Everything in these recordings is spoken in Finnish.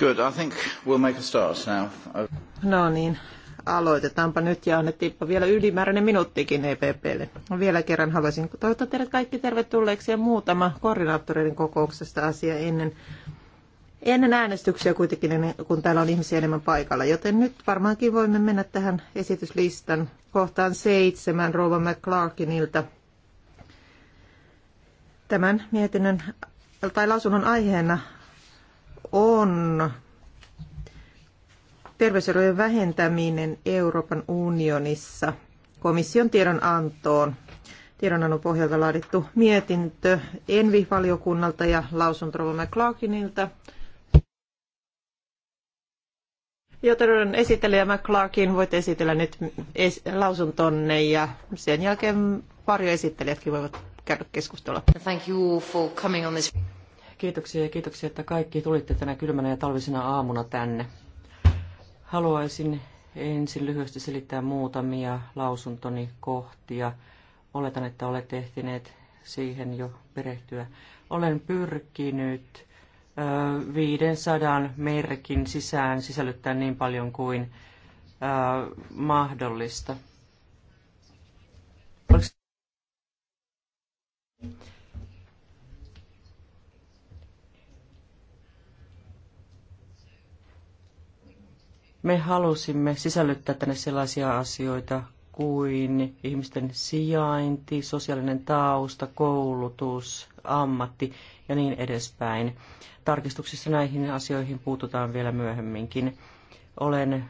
Good, I think we'll make a start now. No niin, aloitetaanpa nyt ja annettiinpa vielä ylimääräinen minuuttikin EPPlle. No vielä kerran haluaisin toivottaa teidät kaikki tervetulleeksi ja muutama koordinaattoreiden kokouksesta asia ennen, ennen äänestyksiä kuitenkin, ennen, kun täällä on ihmisiä enemmän paikalla. Joten nyt varmaankin voimme mennä tähän esityslistan kohtaan seitsemän Rova McClarkinilta. Tämän mietinnön tai lausunnon aiheena on terveyserojen vähentäminen Euroopan unionissa komission tiedonantoon. Tiedonannon pohjalta laadittu mietintö Envi-valiokunnalta ja lausuntorova McClarkinilta. Joten esittelijä McClarkin, voit esitellä nyt es- lausuntonne ja sen jälkeen varjoesittelijätkin voivat käydä keskustelua. Thank you for coming on this. Kiitoksia ja kiitoksia, että kaikki tulitte tänä kylmänä ja talvisena aamuna tänne. Haluaisin ensin lyhyesti selittää muutamia lausuntoni kohtia. Oletan, että olette ehtineet siihen jo perehtyä. Olen pyrkinyt 500 merkin sisään sisällyttää niin paljon kuin mahdollista. Me halusimme sisällyttää tänne sellaisia asioita kuin ihmisten sijainti, sosiaalinen tausta, koulutus, ammatti ja niin edespäin. Tarkistuksissa näihin asioihin puututaan vielä myöhemminkin. Olen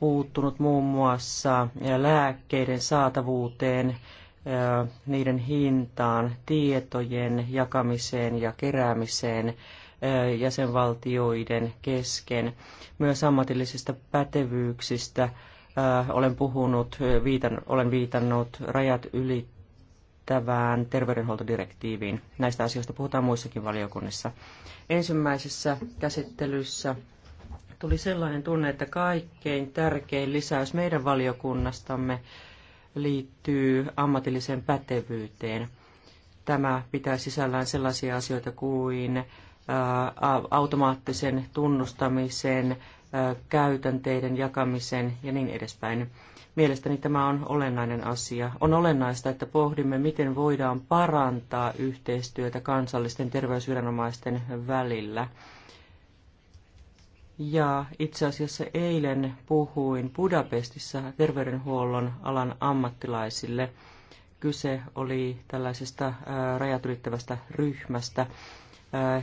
puuttunut muun muassa lääkkeiden saatavuuteen, niiden hintaan, tietojen jakamiseen ja keräämiseen – jäsenvaltioiden kesken. Myös ammatillisista pätevyyksistä olen puhunut, viitan, olen viitannut rajat ylittävään terveydenhuoltodirektiiviin. Näistä asioista puhutaan muissakin valiokunnissa. Ensimmäisessä käsittelyssä tuli sellainen tunne, että kaikkein tärkein lisäys meidän valiokunnastamme liittyy ammatilliseen pätevyyteen. Tämä pitää sisällään sellaisia asioita kuin automaattisen tunnustamisen, käytänteiden jakamisen ja niin edespäin. Mielestäni tämä on olennainen asia. On olennaista, että pohdimme, miten voidaan parantaa yhteistyötä kansallisten terveysviranomaisten välillä. Ja itse asiassa eilen puhuin Budapestissa terveydenhuollon alan ammattilaisille. Kyse oli tällaisesta rajat ylittävästä ryhmästä,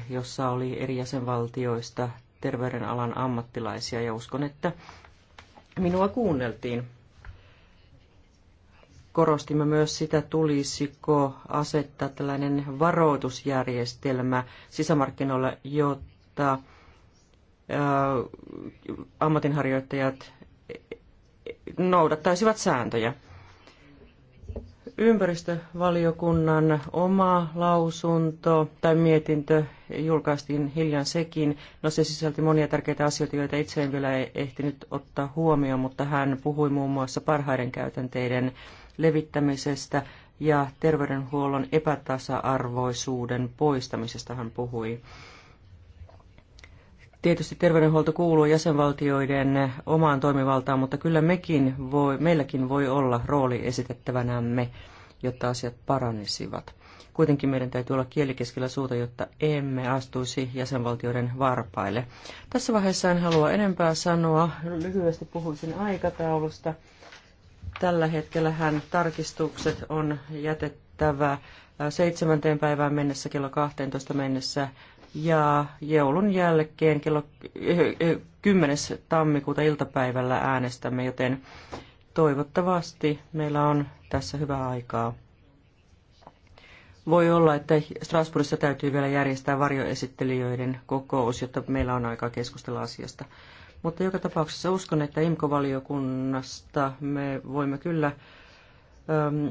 jossa oli eri jäsenvaltioista terveydenalan ammattilaisia ja uskon, että minua kuunneltiin. Korostimme myös sitä, tulisiko asettaa tällainen varoitusjärjestelmä sisämarkkinoilla, jotta ammatinharjoittajat noudattaisivat sääntöjä. Ympäristövaliokunnan oma lausunto tai mietintö julkaistiin hiljan sekin. No se sisälti monia tärkeitä asioita, joita itse en vielä e- ehtinyt ottaa huomioon, mutta hän puhui muun muassa parhaiden käytänteiden levittämisestä ja terveydenhuollon epätasa-arvoisuuden poistamisesta hän puhui. Tietysti terveydenhuolto kuuluu jäsenvaltioiden omaan toimivaltaan, mutta kyllä mekin voi, meilläkin voi olla rooli esitettävänämme, jotta asiat paranisivat. Kuitenkin meidän täytyy olla kielikeskellä suuta, jotta emme astuisi jäsenvaltioiden varpaille. Tässä vaiheessa en halua enempää sanoa. Lyhyesti puhuisin aikataulusta. Tällä hetkellä hän tarkistukset on jätettävä seitsemänteen päivään mennessä kello 12 mennessä ja joulun jälkeen kello 10. Eh, eh, tammikuuta iltapäivällä äänestämme, joten toivottavasti meillä on tässä hyvää aikaa. Voi olla, että Strasbourgissa täytyy vielä järjestää varjoesittelijöiden kokous, jotta meillä on aikaa keskustella asiasta. Mutta joka tapauksessa uskon, että IMKO-valiokunnasta me voimme kyllä ehm,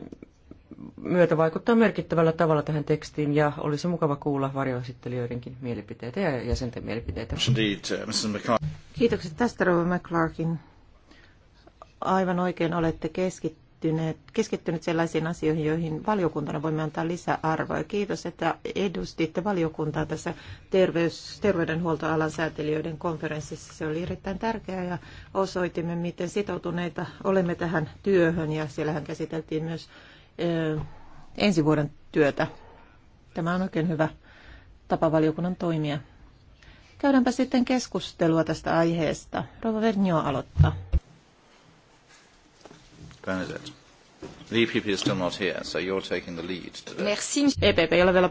myötä vaikuttaa merkittävällä tavalla tähän tekstiin ja olisi mukava kuulla varjoesittelijöidenkin mielipiteitä ja jäsenten mielipiteitä. Uh, Kiitokset tästä Rova McClarkin. Aivan oikein olette keskittyneet, keskittyneet sellaisiin asioihin, joihin valiokuntana voimme antaa lisäarvoa. kiitos, että edustitte valiokuntaa tässä terveys, terveydenhuoltoalan säätelijöiden konferenssissa. Se oli erittäin tärkeää ja osoitimme, miten sitoutuneita olemme tähän työhön ja siellähän käsiteltiin myös ensi vuoden työtä. Tämä on oikein hyvä tapa valiokunnan toimia. Käydäänpä sitten keskustelua tästä aiheesta. Rova Vernio aloittaa. EPP e e ei ole vielä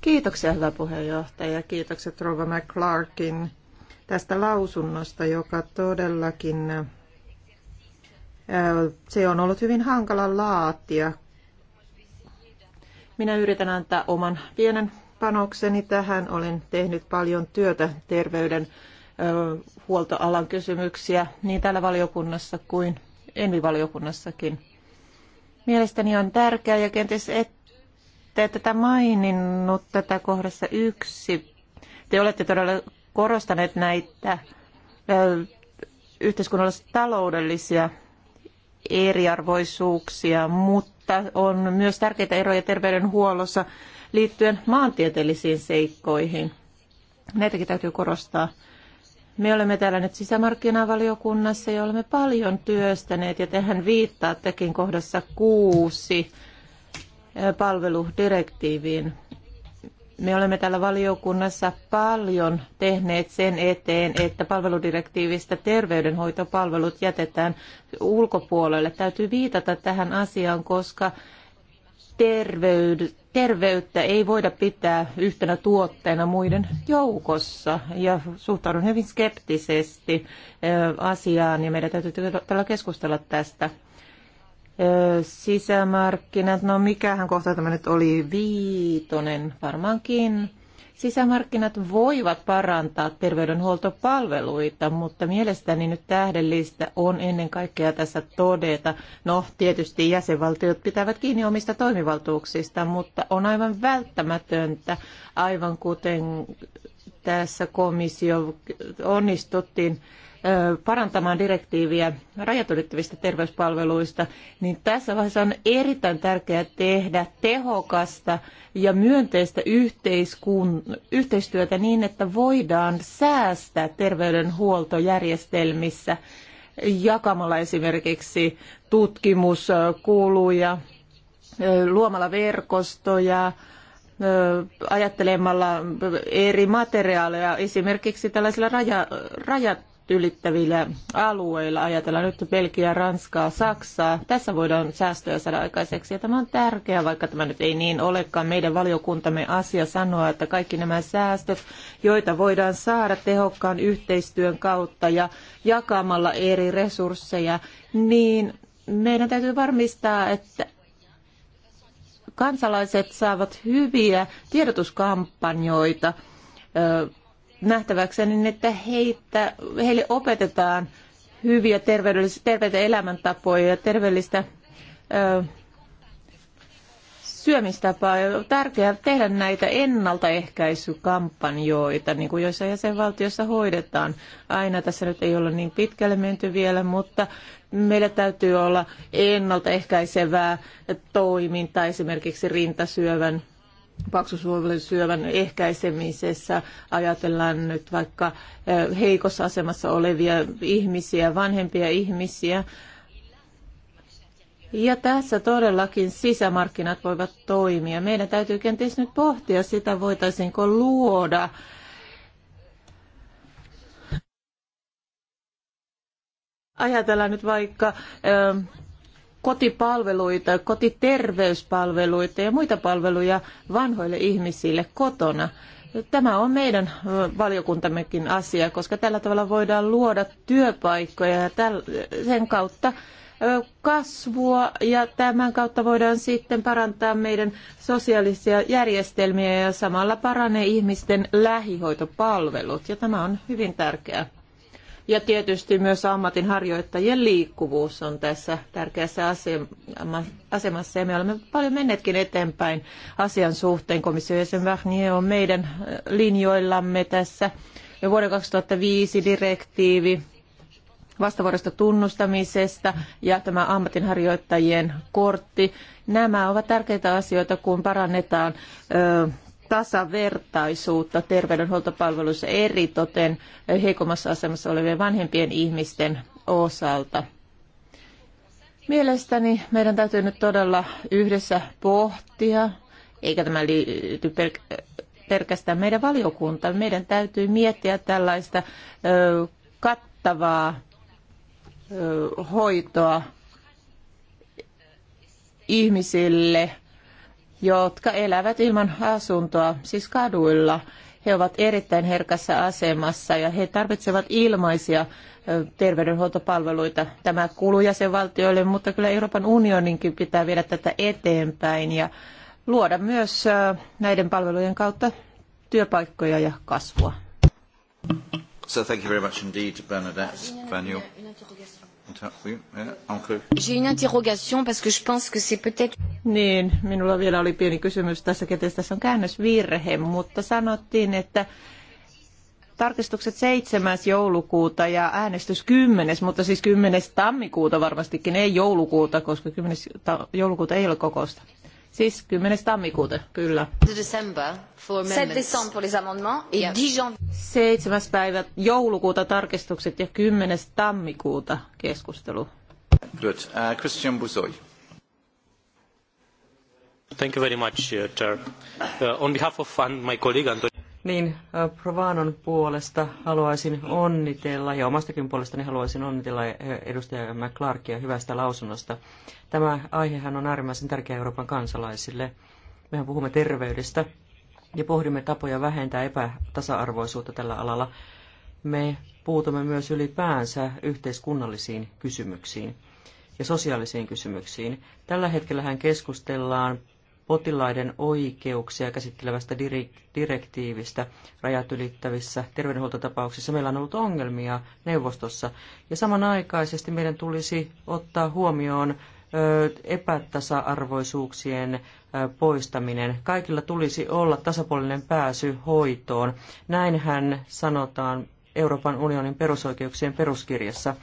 Kiitoksia, hyvä puheenjohtaja. Kiitokset Rova McClarkin tästä lausunnosta, joka todellakin se on ollut hyvin hankala laatia. Minä yritän antaa oman pienen panokseni tähän. Olen tehnyt paljon työtä terveyden huoltoalan kysymyksiä niin täällä valiokunnassa kuin Envivaliokunnassakin. Mielestäni on tärkeää ja kenties ette tätä maininnut tätä kohdassa yksi. Te olette todella korostaneet näitä yhteiskunnallisia taloudellisia eriarvoisuuksia, mutta on myös tärkeitä eroja terveydenhuollossa liittyen maantieteellisiin seikkoihin. Näitäkin täytyy korostaa. Me olemme täällä nyt sisämarkkinavaliokunnassa ja olemme paljon työstäneet ja tehän viittaattekin kohdassa kuusi palveludirektiiviin. Me olemme täällä valiokunnassa paljon tehneet sen eteen, että palveludirektiivistä terveydenhoitopalvelut jätetään ulkopuolelle. Täytyy viitata tähän asiaan, koska terveyd- terveyttä ei voida pitää yhtenä tuotteena muiden joukossa. Ja suhtaudun hyvin skeptisesti asiaan ja meidän täytyy todella keskustella tästä. Sisämarkkinat, no mikähän kohta tämä nyt oli viitonen varmaankin. Sisämarkkinat voivat parantaa terveydenhuoltopalveluita, mutta mielestäni nyt tähdellistä on ennen kaikkea tässä todeta. No, tietysti jäsenvaltiot pitävät kiinni omista toimivaltuuksista, mutta on aivan välttämätöntä, aivan kuten tässä komissio onnistuttiin parantamaan direktiiviä rajat ylittävistä terveyspalveluista, niin tässä vaiheessa on erittäin tärkeää tehdä tehokasta ja myönteistä yhteistyötä niin, että voidaan säästää terveydenhuoltojärjestelmissä jakamalla esimerkiksi tutkimuskuluja, luomalla verkostoja, ajattelemalla eri materiaaleja, esimerkiksi tällaisilla raja, rajat ylittävillä alueilla, ajatellaan nyt Belgiaa, Ranskaa, Saksaa, tässä voidaan säästöjä saada aikaiseksi. Ja tämä on tärkeää, vaikka tämä nyt ei niin olekaan. Meidän valiokuntamme asia sanoa, että kaikki nämä säästöt, joita voidaan saada tehokkaan yhteistyön kautta ja jakamalla eri resursseja, niin meidän täytyy varmistaa, että kansalaiset saavat hyviä tiedotuskampanjoita nähtäväksi, niin että heitä, heille opetetaan hyviä terveitä elämäntapoja ja terveellistä ö, syömistapaa. On tärkeää tehdä näitä ennaltaehkäisykampanjoita, niin kuin joissa jäsenvaltiossa hoidetaan. Aina tässä nyt ei ole niin pitkälle menty vielä, mutta meillä täytyy olla ennaltaehkäisevää toimintaa esimerkiksi rintasyövän paksusuolen syövän ehkäisemisessä ajatellaan nyt vaikka heikossa asemassa olevia ihmisiä, vanhempia ihmisiä. Ja tässä todellakin sisämarkkinat voivat toimia. Meidän täytyy kenties nyt pohtia sitä, voitaisiinko luoda Ajatellaan nyt vaikka kotipalveluita, kotiterveyspalveluita ja muita palveluja vanhoille ihmisille kotona. Tämä on meidän valiokuntammekin asia, koska tällä tavalla voidaan luoda työpaikkoja ja sen kautta kasvua ja tämän kautta voidaan sitten parantaa meidän sosiaalisia järjestelmiä ja samalla paranee ihmisten lähihoitopalvelut ja tämä on hyvin tärkeää. Ja tietysti myös ammatinharjoittajien harjoittajien liikkuvuus on tässä tärkeässä asemassa ja me olemme paljon menneetkin eteenpäin asian suhteen. Komission jäsen Vahnie on meidän äh, linjoillamme tässä. Ja vuoden 2005 direktiivi vastavuorosta tunnustamisesta ja tämä ammatinharjoittajien kortti. Nämä ovat tärkeitä asioita, kun parannetaan ö, tasavertaisuutta terveydenhuoltopalveluissa eritoten heikommassa asemassa olevien vanhempien ihmisten osalta. Mielestäni meidän täytyy nyt todella yhdessä pohtia, eikä tämä liity pelkästään meidän valiokuntaan. Meidän täytyy miettiä tällaista ö, kattavaa ö, hoitoa ihmisille – jotka elävät ilman asuntoa, siis kaduilla. He ovat erittäin herkässä asemassa ja he tarvitsevat ilmaisia terveydenhuoltopalveluita. Tämä kuuluu jäsenvaltioille, mutta kyllä Euroopan unioninkin pitää viedä tätä eteenpäin ja luoda myös näiden palvelujen kautta työpaikkoja ja kasvua. So thank you very much indeed, Bernadette Vanu. J'ai une interrogation parce que Niin, minulla vielä oli pieni kysymys tässä, kenties tässä on käännösvirhe, mutta sanottiin, että tarkistukset 7. joulukuuta ja äänestys 10. mutta siis 10. tammikuuta varmastikin, ei joulukuuta, koska 10. joulukuuta ei ole kokousta. Siis 10. tammikuuta, kyllä. December for 7. päivä joulukuuta tarkistukset ja 10. tammikuuta keskustelu. Good. Uh, Christian Buzoi. Thank you very much, uh, Chair. Uh, on behalf of my colleague Antonio... Niin, uh, Provanon puolesta haluaisin onnitella, ja omastakin puolestani haluaisin onnitella uh, edustaja McClarkia hyvästä lausunnosta. Tämä aihehan on äärimmäisen tärkeä Euroopan kansalaisille. Mehän puhumme terveydestä ja pohdimme tapoja vähentää epätasa-arvoisuutta tällä alalla. Me puutumme myös ylipäänsä yhteiskunnallisiin kysymyksiin ja sosiaalisiin kysymyksiin. Tällä hetkellähän keskustellaan potilaiden oikeuksia käsittelevästä direktiivistä rajat ylittävissä terveydenhuoltotapauksissa. Meillä on ollut ongelmia neuvostossa ja samanaikaisesti meidän tulisi ottaa huomioon epätasa-arvoisuuksien poistaminen. Kaikilla tulisi olla tasapuolinen pääsy hoitoon. Näinhän sanotaan Euroopan unionin perusoikeuksien peruskirjassa.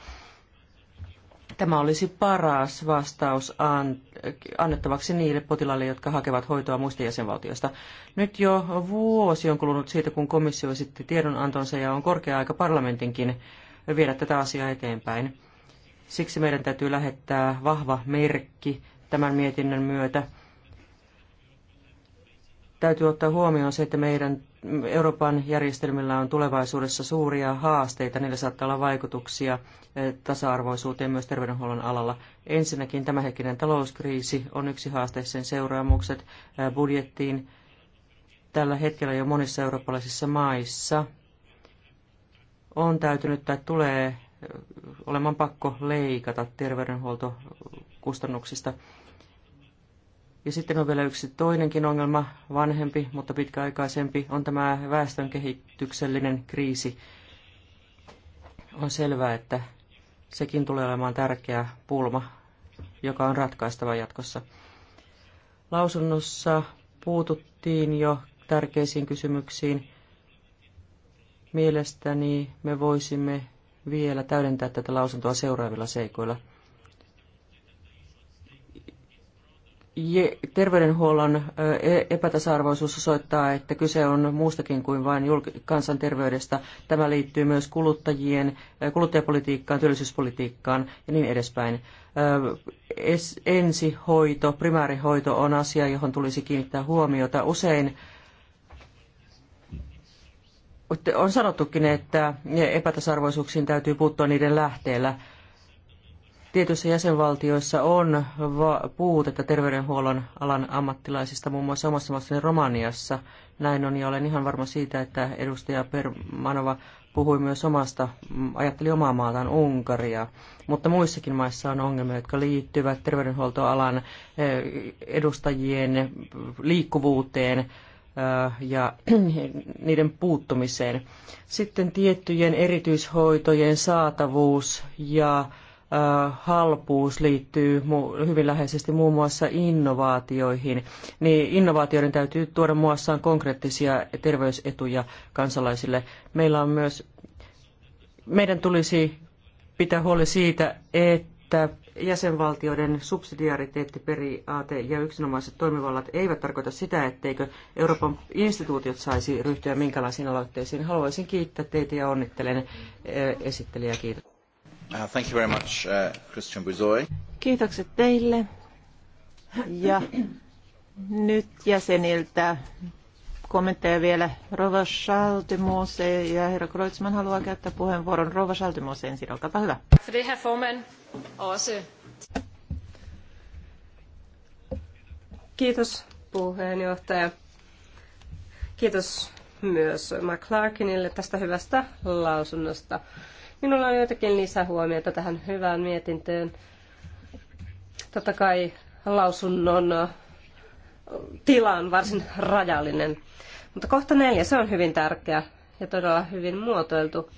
Tämä olisi paras vastaus annettavaksi niille potilaille, jotka hakevat hoitoa muista jäsenvaltioista. Nyt jo vuosi on kulunut siitä, kun komissio esitti tiedonantonsa ja on korkea aika parlamentinkin viedä tätä asiaa eteenpäin. Siksi meidän täytyy lähettää vahva merkki tämän mietinnön myötä. Täytyy ottaa huomioon se, että meidän Euroopan järjestelmillä on tulevaisuudessa suuria haasteita. Niillä saattaa olla vaikutuksia eh, tasa-arvoisuuteen myös terveydenhuollon alalla. Ensinnäkin tämänhetkinen talouskriisi on yksi haaste, sen seuraamukset eh, budjettiin tällä hetkellä jo monissa eurooppalaisissa maissa on täytynyt tai tulee olemaan pakko leikata terveydenhuoltokustannuksista. Ja sitten on vielä yksi toinenkin ongelma, vanhempi, mutta pitkäaikaisempi, on tämä väestön kehityksellinen kriisi. On selvää, että sekin tulee olemaan tärkeä pulma, joka on ratkaistava jatkossa. Lausunnossa puututtiin jo tärkeisiin kysymyksiin. Mielestäni me voisimme vielä täydentää tätä lausuntoa seuraavilla seikoilla. Terveydenhuollon e- epätasa-arvoisuus osoittaa, että kyse on muustakin kuin vain kansanterveydestä. Tämä liittyy myös kuluttajien, kuluttajapolitiikkaan, työllisyyspolitiikkaan ja niin edespäin. Ensihoito, primäärihoito on asia, johon tulisi kiinnittää huomiota. Usein on sanottukin, että epätasarvoisuuksiin täytyy puuttua niiden lähteellä. Tietyissä jäsenvaltioissa on puutetta terveydenhuollon alan ammattilaisista, muun muassa omassa maassani Romaniassa. Näin on, ja olen ihan varma siitä, että edustaja Permanova puhui myös omasta, ajatteli omaa maataan Unkaria, mutta muissakin maissa on ongelmia, jotka liittyvät terveydenhuoltoalan eh, edustajien liikkuvuuteen, ja niiden puuttumiseen. Sitten tiettyjen erityishoitojen saatavuus ja halpuus liittyy hyvin läheisesti muun muassa innovaatioihin, niin innovaatioiden täytyy tuoda muassaan konkreettisia terveysetuja kansalaisille. Meillä on myös, meidän tulisi pitää huoli siitä, että jäsenvaltioiden subsidiariteettiperiaate ja yksinomaiset toimivallat eivät tarkoita sitä, etteikö Euroopan instituutiot saisi ryhtyä minkälaisiin aloitteisiin. Haluaisin kiittää teitä ja onnittelen eh, esittelijää. Kiitos. Uh, thank you very much, uh, Christian Kiitokset teille. Ja nyt jäseniltä kommentteja vielä. Rova Schaltemose ja herra Kreutzmann haluaa käyttää puheenvuoron. Rova Schaltemose ensin, olkaapa hyvä. För det, herr Forman. Också. Kiitos puheenjohtaja. Kiitos myös McClarkinille tästä hyvästä lausunnosta. Minulla on joitakin lisähuomioita tähän hyvään mietintöön. Totta kai lausunnon tila on varsin rajallinen. Mutta kohta neljä, se on hyvin tärkeä ja todella hyvin muotoiltu.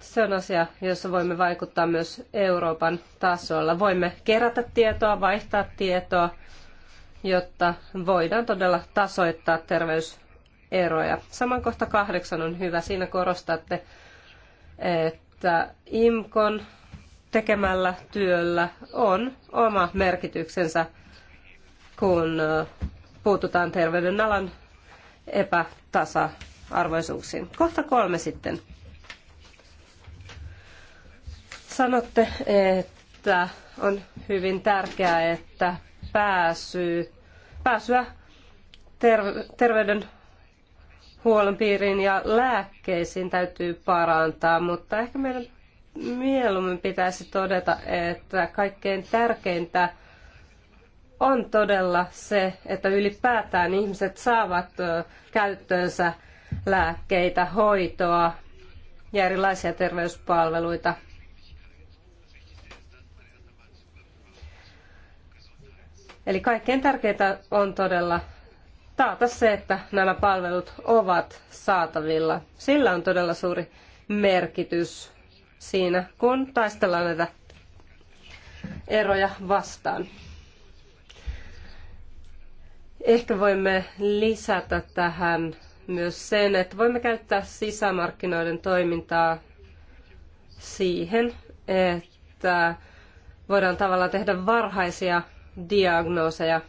Se on asia, jossa voimme vaikuttaa myös Euroopan tasolla. Voimme kerätä tietoa, vaihtaa tietoa, jotta voidaan todella tasoittaa terveyseroja. Saman kohta kahdeksan on hyvä. Siinä korostatte, että IMKON tekemällä työllä on oma merkityksensä, kun puututaan terveydenalan epätasa-arvoisuuksiin. Kohta kolme sitten. Sanotte, että on hyvin tärkeää, että pääsy, pääsyä terveydenhuollon piiriin ja lääkkeisiin täytyy parantaa, mutta ehkä meidän mieluummin pitäisi todeta, että kaikkein tärkeintä on todella se, että ylipäätään ihmiset saavat käyttöönsä lääkkeitä, hoitoa ja erilaisia terveyspalveluita. Eli kaikkein tärkeintä on todella taata se, että nämä palvelut ovat saatavilla. Sillä on todella suuri merkitys siinä, kun taistellaan näitä eroja vastaan. Ehkä voimme lisätä tähän myös sen, että voimme käyttää sisämarkkinoiden toimintaa siihen, että voidaan tavallaan tehdä varhaisia diagnooseja.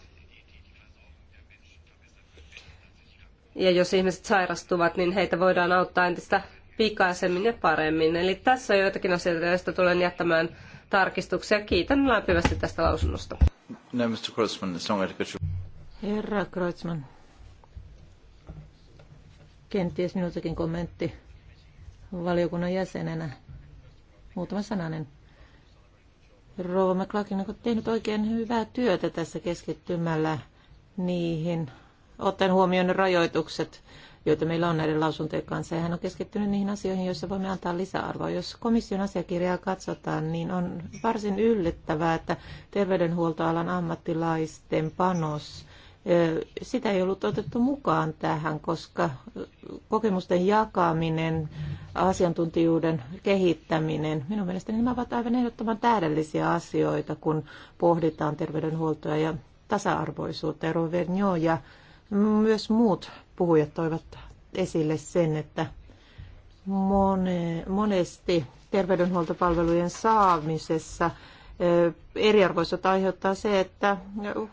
Ja jos ihmiset sairastuvat, niin heitä voidaan auttaa entistä pikaisemmin ja paremmin. Eli tässä on joitakin asioita, joista tulen jättämään tarkistuksia. Kiitän lämpimästi tästä lausunnosta. No, Mr. Grossman, it's not Herra Kreutzmann, kenties minultakin kommentti valiokunnan jäsenenä. Muutama sananen. Rova McLaughlin on tehnyt oikein hyvää työtä tässä keskittymällä niihin, ottaen huomioon ne rajoitukset, joita meillä on näiden lausuntojen kanssa. Ja hän on keskittynyt niihin asioihin, joissa voimme antaa lisäarvoa. Jos komission asiakirjaa katsotaan, niin on varsin yllättävää, että terveydenhuoltoalan ammattilaisten panos sitä ei ollut otettu mukaan tähän, koska kokemusten jakaminen, asiantuntijuuden kehittäminen, minun mielestäni nämä ovat aivan ehdottoman täydellisiä asioita, kun pohditaan terveydenhuoltoa ja tasa-arvoisuutta. Eero Vernio ja myös muut puhujat toivat esille sen, että monesti terveydenhuoltopalvelujen saamisessa eriarvoisuutta aiheuttaa se, että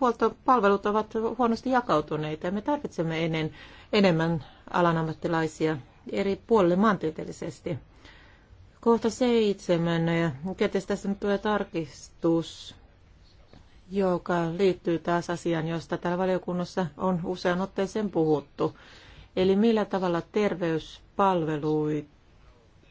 huoltopalvelut ovat huonosti jakautuneita ja me tarvitsemme ennen, enemmän alan ammattilaisia eri puolille maantieteellisesti. Kohta seitsemän ja kenties tässä nyt tulee tarkistus, joka liittyy taas asiaan, josta täällä valiokunnassa on usean otteeseen puhuttu. Eli millä tavalla terveyspalveluita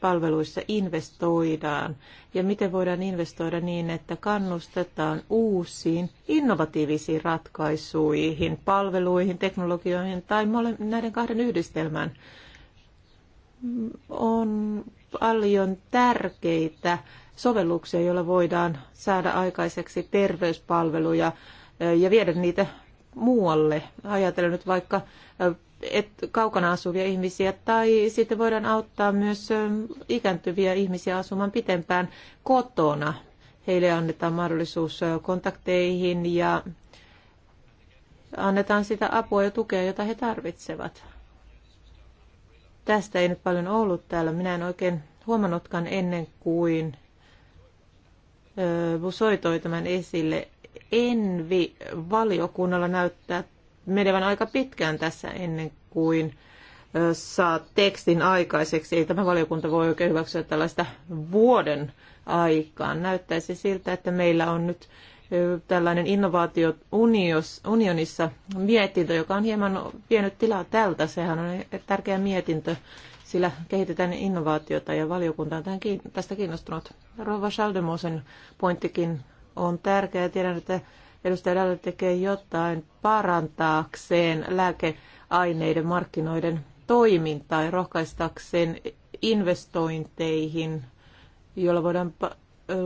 palveluissa investoidaan ja miten voidaan investoida niin, että kannustetaan uusiin innovatiivisiin ratkaisuihin, palveluihin, teknologioihin tai näiden kahden yhdistelmään. On paljon tärkeitä sovelluksia, joilla voidaan saada aikaiseksi terveyspalveluja ja viedä niitä muualle. Ajatellen nyt vaikka et, kaukana asuvia ihmisiä tai sitten voidaan auttaa myös ähm, ikääntyviä ihmisiä asumaan pitempään kotona. Heille annetaan mahdollisuus äh, kontakteihin ja annetaan sitä apua ja tukea, jota he tarvitsevat. Tästä ei nyt paljon ollut täällä. Minä en oikein huomannutkaan ennen kuin äh, soitoi tämän esille. Envi-valiokunnalla näyttää menevän aika pitkään tässä ennen kuin saa tekstin aikaiseksi. Ei tämä valiokunta voi oikein hyväksyä tällaista vuoden aikaan. Näyttäisi siltä, että meillä on nyt tällainen innovaatio unionissa mietintö, joka on hieman vienyt tilaa tältä. Sehän on tärkeä mietintö, sillä kehitetään innovaatiota ja valiokunta on tämän, tästä kiinnostunut. Rova Schaldemosen pointtikin on tärkeä. Tiedän, että edustaja Dalle tekee jotain parantaakseen lääkeaineiden markkinoiden toimintaa ja rohkaistakseen investointeihin, joilla voidaan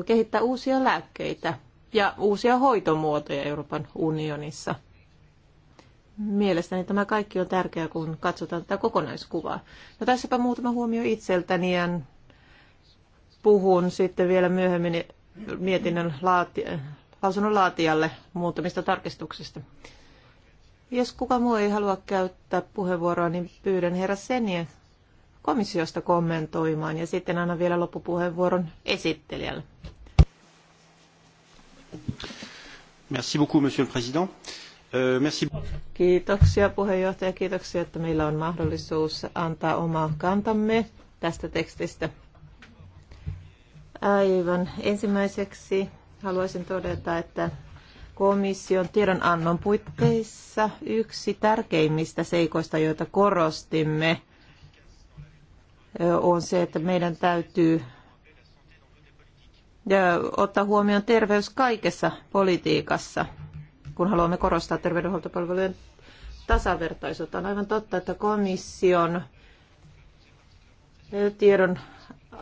kehittää uusia lääkkeitä ja uusia hoitomuotoja Euroopan unionissa. Mielestäni tämä kaikki on tärkeää, kun katsotaan tätä kokonaiskuvaa. No tässäpä muutama huomio itseltäni ja puhun sitten vielä myöhemmin mietinnön laati- lausunnonlaatijalle muutamista tarkistuksista. Jos kuka muu ei halua käyttää puheenvuoroa, niin pyydän herra Senien komissiosta kommentoimaan ja sitten annan vielä loppupuheenvuoron esittelijälle. Merci beaucoup, monsieur le président. Euh, merci. Kiitoksia puheenjohtaja, kiitoksia, että meillä on mahdollisuus antaa oma kantamme tästä tekstistä. Aivan ensimmäiseksi haluaisin todeta, että komission tiedonannon puitteissa yksi tärkeimmistä seikoista, joita korostimme, on se, että meidän täytyy ottaa huomioon terveys kaikessa politiikassa, kun haluamme korostaa terveydenhuoltopalvelujen tasavertaisuutta. On aivan totta, että komission tiedon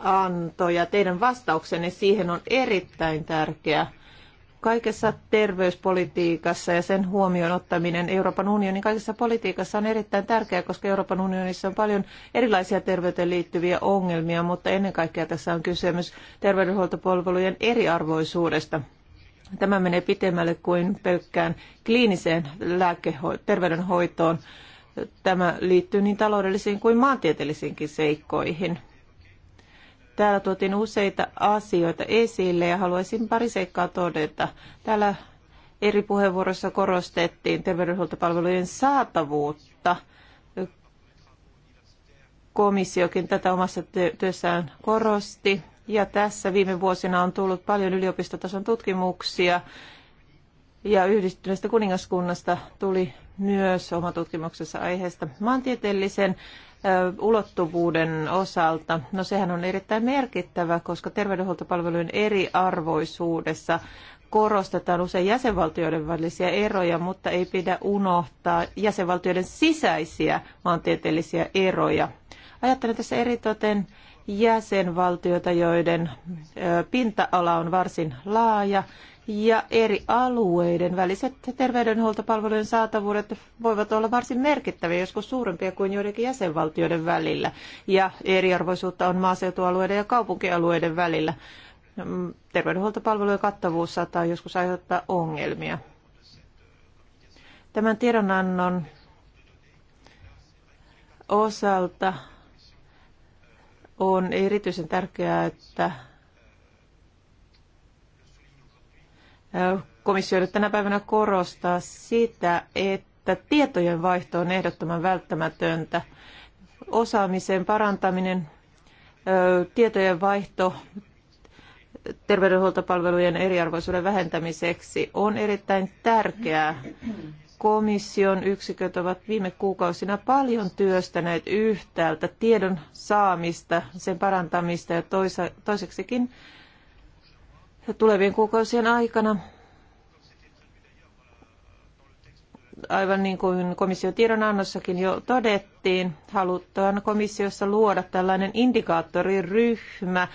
antoi ja teidän vastauksenne siihen on erittäin tärkeä. Kaikessa terveyspolitiikassa ja sen huomioon ottaminen Euroopan unionin kaikessa politiikassa on erittäin tärkeää, koska Euroopan unionissa on paljon erilaisia terveyteen liittyviä ongelmia, mutta ennen kaikkea tässä on kysymys terveydenhuoltopalvelujen eriarvoisuudesta. Tämä menee pitemmälle kuin pelkkään kliiniseen lääkeho- terveydenhoitoon. Tämä liittyy niin taloudellisiin kuin maantieteellisiinkin seikkoihin. Täällä tuotiin useita asioita esille ja haluaisin pari seikkaa todeta. Täällä eri puheenvuoroissa korostettiin terveydenhuoltopalvelujen saatavuutta. Komissiokin tätä omassa työssään korosti. Ja tässä viime vuosina on tullut paljon yliopistotason tutkimuksia ja yhdistyneestä kuningaskunnasta tuli myös oma tutkimuksessa aiheesta maantieteellisen ulottuvuuden osalta. No sehän on erittäin merkittävä, koska terveydenhuoltopalvelujen eriarvoisuudessa korostetaan usein jäsenvaltioiden välisiä eroja, mutta ei pidä unohtaa jäsenvaltioiden sisäisiä maantieteellisiä eroja. Ajattelen tässä eritoten jäsenvaltioita, joiden pinta-ala on varsin laaja ja eri alueiden väliset terveydenhuoltopalvelujen saatavuudet voivat olla varsin merkittäviä, joskus suurempia kuin joidenkin jäsenvaltioiden välillä. Ja eriarvoisuutta on maaseutualueiden ja kaupunkialueiden välillä. Terveydenhuoltopalvelujen kattavuus saattaa joskus aiheuttaa ongelmia. Tämän tiedonannon osalta on erityisen tärkeää, että komissio tänä päivänä korostaa sitä, että tietojen vaihto on ehdottoman välttämätöntä. Osaamisen parantaminen, tietojen vaihto terveydenhuoltopalvelujen eriarvoisuuden vähentämiseksi on erittäin tärkeää. Komission yksiköt ovat viime kuukausina paljon työstäneet yhtäältä tiedon saamista, sen parantamista ja toisa, toiseksikin tulevien kuukausien aikana. Aivan niin kuin komission tiedonannossakin jo todettiin, halutaan komissiossa luoda tällainen indikaattoriryhmä,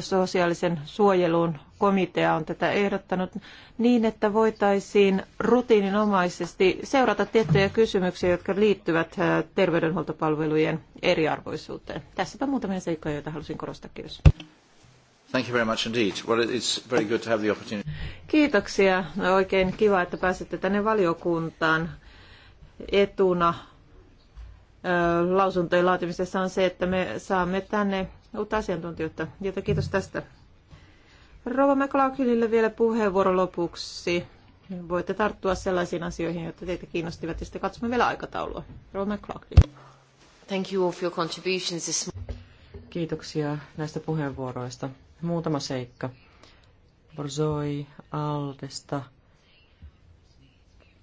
sosiaalisen suojelun komitea on tätä ehdottanut, niin että voitaisiin rutiininomaisesti seurata tiettyjä kysymyksiä, jotka liittyvät terveydenhuoltopalvelujen eriarvoisuuteen. Tässäpä muutamia seikkoja, joita halusin korostaa. Kiitos. Thank you very much indeed. Well, it's very good to have the opportunity. Kiitoksia. No, oikein kiva, että pääsitte tänne valiokuntaan. Etuna lausuntojen laatimisessa on se, että me saamme tänne uutta asiantuntijuutta, joten kiitos tästä. Rova McLaughlinille vielä puheenvuoro lopuksi. Voitte tarttua sellaisiin asioihin, joita teitä kiinnostivat, ja sitten katsomme vielä aikataulua. Rova McLaughlin. Thank you all for your contributions this morning. Kiitoksia näistä puheenvuoroista. Muutama seikka. Borzoi Aldesta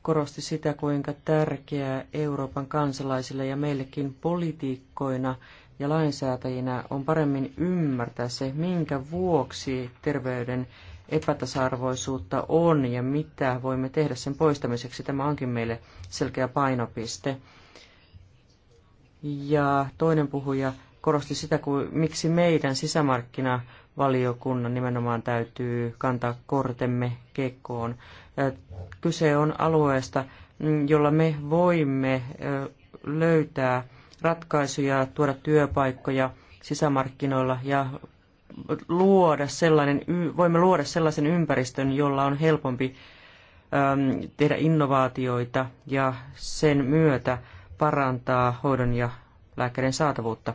korosti sitä, kuinka tärkeää Euroopan kansalaisille ja meillekin politiikkoina ja lainsäätäjinä on paremmin ymmärtää se, minkä vuoksi terveyden epätasa-arvoisuutta on ja mitä voimme tehdä sen poistamiseksi. Tämä onkin meille selkeä painopiste. Ja toinen puhuja korosti sitä, kuin, miksi meidän sisämarkkina valiokunnan nimenomaan täytyy kantaa kortemme kekoon. Kyse on alueesta, jolla me voimme löytää ratkaisuja, tuoda työpaikkoja sisämarkkinoilla ja luoda sellainen, voimme luoda sellaisen ympäristön, jolla on helpompi tehdä innovaatioita ja sen myötä parantaa hoidon ja lääkärin saatavuutta.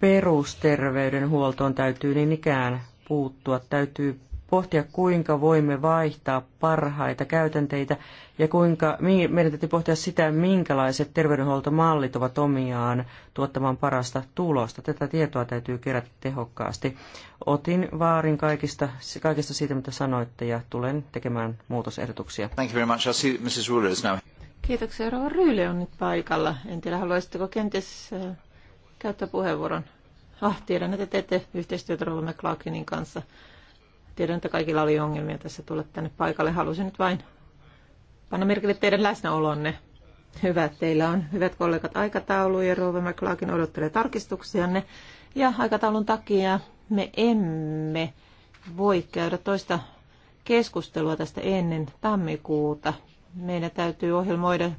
perusterveydenhuoltoon täytyy niin ikään puuttua. Täytyy pohtia, kuinka voimme vaihtaa parhaita käytänteitä ja kuinka, meidän täytyy pohtia sitä, minkälaiset terveydenhuoltomallit ovat omiaan tuottamaan parasta tulosta. Tätä tietoa täytyy kerätä tehokkaasti. Otin vaarin kaikista, kaikista siitä, mitä sanoitte ja tulen tekemään muutosehdotuksia. Thank you very much. I'll see Mrs. Ruler now. Kiitoksia. Rova Ryyli on nyt paikalla. En tiedä, haluaisitteko kenties äh, käyttää puheenvuoron? Ah, tiedän, että teette yhteistyötä Rova McLaughlinin kanssa. Tiedän, että kaikilla oli ongelmia tässä tulla tänne paikalle. Halusin nyt vain panna merkille teidän läsnäolonne. Hyvä, teillä on hyvät kollegat aikataulu ja Rova McLaughlin odottelee tarkistuksianne. Ja aikataulun takia me emme voi käydä toista keskustelua tästä ennen tammikuuta. Meidän täytyy ohjelmoida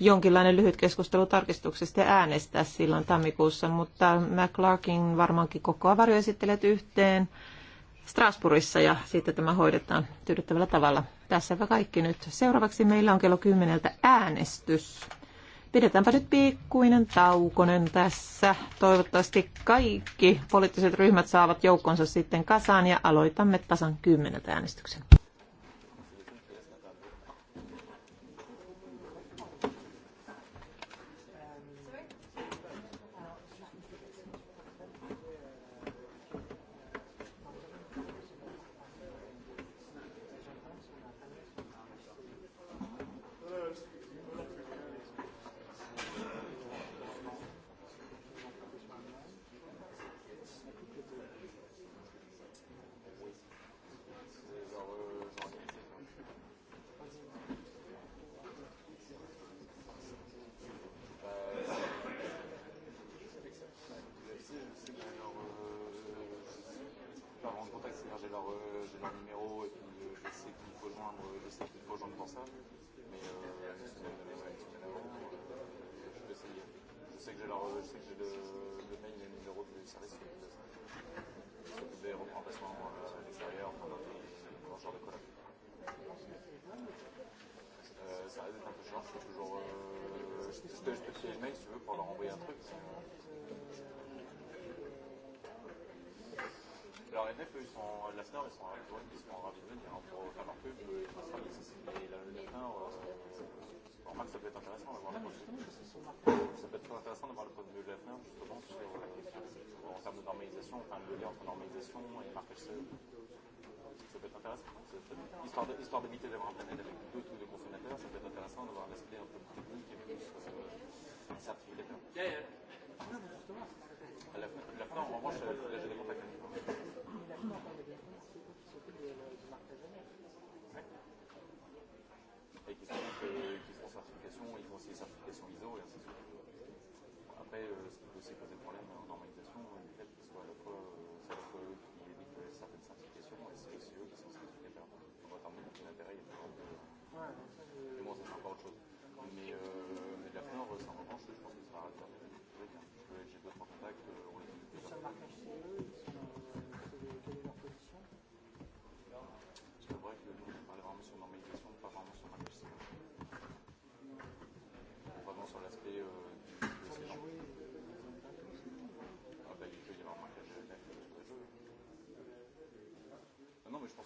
jonkinlainen lyhyt keskustelu tarkistuksista ja äänestää silloin tammikuussa, mutta McClarkin varmaankin avario esittelet yhteen Strasbourgissa ja sitten tämä hoidetaan tyydyttävällä tavalla. Tässäpä kaikki nyt. Seuraavaksi meillä on kello kymmeneltä äänestys. Pidetäänpä nyt pikkuinen taukonen tässä. Toivottavasti kaikki poliittiset ryhmät saavat joukkonsa sitten kasaan ja aloitamme tasan kymmeneltä äänestyksen. ça peut être intéressant. Ça peut être, histoire, de, histoire d'éviter d'avoir un panel avec deux trucs de consommateurs, ça peut être intéressant d'avoir un aspect un peu technique et plus euh, certificateur. Yeah, yeah. Ah non, mais justement. La, la, la, non, en revanche, là, j'ai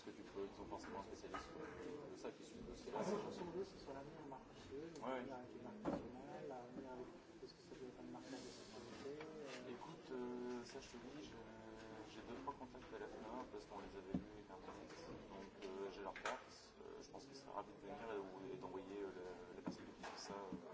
parce que tu peux, ils sont forcément spécialistes de ça qui suivent aussi. Ah, Ce chansons d'eux, c'est sur l'avenir de Marc Picheux, ouais. l'avenir avec les marques nationales, l'avenir avec. Est-ce que ça peut être une marque de sécurité euh... Écoute, euh, ça je te dis, j'ai deux, trois contacts à la FNA parce qu'on les avait vus internet. Donc euh, j'ai leur carte, euh, je pense qu'ils seraient ravis de venir et, et d'envoyer euh, la, la personne qui fait ça. Euh,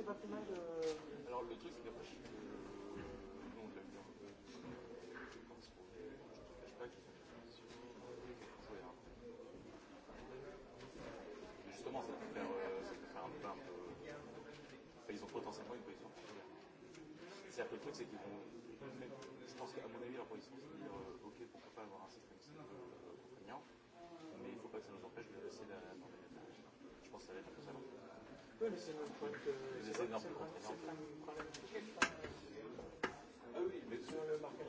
c'est pas plus mal. de... Euh. Alors le truc, c'est qu'après, je suis le nom de la merde. Je pense pour les flashbacks, Mais justement, ça peut faire, euh, ça peut faire un peu. Enfin, ils ont potentiellement une position C'est-à-dire que le truc, c'est qu'ils vont. Je pense qu'à mon avis, leur position, c'est de dire euh, ok, pourquoi pas avoir un système si peu contraignant, mais il faut pas que ça nous empêche de passer la. Je pense que ça va être un peu ça. Oui, mais c'est notre pote. Euh, c'est pas, pas, pas, c'est pas, ah oui, mais sur le marquage.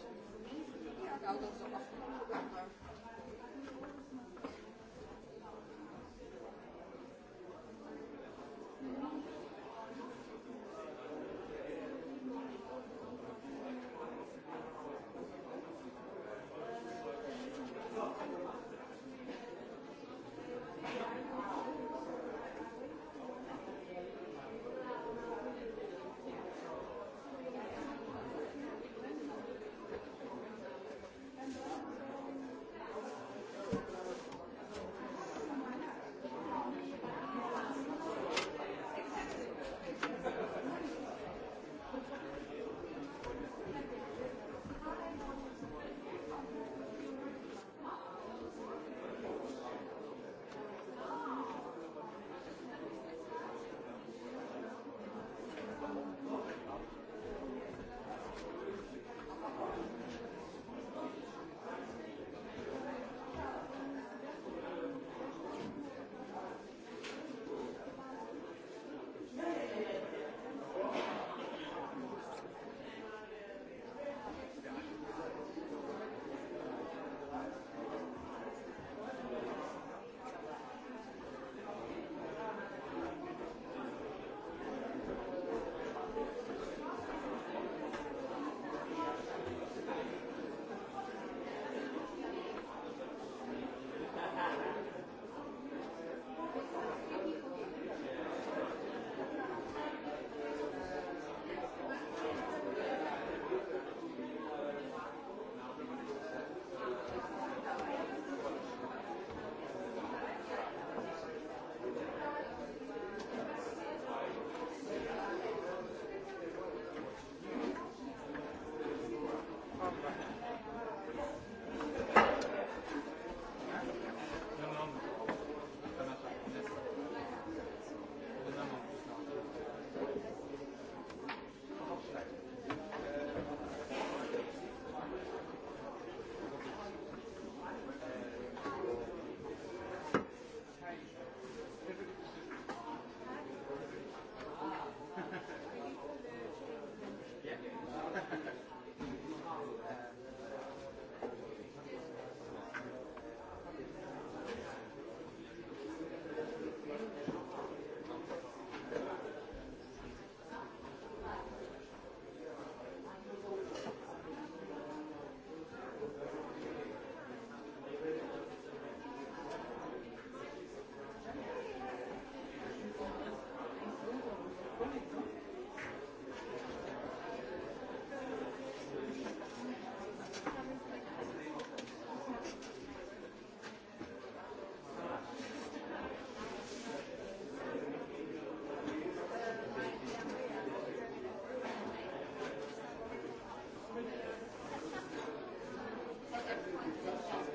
soms niet. Ja, nou, dat afgelopen. Thank you.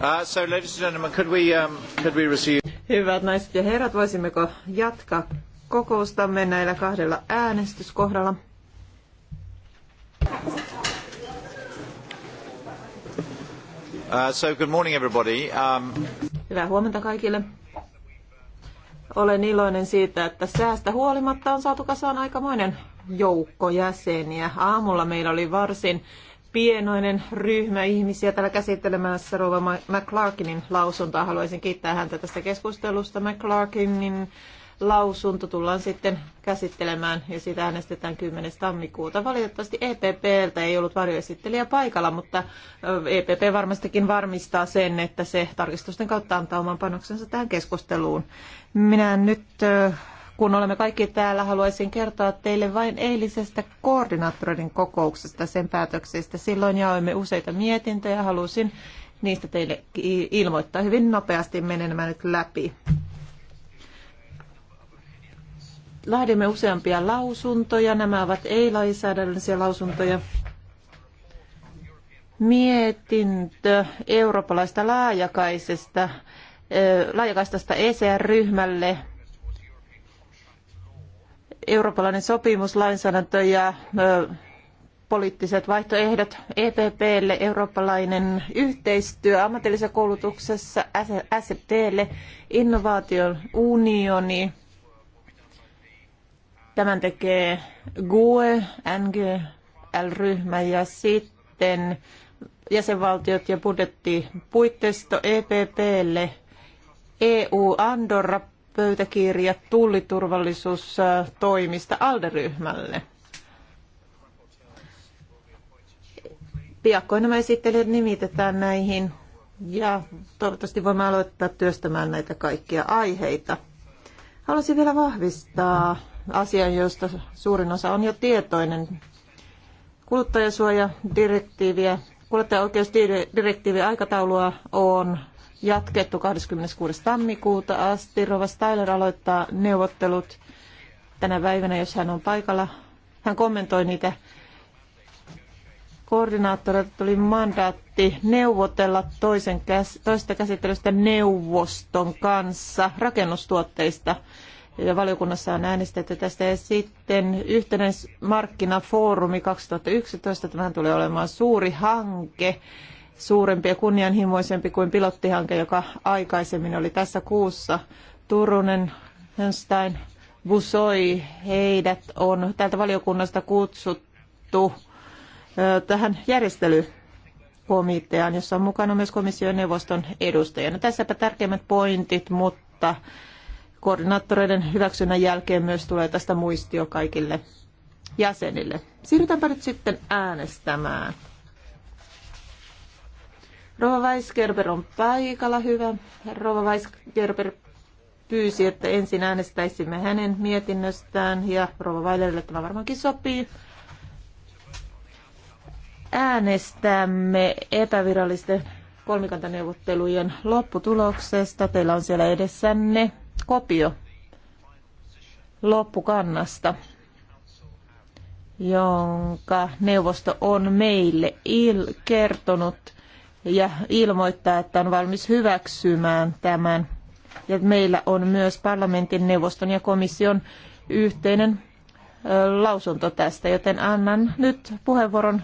Uh, so, ladies and gentlemen, could we, um, could we receive... Hyvät naiset ja herrat, voisimmeko jatkaa kokoustamme näillä kahdella äänestyskohdalla? Uh, so, good morning everybody. Um... Hyvää huomenta kaikille. Olen iloinen siitä, että säästä huolimatta on saatu kasaan aikamoinen joukko jäseniä. Aamulla meillä oli varsin pienoinen ryhmä ihmisiä täällä käsittelemässä Rova McClarkinin lausuntoa. Haluaisin kiittää häntä tästä keskustelusta. McClarkinin lausunto tullaan sitten käsittelemään ja siitä äänestetään 10. tammikuuta. Valitettavasti EPPltä ei ollut varjoesittelijä paikalla, mutta EPP varmastikin varmistaa sen, että se tarkistusten kautta antaa oman panoksensa tähän keskusteluun. Minä nyt kun olemme kaikki täällä, haluaisin kertoa teille vain eilisestä koordinaattoreiden kokouksesta, sen päätöksistä. Silloin jaoimme useita mietintöjä, halusin niistä teille ilmoittaa. Hyvin nopeasti menemään nyt läpi. Lähdemme useampia lausuntoja. Nämä ovat ei-lainsäädännöllisiä lausuntoja. Mietintö eurooppalaista laajakaisesta, laajakaistasta ECR-ryhmälle eurooppalainen lainsäädäntö ja ö, poliittiset vaihtoehdot EPPlle, eurooppalainen yhteistyö ammatillisessa koulutuksessa, STlle, innovaation unioni, Tämän tekee GUE, NGL-ryhmä ja sitten jäsenvaltiot ja budjettipuitteisto EPPlle, EU Andorra pöytäkirja tulliturvallisuustoimista ALDE-ryhmälle. Piakkoin nämä esittelijät nimitetään näihin ja toivottavasti voimme aloittaa työstämään näitä kaikkia aiheita. Haluaisin vielä vahvistaa asia, josta suurin osa on jo tietoinen. Kuluttajasuojadirektiiviä, kuluttajaoikeusdirektiivin aikataulua on jatkettu 26. tammikuuta asti. Rova Steiler aloittaa neuvottelut tänä päivänä, jos hän on paikalla. Hän kommentoi niitä koordinaattoreita. tuli mandaatti neuvotella toisen käs, toista käsittelystä neuvoston kanssa rakennustuotteista ja valiokunnassa on äänestetty tästä. Ja sitten yhtenäismarkkinafoorumi 2011, tämä tulee olemaan suuri hanke, suurempi ja kunnianhimoisempi kuin pilottihanke, joka aikaisemmin oli tässä kuussa. Turunen, Hönstein, Busoi, heidät on täältä valiokunnasta kutsuttu tähän järjestelykomiteaan, jossa on mukana myös komission neuvoston edustajana. No, tässäpä tärkeimmät pointit, mutta koordinaattoreiden hyväksynnän jälkeen myös tulee tästä muistio kaikille jäsenille. Siirrytäänpä nyt sitten äänestämään. Rova Weisgerber on paikalla, hyvä. Rova Weisgerber pyysi, että ensin äänestäisimme hänen mietinnöstään ja Rova Weilerille tämä varmaankin sopii. Äänestämme epävirallisten kolmikantaneuvottelujen lopputuloksesta. Teillä on siellä edessänne kopio loppukannasta, jonka neuvosto on meille il- kertonut ja ilmoittaa, että on valmis hyväksymään tämän. Ja meillä on myös parlamentin, neuvoston ja komission yhteinen lausunto tästä, joten annan nyt puheenvuoron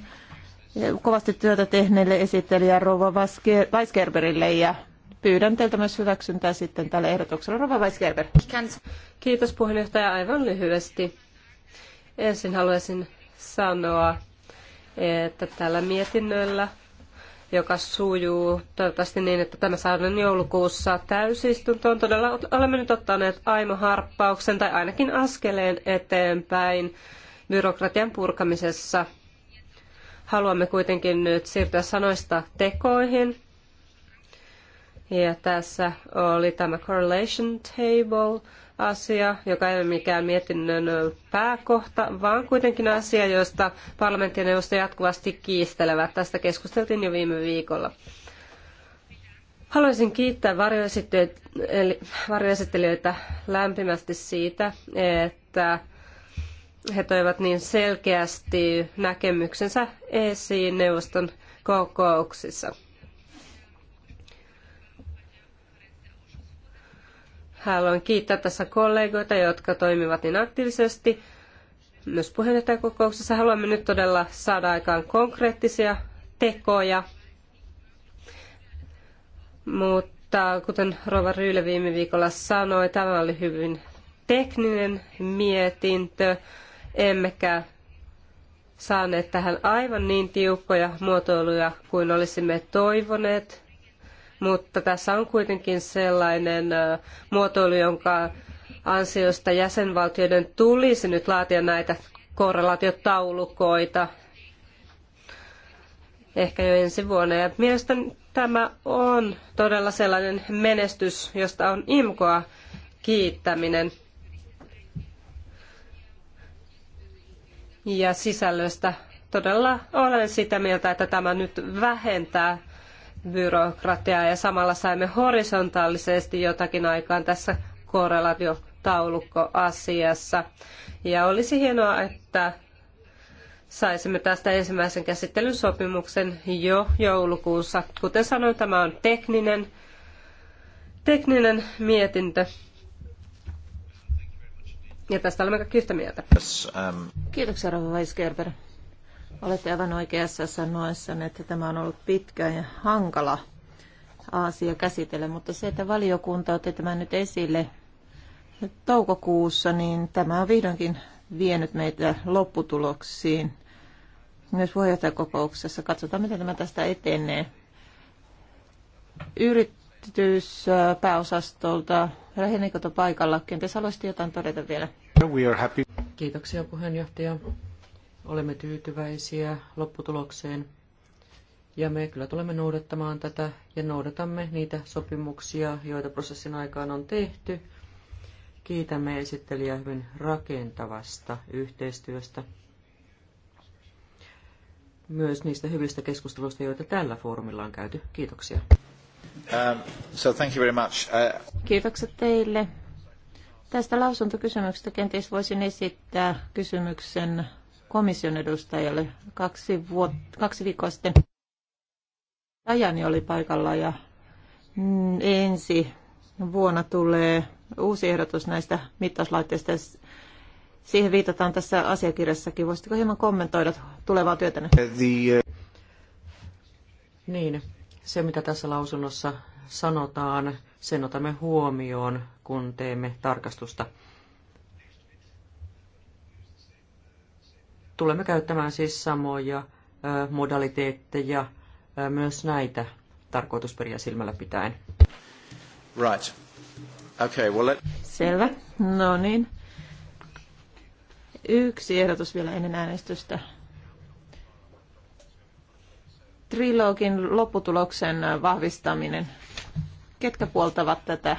kovasti työtä tehneelle esittelijä Rova Weisgerberille ja pyydän teiltä myös hyväksyntää sitten tälle ehdotukselle. Rova Weisgerber. Kiitos puheenjohtaja aivan lyhyesti. Ensin haluaisin sanoa, että tällä mietinnöllä, joka sujuu toivottavasti niin, että tämä saadaan joulukuussa täysistuntoon, todella olemme nyt ottaneet aimo harppauksen tai ainakin askeleen eteenpäin byrokratian purkamisessa. Haluamme kuitenkin nyt siirtyä sanoista tekoihin ja tässä oli tämä correlation table asia, joka ei ole mikään mietinnön pääkohta, vaan kuitenkin asia, josta parlamentti ja neuvosto jatkuvasti kiistelevät. Tästä keskusteltiin jo viime viikolla. Haluaisin kiittää varjoesittelijöitä lämpimästi siitä, että he toivat niin selkeästi näkemyksensä esiin neuvoston kokouksissa. Haluan kiittää tässä kollegoita, jotka toimivat niin aktiivisesti. Myös puheenjohtajakokouksessa haluamme nyt todella saada aikaan konkreettisia tekoja. Mutta kuten Rova Ryyle viime viikolla sanoi, tämä oli hyvin tekninen mietintö, emmekä saaneet tähän aivan niin tiukkoja muotoiluja kuin olisimme toivoneet mutta tässä on kuitenkin sellainen muotoilu, jonka ansiosta jäsenvaltioiden tulisi nyt laatia näitä korrelaatiotaulukoita ehkä jo ensi vuonna. Ja mielestäni tämä on todella sellainen menestys, josta on imkoa kiittäminen. Ja sisällöstä todella olen sitä mieltä, että tämä nyt vähentää byrokratiaa ja samalla saimme horisontaalisesti jotakin aikaan tässä korrelaatiotaulukkoasiassa. Ja olisi hienoa, että saisimme tästä ensimmäisen käsittelyn sopimuksen jo joulukuussa. Kuten sanoin, tämä on tekninen, tekninen mietintö. Ja tästä olemme kaikki yhtä mieltä. Yes, um... Kiitoksia, Rova Weisgerber. Olette aivan oikeassa sanoessa, että tämä on ollut pitkä ja hankala asia käsitellä, mutta se, että valiokunta otti tämän nyt esille toukokuussa, niin tämä on vihdoinkin vienyt meitä lopputuloksiin. Myös puheenjohtajakokouksessa katsotaan, miten tämä tästä etenee. Yrityspääosastolta, lähinnä paikalla, kenties haluaisitte jotain todeta vielä? We are happy. Kiitoksia puheenjohtaja olemme tyytyväisiä lopputulokseen. Ja me kyllä tulemme noudattamaan tätä ja noudatamme niitä sopimuksia, joita prosessin aikaan on tehty. Kiitämme esittelijää hyvin rakentavasta yhteistyöstä. Myös niistä hyvistä keskusteluista, joita tällä foorumilla on käyty. Kiitoksia. Um, so thank you very much. Uh... Kiitokset teille. Tästä lausuntokysymyksestä kenties voisin esittää kysymyksen komission edustajalle kaksi, vuot- kaksi viikkoa sitten. Tajani oli paikalla ja mm, ensi vuonna tulee uusi ehdotus näistä mittauslaitteista. Siihen viitataan tässä asiakirjassakin. Voisitko hieman kommentoida tulevaa työtä? The... Uh, niin, se mitä tässä lausunnossa sanotaan, sen otamme huomioon, kun teemme tarkastusta Tulemme käyttämään siis samoja modaliteetteja myös näitä tarkoitusperiä silmällä pitäen. Right. Okay, well let... Selvä. No niin. Yksi ehdotus vielä ennen äänestystä. Trilogin lopputuloksen vahvistaminen. Ketkä puoltavat tätä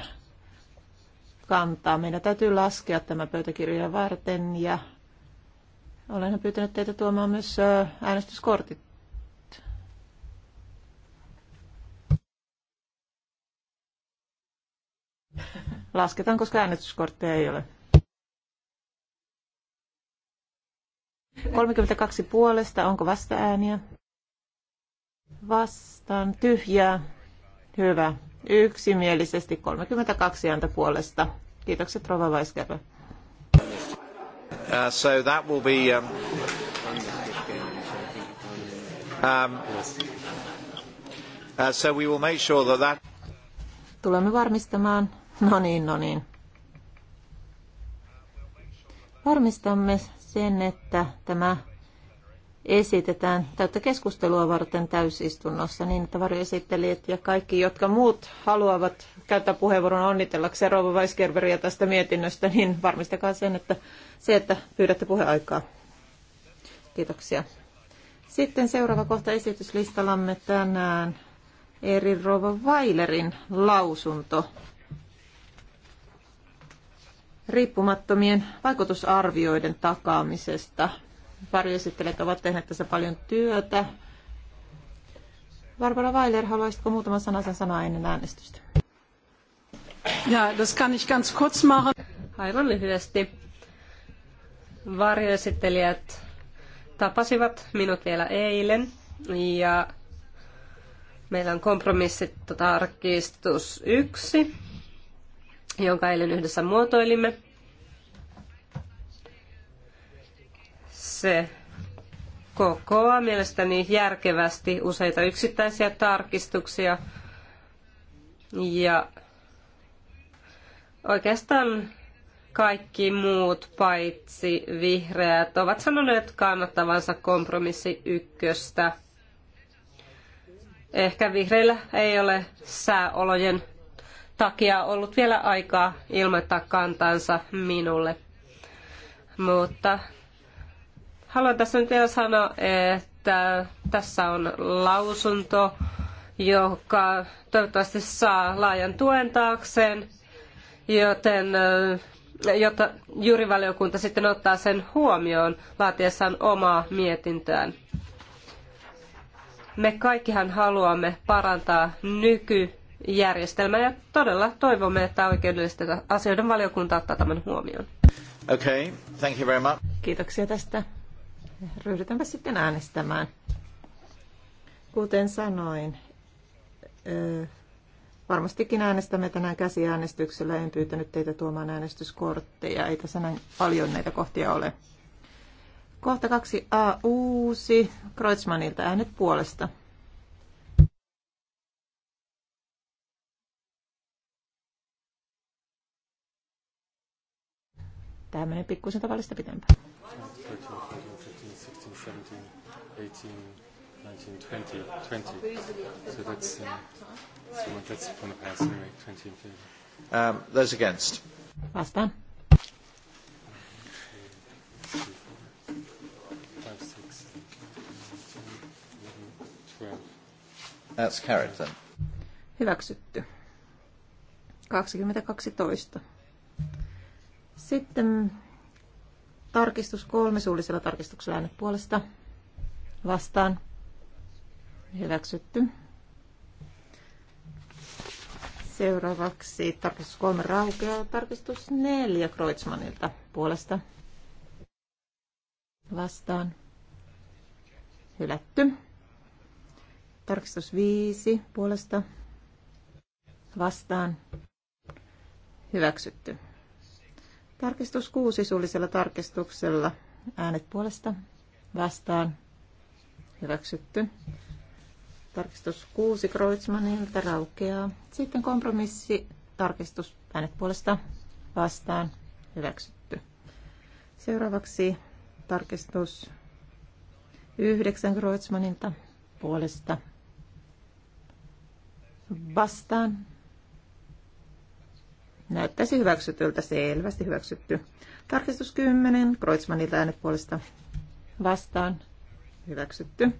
kantaa? Meidän täytyy laskea tämä pöytäkirja varten ja olen pyytänyt teitä tuomaan myös äänestyskortit. Lasketaan, koska äänestyskortteja ei ole. 32 puolesta, onko vasta ääniä? Vastaan tyhjää. Hyvä. Yksimielisesti 32 ääntä puolesta. Kiitokset Rova Vaiskerra. Uh, so that will be. Um, um, uh, so we will make sure that that. Tulemme varmistamaan. No niin, no niin. Varmistamme sen, että tämä esitetään täyttä keskustelua varten täysistunnossa niin, että varjoesittelijät ja kaikki, jotka muut haluavat käyttää puheenvuoron onnitellakseen Rouva Weisgerberia tästä mietinnöstä, niin varmistakaa sen, että se, että pyydätte puheaikaa. Kiitoksia. Sitten seuraava kohta esityslistallamme tänään Eri Rova Weilerin lausunto. Riippumattomien vaikutusarvioiden takaamisesta Varjoesittelijät ovat tehneet tässä paljon työtä. Barbara Weiler, haluaisitko muutaman sanasen sanoa ennen äänestystä? Ja, das kann ich ganz kurz machen. Aivan lyhyesti. Varjoesittelijät tapasivat minut vielä eilen ja meillä on kompromissitarkistus yksi, jonka eilen yhdessä muotoilimme. se kokoaa mielestäni järkevästi useita yksittäisiä tarkistuksia ja oikeastaan kaikki muut paitsi vihreät ovat sanoneet kannattavansa kompromissi ykköstä. Ehkä vihreillä ei ole sääolojen takia ollut vielä aikaa ilmoittaa kantansa minulle. Mutta Haluan tässä nyt vielä sanoa, että tässä on lausunto, joka toivottavasti saa laajan tuen taakseen, joten jotta juurivaliokunta sitten ottaa sen huomioon laatiessaan omaa mietintöään. Me kaikkihan haluamme parantaa nykyjärjestelmää ja todella toivomme, että oikeudellisten asioiden valiokunta ottaa tämän huomioon. Okay, thank you very much. Kiitoksia tästä ryhdytäänpä sitten äänestämään. Kuten sanoin, varmastikin äänestämme tänään käsiäänestyksellä. En pyytänyt teitä tuomaan äänestyskortteja. Ei tässä näin paljon näitä kohtia ole. Kohta 2a uusi. Kreutzmannilta äänet puolesta. Tämä menee pikkuisen tavallista pitempään. 17, 18, 19, 20, 20. So that's, uh, so that's from the past anyway, 20 in favor. Um, those against? Vastaan. That's carried then. Hyväksytty. 2012. Sitten Tarkistus kolme suullisella tarkistuksella äänet puolesta. Vastaan. Hyväksytty. Seuraavaksi tarkistus kolme raukeaa. Tarkistus neljä Kreutzmannilta puolesta. Vastaan. Hylätty. Tarkistus viisi puolesta. Vastaan. Hyväksytty. Tarkistus kuusi suullisella tarkistuksella. Äänet puolesta vastaan. Hyväksytty. Tarkistus kuusi Kreutzmannilta raukeaa. Sitten kompromissi. Tarkistus äänet puolesta vastaan. Hyväksytty. Seuraavaksi tarkistus yhdeksän Kreutzmannilta puolesta vastaan Näyttäisi hyväksytyltä, selvästi hyväksytty. Tarkistus 10, Kreutzmannin äänet puolesta vastaan, hyväksytty.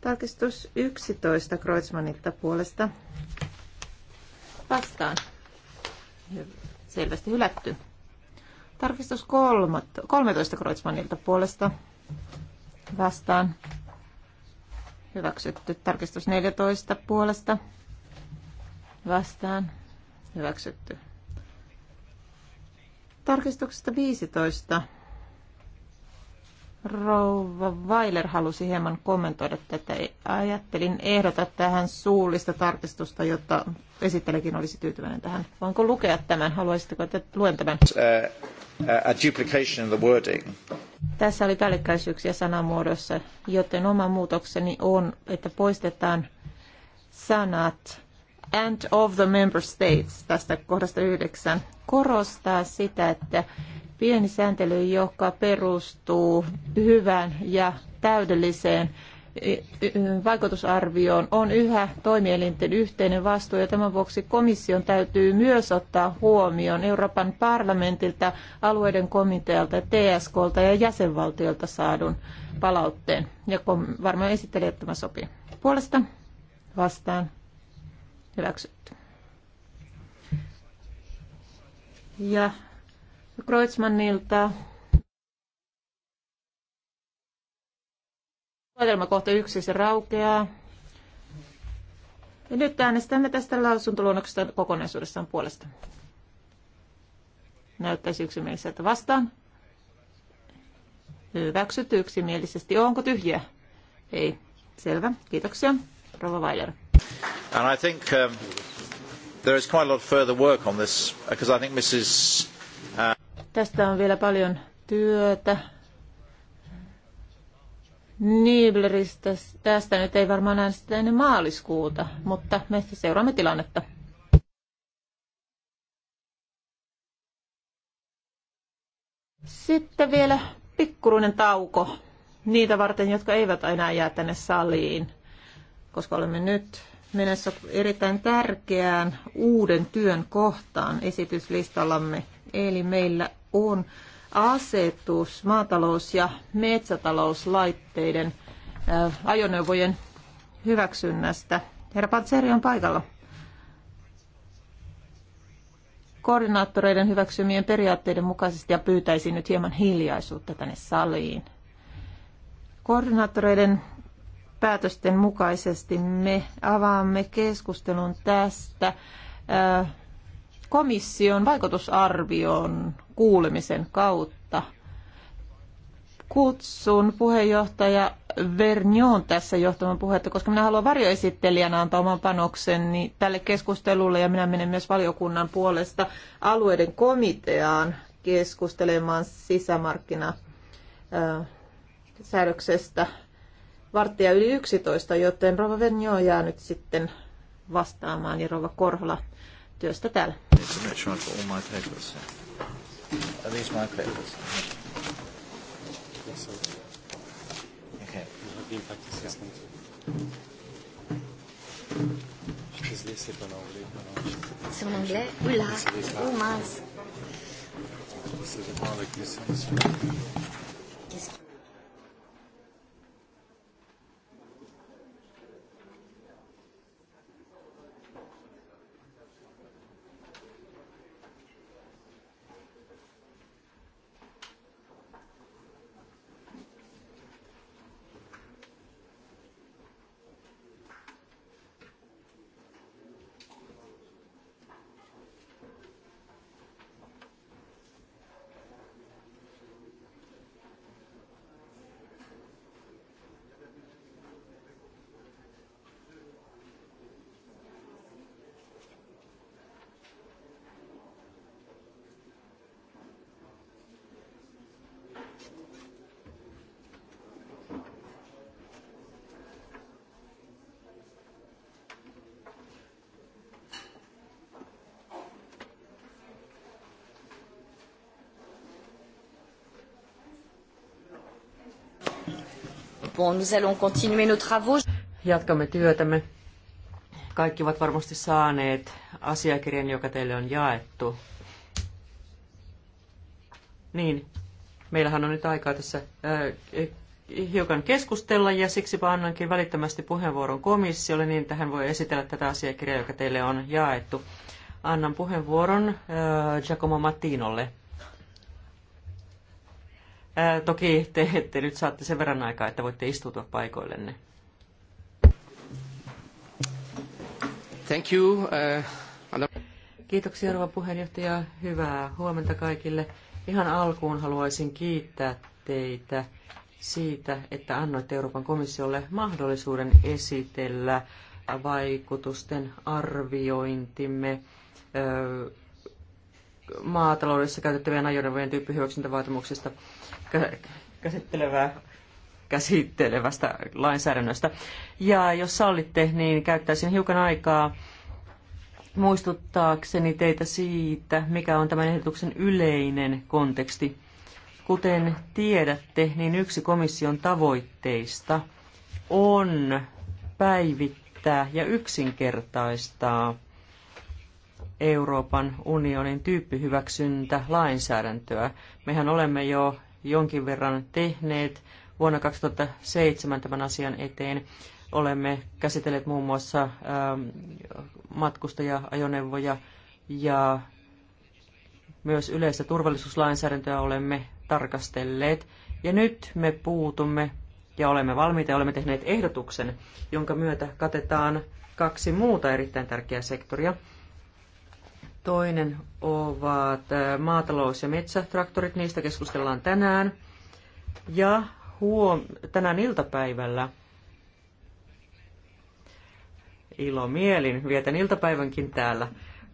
Tarkistus 11, Kreutzmannilta puolesta vastaan, selvästi hylätty. Tarkistus 13, Kreutzmannilta puolesta vastaan, hyväksytty. Tarkistus 14 puolesta vastaan, hyväksytty. Tarkistuksesta 15. Rouva Weiler halusi hieman kommentoida tätä. Ajattelin ehdota tähän suullista tarkistusta, jotta esittelekin olisi tyytyväinen tähän. Voinko lukea tämän? Haluaisitteko, että luen tämän? Uh, uh, a duplication in the wording. Tässä oli päällekkäisyyksiä sanamuodossa, joten oma muutokseni on, että poistetaan sanat and of the member states tästä kohdasta yhdeksän korostaa sitä, että pieni sääntely, joka perustuu hyvään ja täydelliseen vaikutusarvioon on yhä toimielinten yhteinen vastuu ja tämän vuoksi komission täytyy myös ottaa huomioon Euroopan parlamentilta, alueiden komitealta, TSKlta ja jäsenvaltiolta saadun palautteen. Ja varmaan esittelijät tämä sopii. Puolesta vastaan Hyväksytty. Ja Kreutzmannilta Luetelma kohta yksi, se raukeaa. Ja nyt äänestämme tästä lausuntoluonnoksesta kokonaisuudessaan puolesta. Näyttäisi yksimieliseltä vastaan. Hyväksytty yksimielisesti. Onko tyhjiä? Ei. Selvä. Kiitoksia. Rova Weiler. And I think um, there is quite a lot of further work on this, because I think Mrs. Uh... Tästä on vielä paljon työtä. Nibleristä tästä nyt ei varmaan äänestetä ennen maaliskuuta, mutta me seuraamme tilannetta. Sitten vielä pikkuruinen tauko niitä varten, jotka eivät aina jää tänne saliin, koska olemme nyt mennessä erittäin tärkeään uuden työn kohtaan esityslistallamme. Eli meillä on asetus maatalous- ja metsätalouslaitteiden ajoneuvojen hyväksynnästä. Herra Patseri on paikalla. Koordinaattoreiden hyväksymien periaatteiden mukaisesti ja pyytäisin nyt hieman hiljaisuutta tänne saliin. Koordinaattoreiden päätösten mukaisesti me avaamme keskustelun tästä äh, komission vaikutusarvion kuulemisen kautta. Kutsun puheenjohtaja Vernion tässä johtaman puhetta, koska minä haluan varjoesittelijänä antaa oman panokseni tälle keskustelulle ja minä menen myös valiokunnan puolesta alueiden komiteaan keskustelemaan sisämarkkina äh, säädöksestä varttia yli 11, joten Rova Venjo jää nyt sitten vastaamaan ja Rova Korhola työstä täällä. C'est en anglais Oula Oh mince Qu'est-ce Bon, nous allons continuer nos travaux. Jatkamme työtämme. Kaikki ovat varmasti saaneet asiakirjan, joka teille on jaettu. Niin, meillähän on nyt aikaa tässä ää, äh, hiukan keskustella ja siksi annankin välittömästi puheenvuoron komissiolle niin, tähän voi esitellä tätä asiakirjaa, joka teille on jaettu. Annan puheenvuoron ää, äh, Giacomo Mattinolle. Ää, toki te, te nyt saatte sen verran aikaa, että voitte istutua paikoillenne. Thank you. Uh, Kiitoksia, rouva puheenjohtaja. Hyvää huomenta kaikille. Ihan alkuun haluaisin kiittää teitä siitä, että annoitte Euroopan komissiolle mahdollisuuden esitellä vaikutusten arviointimme maataloudessa käytettävien ajoneuvojen tyyppihyväksyntävaatimuksista. vaatimuksista käsittelevää käsittelevästä lainsäädännöstä. Ja jos sallitte, niin käyttäisin hiukan aikaa muistuttaakseni teitä siitä, mikä on tämän ehdotuksen yleinen konteksti. Kuten tiedätte, niin yksi komission tavoitteista on päivittää ja yksinkertaistaa Euroopan unionin tyyppihyväksyntä lainsäädäntöä. Mehän olemme jo jonkin verran tehneet. Vuonna 2007 tämän asian eteen olemme käsitelleet muun muassa ähm, matkustaja-ajoneuvoja ja myös yleistä turvallisuuslainsäädäntöä olemme tarkastelleet. Ja nyt me puutumme ja olemme valmiita ja olemme tehneet ehdotuksen, jonka myötä katetaan kaksi muuta erittäin tärkeää sektoria – Toinen ovat maatalous- ja metsätraktorit, niistä keskustellaan tänään. Ja huom- tänään iltapäivällä ilomielin vietän iltapäivänkin täällä,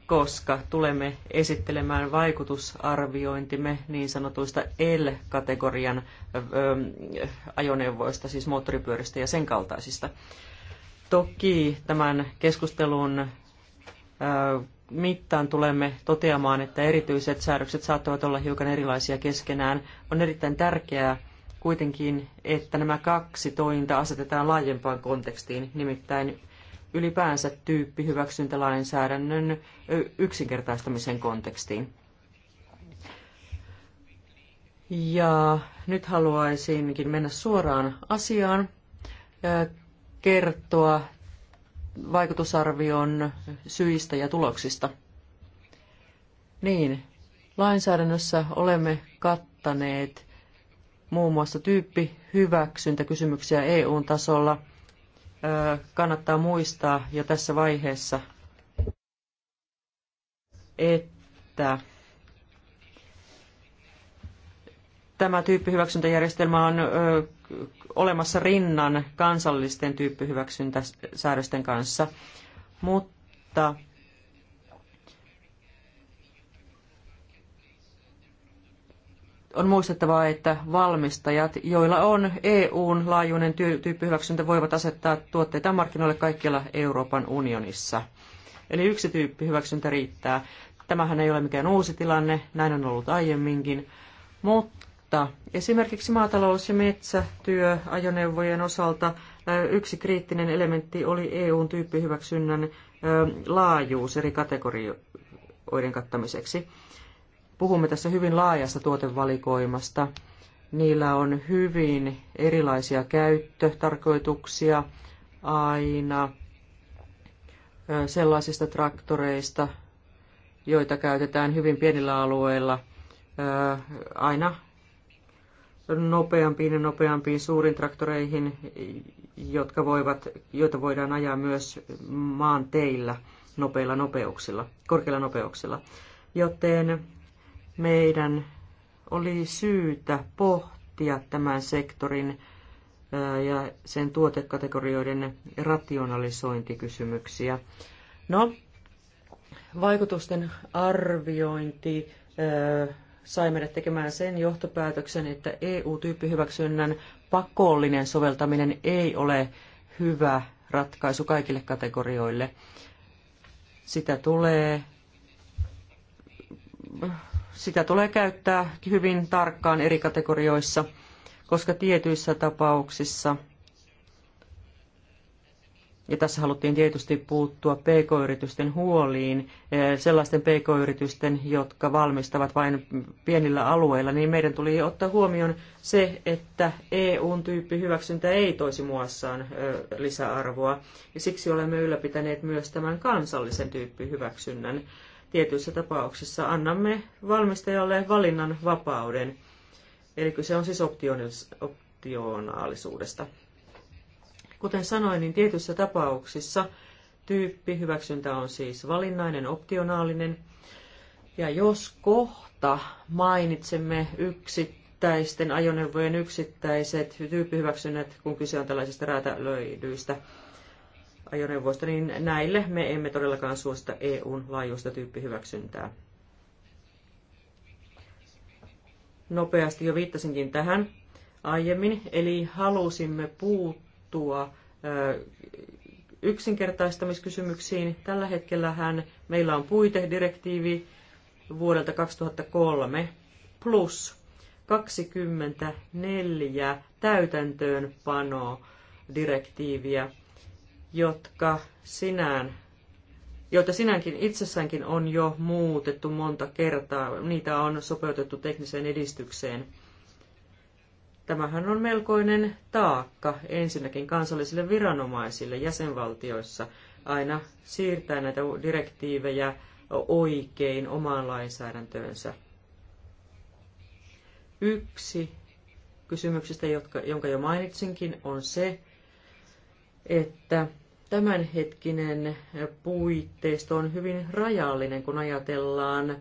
koska tulemme esittelemään vaikutusarviointimme niin sanotuista L-kategorian ajoneuvoista, siis moottoripyöristä ja sen kaltaisista. Toki tämän keskustelun mittaan tulemme toteamaan, että erityiset säädökset saattavat olla hiukan erilaisia keskenään. On erittäin tärkeää kuitenkin, että nämä kaksi tointa asetetaan laajempaan kontekstiin, nimittäin ylipäänsä tyyppihyväksyntälainsäädännön yksinkertaistamisen kontekstiin. Ja nyt haluaisinkin mennä suoraan asiaan, kertoa vaikutusarvion syistä ja tuloksista. Niin, lainsäädännössä olemme kattaneet muun muassa tyyppihyväksyntäkysymyksiä EU-tasolla. Kannattaa muistaa jo tässä vaiheessa, että tämä tyyppihyväksyntäjärjestelmä on olemassa rinnan kansallisten tyyppihyväksyntäsäädösten kanssa, mutta on muistettava, että valmistajat, joilla on EUn laajuinen tyyppihyväksyntä, voivat asettaa tuotteita markkinoille kaikkialla Euroopan unionissa. Eli yksi tyyppihyväksyntä riittää. Tämähän ei ole mikään uusi tilanne, näin on ollut aiemminkin, mutta mutta esimerkiksi maatalous- ja metsätyö ajoneuvojen osalta yksi kriittinen elementti oli EUn tyyppihyväksynnän laajuus eri kategorioiden kattamiseksi. Puhumme tässä hyvin laajasta tuotevalikoimasta. Niillä on hyvin erilaisia käyttötarkoituksia aina sellaisista traktoreista, joita käytetään hyvin pienillä alueilla – aina nopeampiin ja nopeampiin suuriin traktoreihin, jotka voivat, joita voidaan ajaa myös maan teillä nopeilla nopeuksilla, korkeilla nopeuksilla. Joten meidän oli syytä pohtia tämän sektorin ja sen tuotekategorioiden rationalisointikysymyksiä. No, vaikutusten arviointi sai meidät tekemään sen johtopäätöksen, että EU-tyyppihyväksynnän pakollinen soveltaminen ei ole hyvä ratkaisu kaikille kategorioille. Sitä tulee, sitä tulee käyttää hyvin tarkkaan eri kategorioissa, koska tietyissä tapauksissa – ja tässä haluttiin tietysti puuttua pk-yritysten huoliin, sellaisten pk-yritysten, jotka valmistavat vain pienillä alueilla, niin meidän tuli ottaa huomioon se, että EUn tyyppi hyväksyntä ei toisi muassaan lisäarvoa. Ja siksi olemme ylläpitäneet myös tämän kansallisen tyyppihyväksynnän. Tietyissä tapauksissa annamme valmistajalle valinnan vapauden. Eli se on siis optionaalisuudesta. Kuten sanoin, niin tietyissä tapauksissa tyyppihyväksyntä on siis valinnainen, optionaalinen. Ja jos kohta mainitsemme yksittäisten ajoneuvojen yksittäiset tyyppihyväksynnät, kun kyse on tällaisista räätälöidyistä ajoneuvoista, niin näille me emme todellakaan suosta EUn laajuista tyyppihyväksyntää. Nopeasti jo viittasinkin tähän aiemmin, eli halusimme puuttua tarttua yksinkertaistamiskysymyksiin. Tällä hetkellähän meillä on puitedirektiivi vuodelta 2003 plus 24 täytäntöönpanodirektiiviä, jotka sinään, joita sinäänkin itsessäänkin on jo muutettu monta kertaa. Niitä on sopeutettu tekniseen edistykseen – Tämähän on melkoinen taakka ensinnäkin kansallisille viranomaisille jäsenvaltioissa aina siirtää näitä direktiivejä oikein omaan lainsäädäntöönsä. Yksi kysymyksistä, jotka, jonka jo mainitsinkin, on se, että tämänhetkinen puitteisto on hyvin rajallinen, kun ajatellaan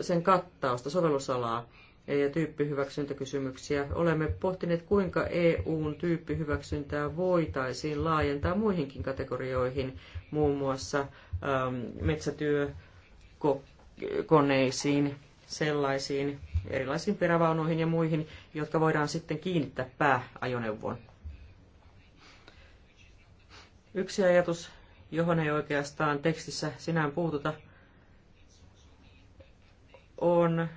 sen kattausta, sovellusalaa ja tyyppihyväksyntäkysymyksiä. Olemme pohtineet, kuinka EUn tyyppihyväksyntää voitaisiin laajentaa muihinkin kategorioihin, muun muassa ähm, metsätyökoneisiin, sellaisiin erilaisiin perävaunuihin ja muihin, jotka voidaan sitten kiinnittää pääajoneuvoon. Yksi ajatus, johon ei oikeastaan tekstissä sinään puututa, on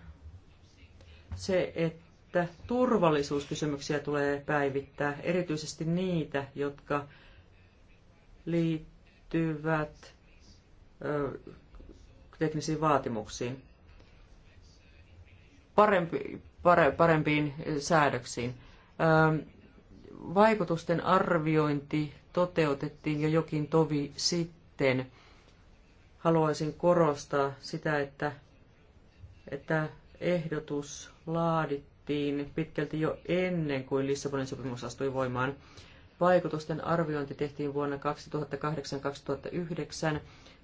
se, että turvallisuuskysymyksiä tulee päivittää, erityisesti niitä, jotka liittyvät ö, teknisiin vaatimuksiin, parempi, pare, parempiin säädöksiin. Ö, vaikutusten arviointi toteutettiin jo jokin tovi sitten. Haluaisin korostaa sitä, että, että ehdotus laadittiin pitkälti jo ennen kuin Lissabonin sopimus astui voimaan. Vaikutusten arviointi tehtiin vuonna 2008-2009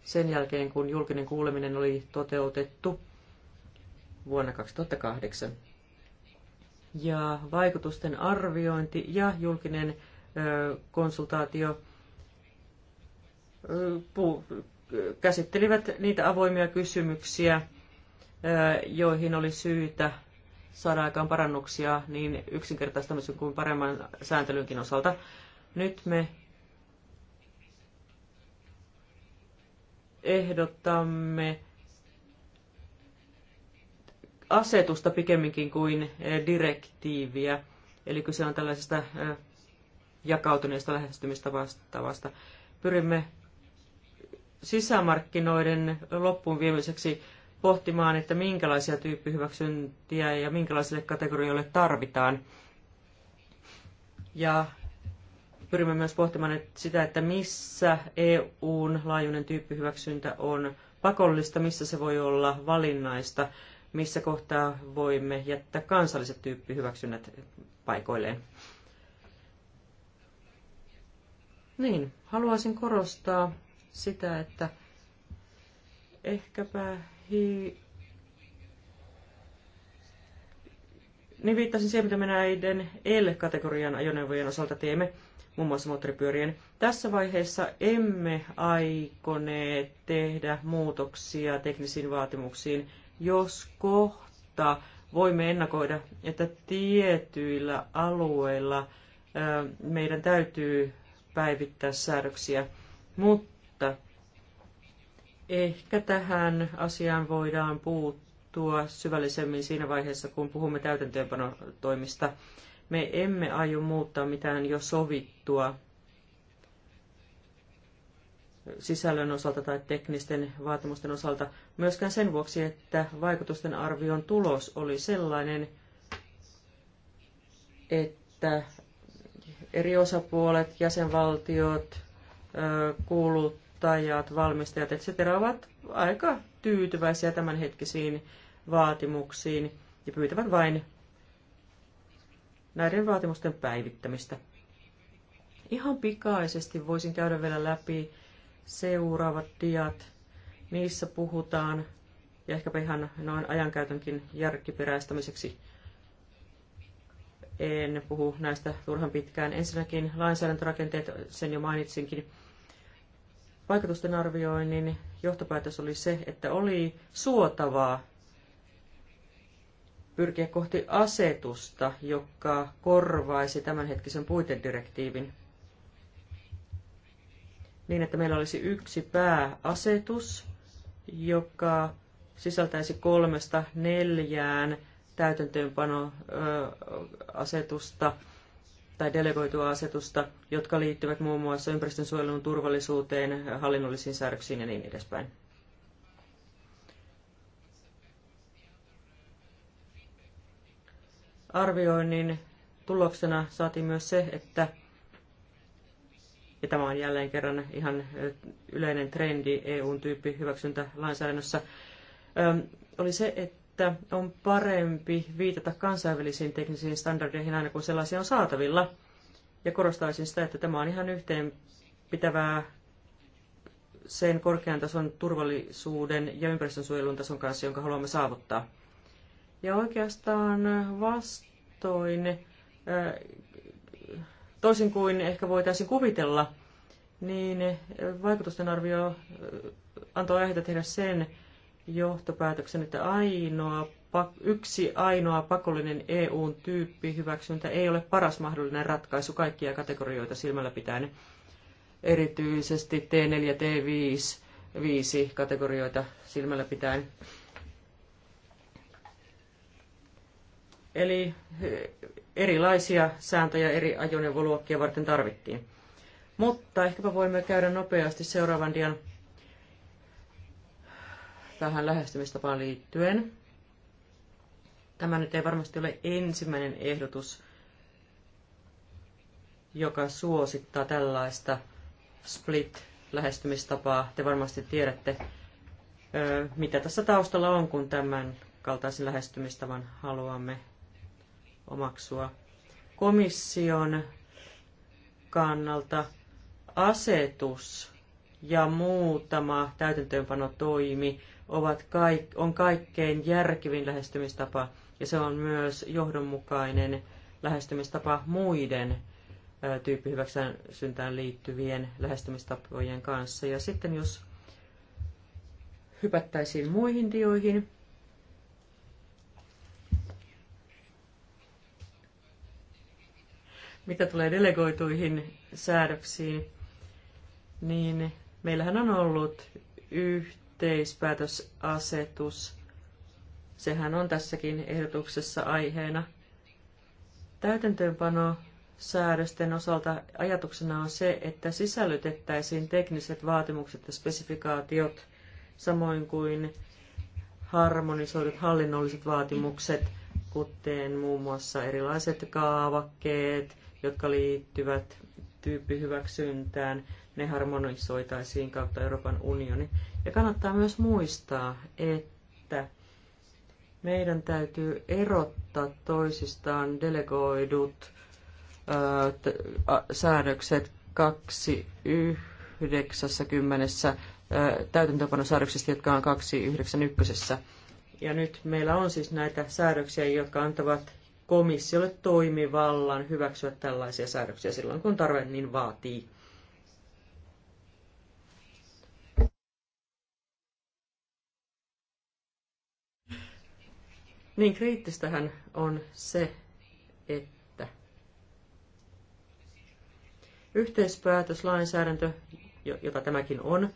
sen jälkeen, kun julkinen kuuleminen oli toteutettu vuonna 2008. Ja vaikutusten arviointi ja julkinen ö, konsultaatio käsittelivät niitä avoimia kysymyksiä, joihin oli syytä saada aikaan parannuksia niin yksinkertaistamisen kuin paremman sääntelynkin osalta. Nyt me ehdottamme asetusta pikemminkin kuin eh, direktiiviä. Eli kyse on tällaisesta eh, jakautuneesta lähestymistavasta. Pyrimme sisämarkkinoiden loppuun viemiseksi pohtimaan, että minkälaisia tyyppihyväksyntiä ja minkälaisille kategorioille tarvitaan. Ja pyrimme myös pohtimaan että sitä, että missä EUn laajuinen tyyppihyväksyntä on pakollista, missä se voi olla valinnaista, missä kohtaa voimme jättää kansalliset tyyppihyväksynnät paikoilleen. Niin, haluaisin korostaa sitä, että ehkäpä niin viittasin siihen, mitä me näiden L-kategorian ajoneuvojen osalta teemme, muun muassa moottoripyörien. Tässä vaiheessa emme aikoneet tehdä muutoksia teknisiin vaatimuksiin, jos kohta voimme ennakoida, että tietyillä alueilla meidän täytyy päivittää säädöksiä, mutta Ehkä tähän asiaan voidaan puuttua syvällisemmin siinä vaiheessa, kun puhumme täytäntöönpanotoimista. Me emme aio muuttaa mitään jo sovittua sisällön osalta tai teknisten vaatimusten osalta, myöskään sen vuoksi, että vaikutusten arvion tulos oli sellainen, että eri osapuolet, jäsenvaltiot, kuulut, tuottajat, valmistajat, etc. ovat aika tyytyväisiä tämänhetkisiin vaatimuksiin ja pyytävät vain näiden vaatimusten päivittämistä. Ihan pikaisesti voisin käydä vielä läpi seuraavat diat. Niissä puhutaan, ja ehkäpä ihan noin ajankäytönkin järkiperäistämiseksi en puhu näistä turhan pitkään. Ensinnäkin lainsäädäntörakenteet, sen jo mainitsinkin vaikutusten arvioinnin johtopäätös oli se, että oli suotavaa pyrkiä kohti asetusta, joka korvaisi tämänhetkisen puitedirektiivin niin, että meillä olisi yksi pääasetus, joka sisältäisi kolmesta neljään täytäntöönpanoasetusta tai delegoitua asetusta, jotka liittyvät muun muassa ympäristönsuojelun turvallisuuteen, hallinnollisiin säädöksiin ja niin edespäin. Arvioinnin tuloksena saatiin myös se, että, ja tämä on jälleen kerran ihan yleinen trendi eu tyyppi hyväksyntä lainsäädännössä, oli se, että että on parempi viitata kansainvälisiin teknisiin standardeihin aina kun sellaisia on saatavilla. Ja korostaisin sitä, että tämä on ihan yhteenpitävää sen korkean tason turvallisuuden ja ympäristönsuojelun tason kanssa, jonka haluamme saavuttaa. Ja oikeastaan vastoin, äh, toisin kuin ehkä voitaisiin kuvitella, niin vaikutusten arvio äh, antoi aiheita tehdä sen johtopäätöksen, että ainoa, yksi ainoa pakollinen EUn tyyppihyväksyntä ei ole paras mahdollinen ratkaisu kaikkia kategorioita silmällä pitäen. Erityisesti T4 ja T5 viisi kategorioita silmällä pitäen. Eli erilaisia sääntöjä eri ajoneuvoluokkia varten tarvittiin. Mutta ehkäpä voimme käydä nopeasti seuraavan dian tähän lähestymistapaan liittyen. Tämä nyt ei varmasti ole ensimmäinen ehdotus, joka suosittaa tällaista split-lähestymistapaa. Te varmasti tiedätte, mitä tässä taustalla on, kun tämän kaltaisen lähestymistavan haluamme omaksua. Komission kannalta asetus ja muutama täytäntöönpano toimi ovat kaik, on kaikkein järkevin lähestymistapa ja se on myös johdonmukainen lähestymistapa muiden tyyppihyväksyntään liittyvien lähestymistapojen kanssa. Ja sitten jos hypättäisiin muihin dioihin, mitä tulee delegoituihin säädöksiin, niin meillähän on ollut yhtä yhteispäätösasetus, sehän on tässäkin ehdotuksessa aiheena. Täytäntöönpano säädösten osalta ajatuksena on se, että sisällytettäisiin tekniset vaatimukset ja spesifikaatiot, samoin kuin harmonisoidut hallinnolliset vaatimukset, kuten muun muassa erilaiset kaavakkeet, jotka liittyvät tyyppihyväksyntään, ne harmonisoitaisiin kautta Euroopan unioni. Ja kannattaa myös muistaa, että meidän täytyy erottaa toisistaan delegoidut äh, t- a, säädökset 290 täytäntöpanosäädöksistä, jotka on 291. Ja nyt meillä on siis näitä säädöksiä, jotka antavat komissiolle toimivallan hyväksyä tällaisia säädöksiä silloin, kun tarve niin vaatii. niin kriittistähän on se, että lainsäädäntö, jota tämäkin on,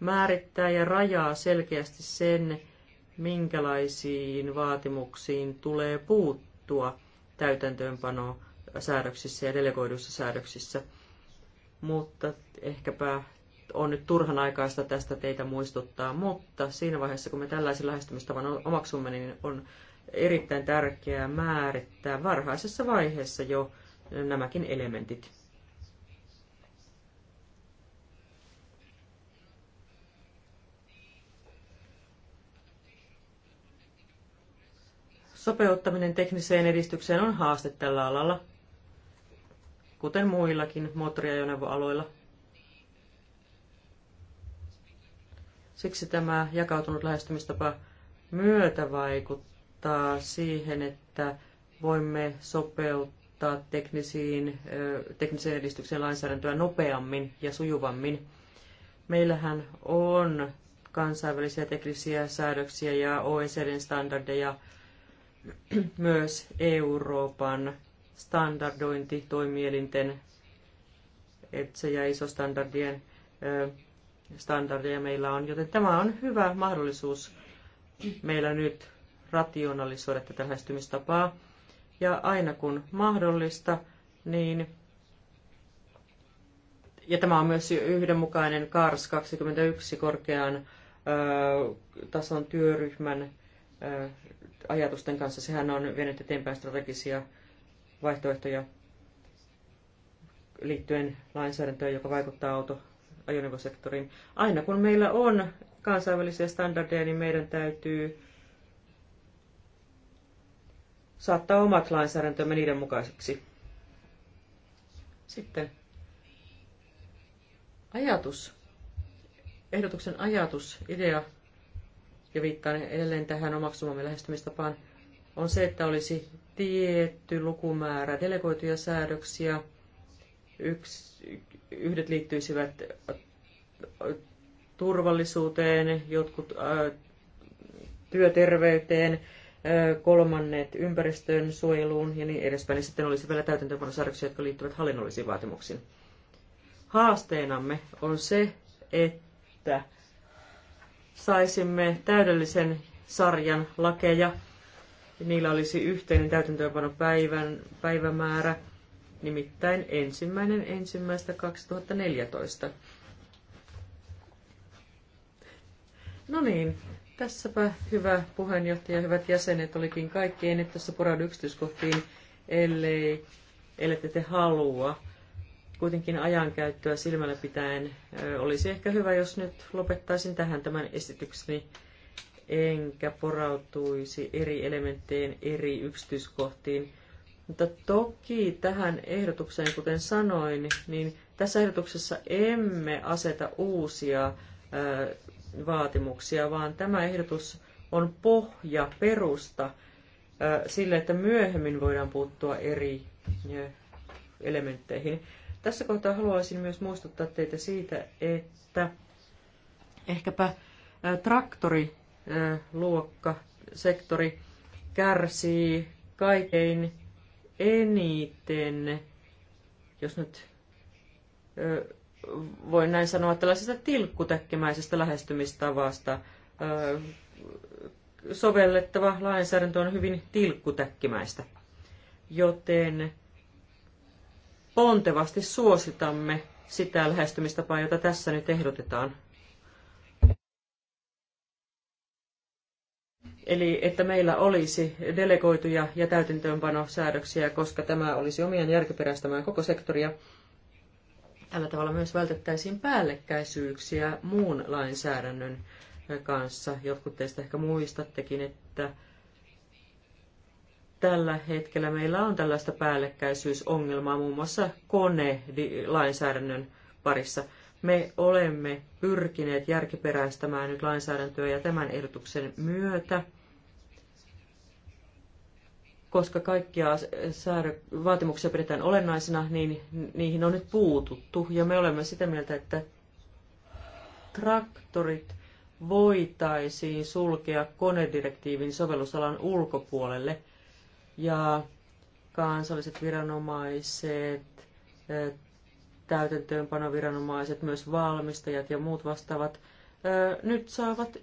määrittää ja rajaa selkeästi sen, minkälaisiin vaatimuksiin tulee puuttua täytäntöönpano säädöksissä ja delegoiduissa säädöksissä. Mutta ehkäpä on nyt turhan aikaista tästä teitä muistuttaa, mutta siinä vaiheessa, kun me tällaisen lähestymistavan omaksumme, niin on erittäin tärkeää määrittää varhaisessa vaiheessa jo nämäkin elementit. Sopeuttaminen tekniseen edistykseen on haaste tällä alalla, kuten muillakin moottoriajoneuvoaloilla. Siksi tämä jakautunut lähestymistapa myötävaikuttaa johtaa siihen, että voimme sopeuttaa teknisiin, tekniseen edistykseen lainsäädäntöä nopeammin ja sujuvammin. Meillähän on kansainvälisiä teknisiä säädöksiä ja OECDn standardeja, myös Euroopan standardointitoimielinten ETSE ja ISO-standardien standardeja meillä on, joten tämä on hyvä mahdollisuus meillä nyt rationalisoida tätä lähestymistapaa. Ja aina kun mahdollista, niin ja tämä on myös yhdenmukainen KARS 21 korkean ö, tason työryhmän ö, ajatusten kanssa. Sehän on vienyt eteenpäin strategisia vaihtoehtoja liittyen lainsäädäntöön, joka vaikuttaa auto ajoneuvosektoriin. Aina kun meillä on kansainvälisiä standardeja, niin meidän täytyy saattaa omat lainsäädäntömme niiden mukaiseksi. Sitten ajatus, ehdotuksen ajatus, idea, ja viittaan edelleen tähän omaksumamme lähestymistapaan, on se, että olisi tietty lukumäärä delegoituja säädöksiä, yks, yhdet liittyisivät äh, turvallisuuteen, jotkut ää, äh, työterveyteen, kolmannet ympäristön suojeluun ja niin edespäin. Ja sitten olisi vielä täytäntöönpanosäädöksiä, jotka liittyvät hallinnollisiin vaatimuksiin. Haasteenamme on se, että saisimme täydellisen sarjan lakeja. Niillä olisi yhteinen täytäntöönpanopäivän päivämäärä, nimittäin ensimmäinen ensimmäistä 2014. No niin, Tässäpä hyvä puheenjohtaja, hyvät jäsenet, olikin kaikki. En nyt tässä poraudu yksityiskohtiin, ellei, ellei te halua. Kuitenkin ajankäyttöä silmällä pitäen olisi ehkä hyvä, jos nyt lopettaisin tähän tämän esitykseni, enkä porautuisi eri elementtien eri yksityiskohtiin. Mutta toki tähän ehdotukseen, kuten sanoin, niin tässä ehdotuksessa emme aseta uusia vaatimuksia, vaan tämä ehdotus on pohja, perusta sille, että myöhemmin voidaan puuttua eri elementteihin. Tässä kohtaa haluaisin myös muistuttaa teitä siitä, että ehkäpä traktoriluokka, sektori kärsii kaikkein eniten, jos nyt voin näin sanoa, tällaisesta tilkkutekkimäisestä lähestymistavasta. Sovellettava lainsäädäntö on hyvin tilkkutekkimäistä, joten pontevasti suositamme sitä lähestymistapaa, jota tässä nyt ehdotetaan. Eli että meillä olisi delegoituja ja täytäntöönpanosäädöksiä, koska tämä olisi omien järkiperäistämään koko sektoria Tällä tavalla myös vältettäisiin päällekkäisyyksiä muun lainsäädännön kanssa. Jotkut teistä ehkä muistattekin, että tällä hetkellä meillä on tällaista päällekkäisyysongelmaa muun muassa kone-lainsäädännön parissa. Me olemme pyrkineet järkiperäistämään nyt lainsäädäntöä ja tämän ehdotuksen myötä – koska kaikkia säädö- vaatimuksia pidetään olennaisina, niin niihin on nyt puututtu. Ja me olemme sitä mieltä, että traktorit voitaisiin sulkea konedirektiivin sovellusalan ulkopuolelle. Ja kansalliset viranomaiset, täytäntöönpanoviranomaiset, myös valmistajat ja muut vastaavat nyt saavat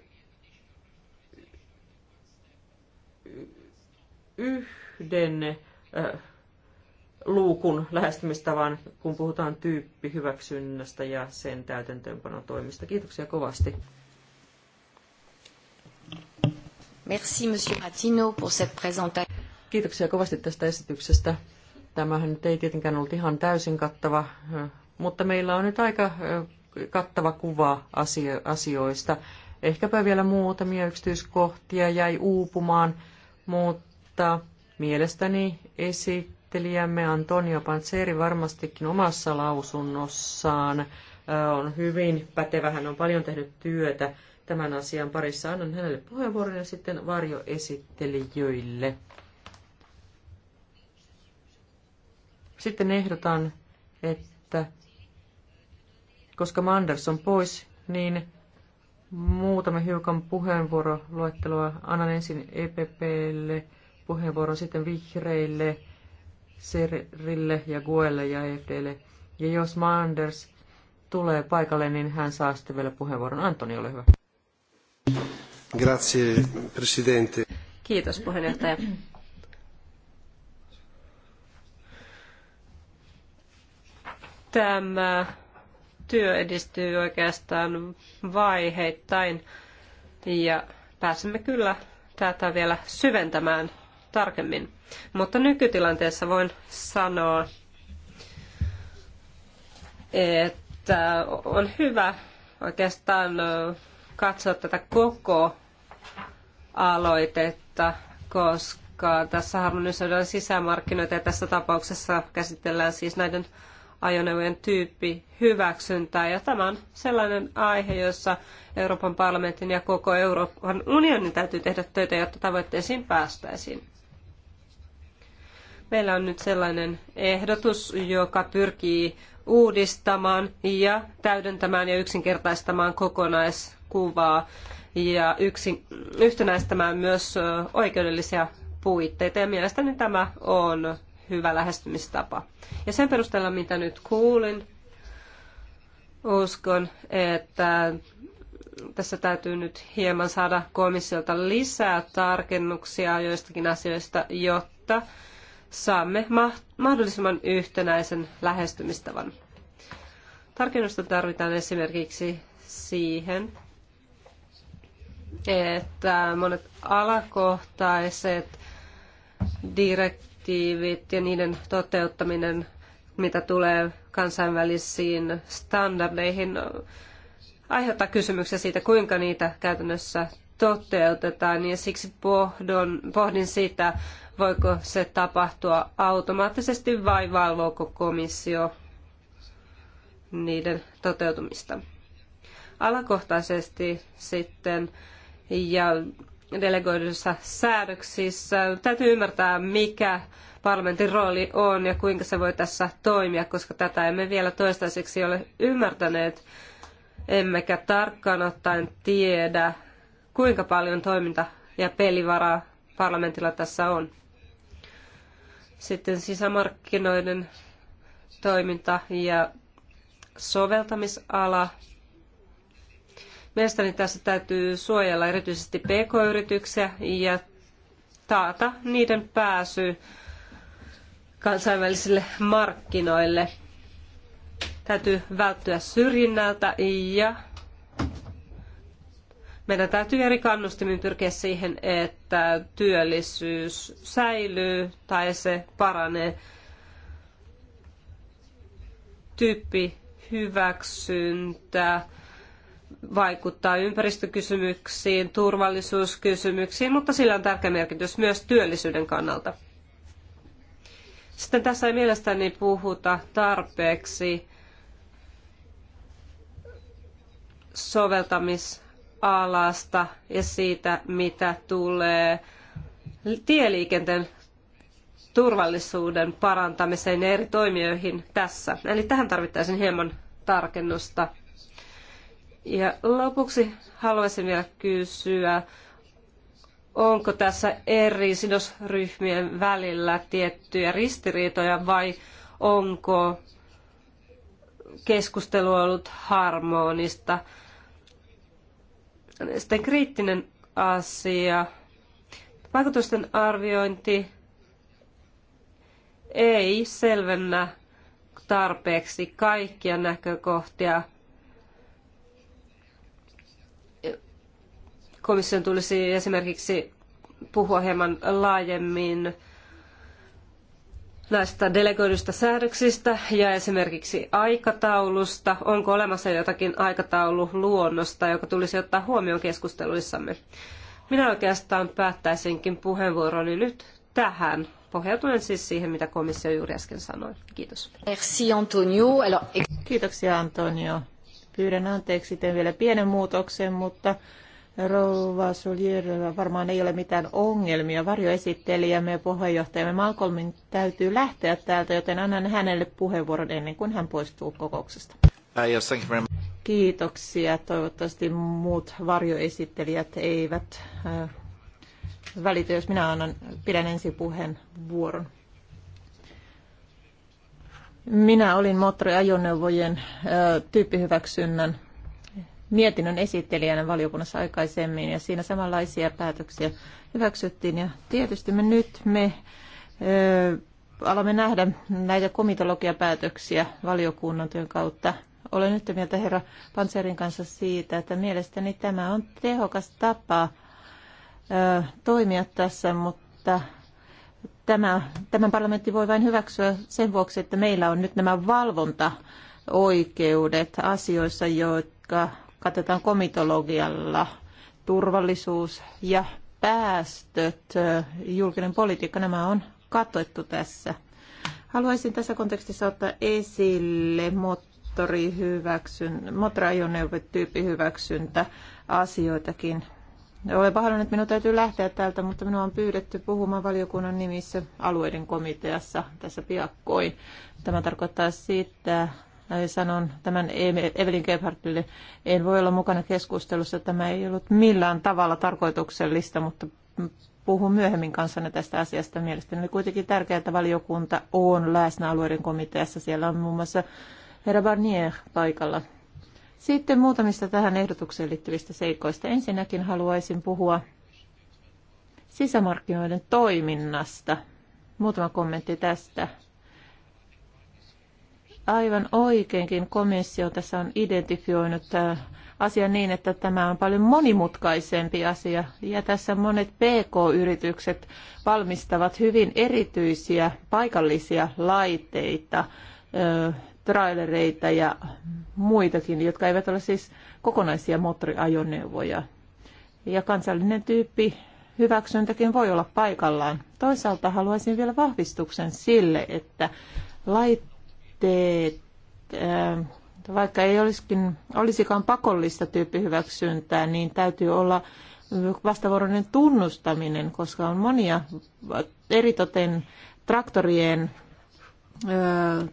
yhden luukun lähestymistavan, kun puhutaan tyyppihyväksynnästä ja sen täytäntöönpanotoimista. Kiitoksia kovasti. Merci, Monsieur Patino, pour cette présentation. Kiitoksia kovasti tästä esityksestä. Tämähän nyt ei tietenkään ollut ihan täysin kattava, mutta meillä on nyt aika kattava kuva asioista. Ehkäpä vielä muutamia yksityiskohtia jäi uupumaan, mutta ottaa mielestäni esittelijämme Antonio Panzeri varmastikin omassa lausunnossaan on hyvin pätevä. Hän on paljon tehnyt työtä tämän asian parissa. Annan hänelle puheenvuoron ja sitten varjoesittelijöille. Sitten ehdotan, että koska Manders on pois, niin muutama hiukan puheenvuoroluetteloa annan ensin EPPlle puheenvuoro sitten vihreille, Serille ja Guelle ja EFDlle. Ja jos Manders tulee paikalle, niin hän saa sitten vielä puheenvuoron. Antoni, ole hyvä. Grazie, presidente. Kiitos, puheenjohtaja. Tämä työ edistyy oikeastaan vaiheittain ja pääsemme kyllä tätä vielä syventämään tarkemmin. Mutta nykytilanteessa voin sanoa, että on hyvä oikeastaan katsoa tätä koko aloitetta, koska tässä harmonisoidaan sisämarkkinoita ja tässä tapauksessa käsitellään siis näiden ajoneuvojen tyyppi hyväksyntää. Ja tämä on sellainen aihe, jossa Euroopan parlamentin ja koko Euroopan unionin täytyy tehdä töitä, jotta tavoitteisiin päästäisiin. Meillä on nyt sellainen ehdotus, joka pyrkii uudistamaan ja täydentämään ja yksinkertaistamaan kokonaiskuvaa ja yksin, yhtenäistämään myös oikeudellisia puitteita. Ja mielestäni tämä on hyvä lähestymistapa. Ja sen perusteella, mitä nyt kuulin, uskon, että tässä täytyy nyt hieman saada komissiolta lisää tarkennuksia joistakin asioista, jotta saamme mahdollisimman yhtenäisen lähestymistavan. Tarkennusta tarvitaan esimerkiksi siihen, että monet alakohtaiset direktiivit ja niiden toteuttaminen, mitä tulee kansainvälisiin standardeihin, aiheuttaa kysymyksiä siitä, kuinka niitä käytännössä toteutetaan. Ja siksi pohdon, pohdin sitä, Voiko se tapahtua automaattisesti vai valvooko komissio niiden toteutumista? Alakohtaisesti sitten ja delegoiduissa säädöksissä täytyy ymmärtää, mikä parlamentin rooli on ja kuinka se voi tässä toimia, koska tätä emme vielä toistaiseksi ole ymmärtäneet, emmekä tarkkaan ottaen tiedä, kuinka paljon toiminta ja pelivaraa parlamentilla tässä on. Sitten sisämarkkinoiden toiminta ja soveltamisala. Mielestäni tässä täytyy suojella erityisesti pk-yrityksiä ja taata niiden pääsy kansainvälisille markkinoille. Täytyy välttyä syrjinnältä ja meidän täytyy eri kannustimin pyrkiä siihen, että työllisyys säilyy tai se paranee. Tyyppi hyväksyntä vaikuttaa ympäristökysymyksiin, turvallisuuskysymyksiin, mutta sillä on tärkeä merkitys myös työllisyyden kannalta. Sitten tässä ei mielestäni puhuta tarpeeksi soveltamis alasta ja siitä, mitä tulee tieliikenteen turvallisuuden parantamiseen ja eri toimijoihin tässä. Eli tähän tarvittaisiin hieman tarkennusta. Ja lopuksi haluaisin vielä kysyä, onko tässä eri sidosryhmien välillä tiettyjä ristiriitoja vai onko keskustelu ollut harmonista? Sitten kriittinen asia. Vaikutusten arviointi ei selvennä tarpeeksi kaikkia näkökohtia. Komission tulisi esimerkiksi puhua hieman laajemmin näistä delegoiduista säädöksistä ja esimerkiksi aikataulusta. Onko olemassa jotakin aikataululuonnosta, joka tulisi ottaa huomioon keskusteluissamme? Minä oikeastaan päättäisinkin puheenvuoroni nyt tähän, pohjautuen siis siihen, mitä komissio juuri äsken sanoi. Kiitos. Merci Antonio. Kiitoksia Antonio. Pyydän anteeksi, teen vielä pienen muutoksen, mutta Rouva Suljärvellä varmaan ei ole mitään ongelmia. Varjoesittelijämme ja puheenjohtajamme Malcolmin täytyy lähteä täältä, joten annan hänelle puheenvuoron ennen kuin hän poistuu kokouksesta. Uh, Kiitoksia. Toivottavasti muut varjoesittelijät eivät uh, välitä, jos minä annan, pidän ensin puheenvuoron. Minä olin moottoriajoneuvojen uh, tyyppihyväksynnän mietinnön esittelijänä valiokunnassa aikaisemmin ja siinä samanlaisia päätöksiä hyväksyttiin. Ja tietysti me nyt me ö, alamme nähdä näitä komitologiapäätöksiä valiokunnan työn kautta. Olen yhtä mieltä herra Panserin kanssa siitä, että mielestäni tämä on tehokas tapa ö, toimia tässä, mutta tämä, tämän parlamentti voi vain hyväksyä sen vuoksi, että meillä on nyt nämä valvontaoikeudet asioissa, jotka katetaan komitologialla turvallisuus ja päästöt, julkinen politiikka, nämä on katoettu tässä. Haluaisin tässä kontekstissa ottaa esille moottorihyväksyn, tyyppihyväksyntä asioitakin. Olen pahoillani, että minun täytyy lähteä täältä, mutta minua on pyydetty puhumaan valiokunnan nimissä alueiden komiteassa tässä piakkoin. Tämä tarkoittaa sitä, sanon tämän Evelyn Gebhardtille, en voi olla mukana keskustelussa, tämä ei ollut millään tavalla tarkoituksellista, mutta puhun myöhemmin kanssanne tästä asiasta. Mielestäni oli kuitenkin tärkeää, että valiokunta on läsnä alueiden komiteassa. Siellä on muun muassa herra Barnier paikalla. Sitten muutamista tähän ehdotukseen liittyvistä seikoista. Ensinnäkin haluaisin puhua sisämarkkinoiden toiminnasta. Muutama kommentti tästä aivan oikeinkin komissio tässä on identifioinut äh, asia niin, että tämä on paljon monimutkaisempi asia. Ja tässä monet PK-yritykset valmistavat hyvin erityisiä paikallisia laitteita, trailereita ja muitakin, jotka eivät ole siis kokonaisia moottoriajoneuvoja. Ja kansallinen tyyppi hyväksyntäkin voi olla paikallaan. Toisaalta haluaisin vielä vahvistuksen sille, että laitteet teet, äh, vaikka ei olisikin, olisikaan pakollista tyyppihyväksyntää, niin täytyy olla vastavuoroinen tunnustaminen, koska on monia eritoten traktorien äh,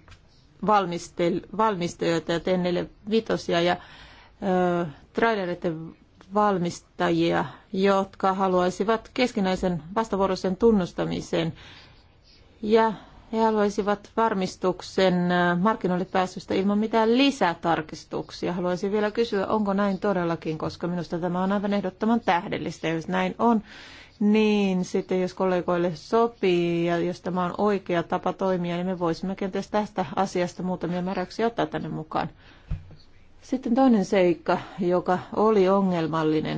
valmistajia ja t vitosia ja äh, trailereiden valmistajia, jotka haluaisivat keskinäisen vastavuoroisen tunnustamisen. Ja he haluaisivat varmistuksen äh, markkinoille pääsystä ilman mitään lisätarkistuksia. Haluaisin vielä kysyä, onko näin todellakin, koska minusta tämä on aivan ehdottoman tähdellistä. Jos näin on, niin sitten jos kollegoille sopii ja jos tämä on oikea tapa toimia, niin me voisimme kenties tästä asiasta muutamia määräyksiä ottaa tänne mukaan. Sitten toinen seikka, joka oli ongelmallinen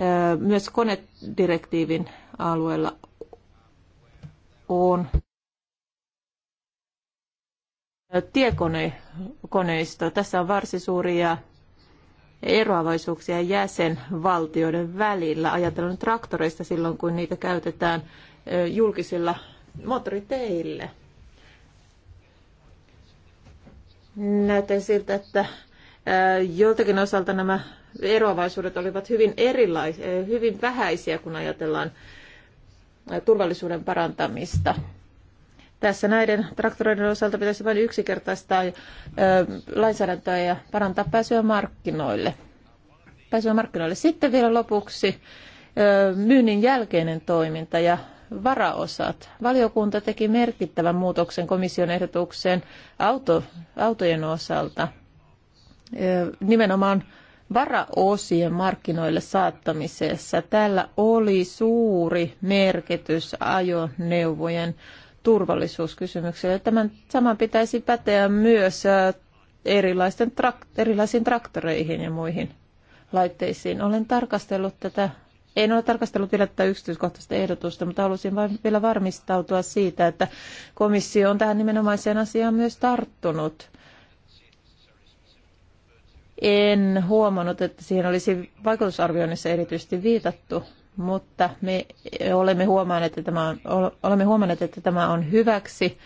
äh, myös konedirektiivin alueella on tiekoneisto. Tässä on varsin suuria eroavaisuuksia jäsenvaltioiden välillä. Ajatellaan traktoreista silloin, kun niitä käytetään julkisilla moottoriteille. Näyttää siltä, että joltakin osalta nämä eroavaisuudet olivat hyvin, erilaisia, hyvin vähäisiä, kun ajatellaan turvallisuuden parantamista. Tässä näiden traktoreiden osalta pitäisi vain yksinkertaistaa lainsäädäntöä ja parantaa pääsyä markkinoille. Pääsyä markkinoille. Sitten vielä lopuksi myynnin jälkeinen toiminta ja varaosat. Valiokunta teki merkittävän muutoksen komission ehdotukseen auto, autojen osalta. Nimenomaan varaosien markkinoille saattamisessa. Tällä oli suuri merkitys ajoneuvojen turvallisuuskysymyksille. Tämän saman pitäisi päteä myös äh, erilaisten trak- erilaisiin traktoreihin ja muihin laitteisiin. Olen tarkastellut tätä, en ole tarkastellut vielä tätä yksityiskohtaista ehdotusta, mutta halusin vain vielä varmistautua siitä, että komissio on tähän nimenomaiseen asiaan myös tarttunut. En huomannut, että siihen olisi vaikutusarvioinnissa erityisesti viitattu, mutta me olemme huomanneet, että tämä on, olemme huomanneet, että tämä on hyväksi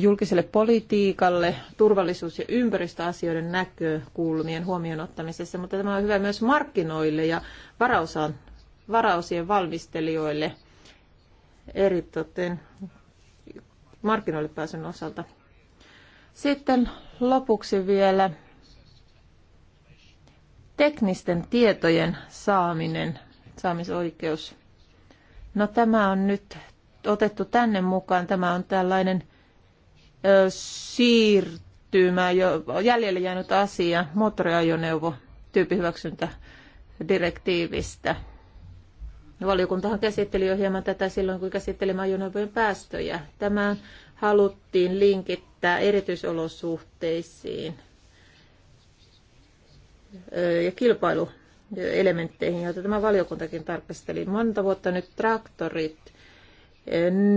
julkiselle politiikalle, turvallisuus- ja ympäristöasioiden näkökulmien huomioon ottamisessa, mutta tämä on hyvä myös markkinoille ja varausaan, varausien valmistelijoille toten, markkinoille pääsyn osalta. Sitten lopuksi vielä teknisten tietojen saaminen saamisoikeus. No tämä on nyt otettu tänne mukaan. Tämä on tällainen ö, siirtymä, jo, jäljelle jäänyt asia moottoriajoneuvo tyyppihyväksyntä direktiivistä. Valiokuntahan käsitteli jo hieman tätä silloin, kun käsittelimme ajoneuvojen päästöjä. Tämä haluttiin linkittää erityisolosuhteisiin ja kilpailu elementteihin, joita tämä valiokuntakin tarkasteli. Monta vuotta nyt traktorit,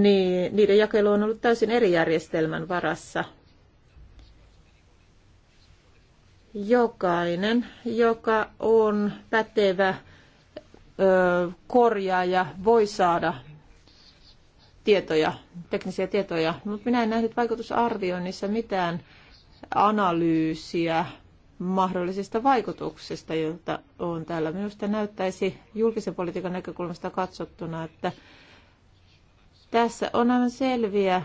niin niiden jakelu on ollut täysin eri järjestelmän varassa. Jokainen, joka on pätevä korjaaja, voi saada tietoja, teknisiä tietoja, mutta minä en nähnyt vaikutusarvioinnissa mitään analyysiä mahdollisista vaikutuksista, joita on täällä. Minusta näyttäisi julkisen politiikan näkökulmasta katsottuna, että tässä on aivan selviä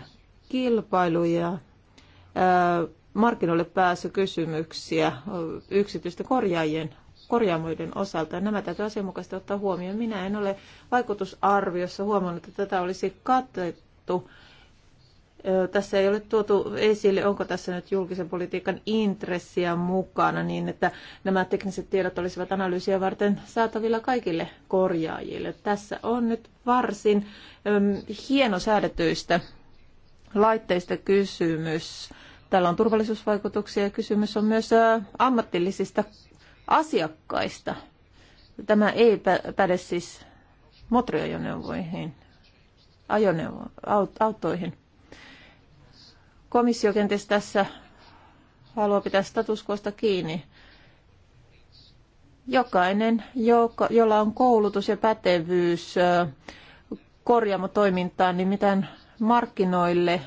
kilpailuja, markkinoille pääsykysymyksiä yksityisten korjaajien korjaamoiden osalta. Nämä täytyy asianmukaisesti ottaa huomioon. Minä en ole vaikutusarviossa huomannut, että tätä olisi katettu tässä ei ole tuotu esille, onko tässä nyt julkisen politiikan intressiä mukana niin, että nämä tekniset tiedot olisivat analyysiä varten saatavilla kaikille korjaajille. Tässä on nyt varsin hieno säädetyistä laitteista kysymys. Täällä on turvallisuusvaikutuksia ja kysymys on myös ammatillisista asiakkaista. Tämä ei päde siis motriajoneuvoihin, ajoneuvo, autoihin komissio kenties tässä haluaa pitää statuskosta kiinni. Jokainen, joka, jolla on koulutus ja pätevyys korjaamotoimintaan, niin mitään markkinoille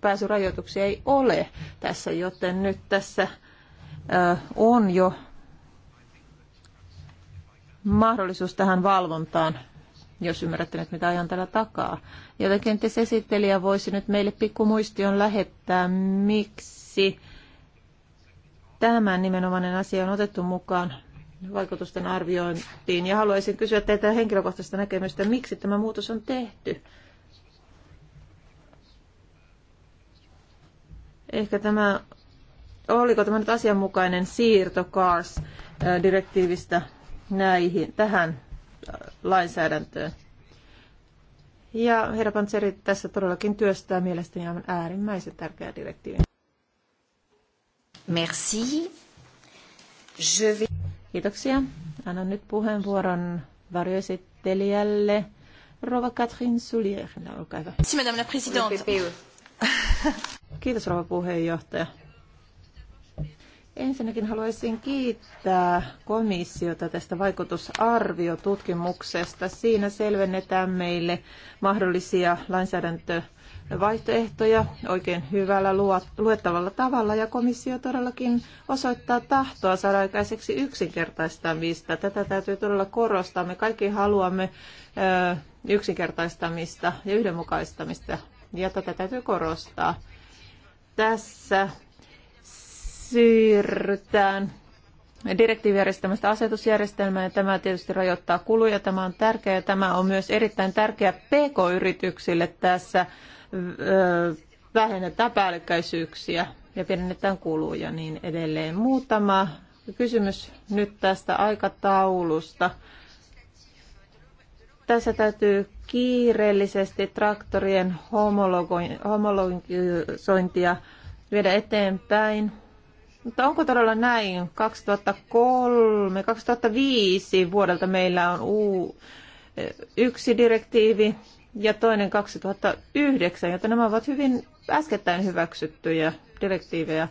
pääsyrajoituksia ei ole tässä, joten nyt tässä on jo mahdollisuus tähän valvontaan jos ymmärrätte nyt, mitä ajan tällä takaa. Ja kenties esittelijä voisi nyt meille pikkumuistion lähettää, miksi tämä nimenomainen asia on otettu mukaan vaikutusten arviointiin. Ja haluaisin kysyä teiltä henkilökohtaista näkemystä, miksi tämä muutos on tehty. Ehkä tämä, oliko tämä nyt asianmukainen siirto CARS-direktiivistä äh, näihin, tähän lainsäädäntöä. Ja herra Pantseri tässä todellakin työstää mielestäni aivan äärimmäisen tärkeää direktiiviä. Merci. Je vais... Kiitoksia. Annan nyt puheenvuoron varjoesittelijälle Rova Katrin Sulierille. Olkaa hyvä. Merci, madame la présidente. Kiitos rouva puheenjohtaja. Ensinnäkin haluaisin kiittää komissiota tästä vaikutusarviotutkimuksesta. Siinä selvennetään meille mahdollisia lainsäädäntövaihtoehtoja oikein hyvällä luettavalla tavalla ja komissio todellakin osoittaa tahtoa saada aikaiseksi yksinkertaistamista. Tätä täytyy todella korostaa. Me kaikki haluamme yksinkertaistamista ja yhdenmukaistamista ja tätä täytyy korostaa. Tässä siirrytään direktiivijärjestelmästä asetusjärjestelmään ja tämä tietysti rajoittaa kuluja. Tämä on tärkeää ja tämä on myös erittäin tärkeä PK-yrityksille tässä vähennetään päällekkäisyyksiä ja pienennetään kuluja niin edelleen. Muutama kysymys nyt tästä aikataulusta. Tässä täytyy kiireellisesti traktorien homologointia viedä eteenpäin. Mutta onko todella näin? 2003-2005 vuodelta meillä on uu, eh, yksi direktiivi ja toinen 2009, joten nämä ovat hyvin äskettäin hyväksyttyjä direktiivejä.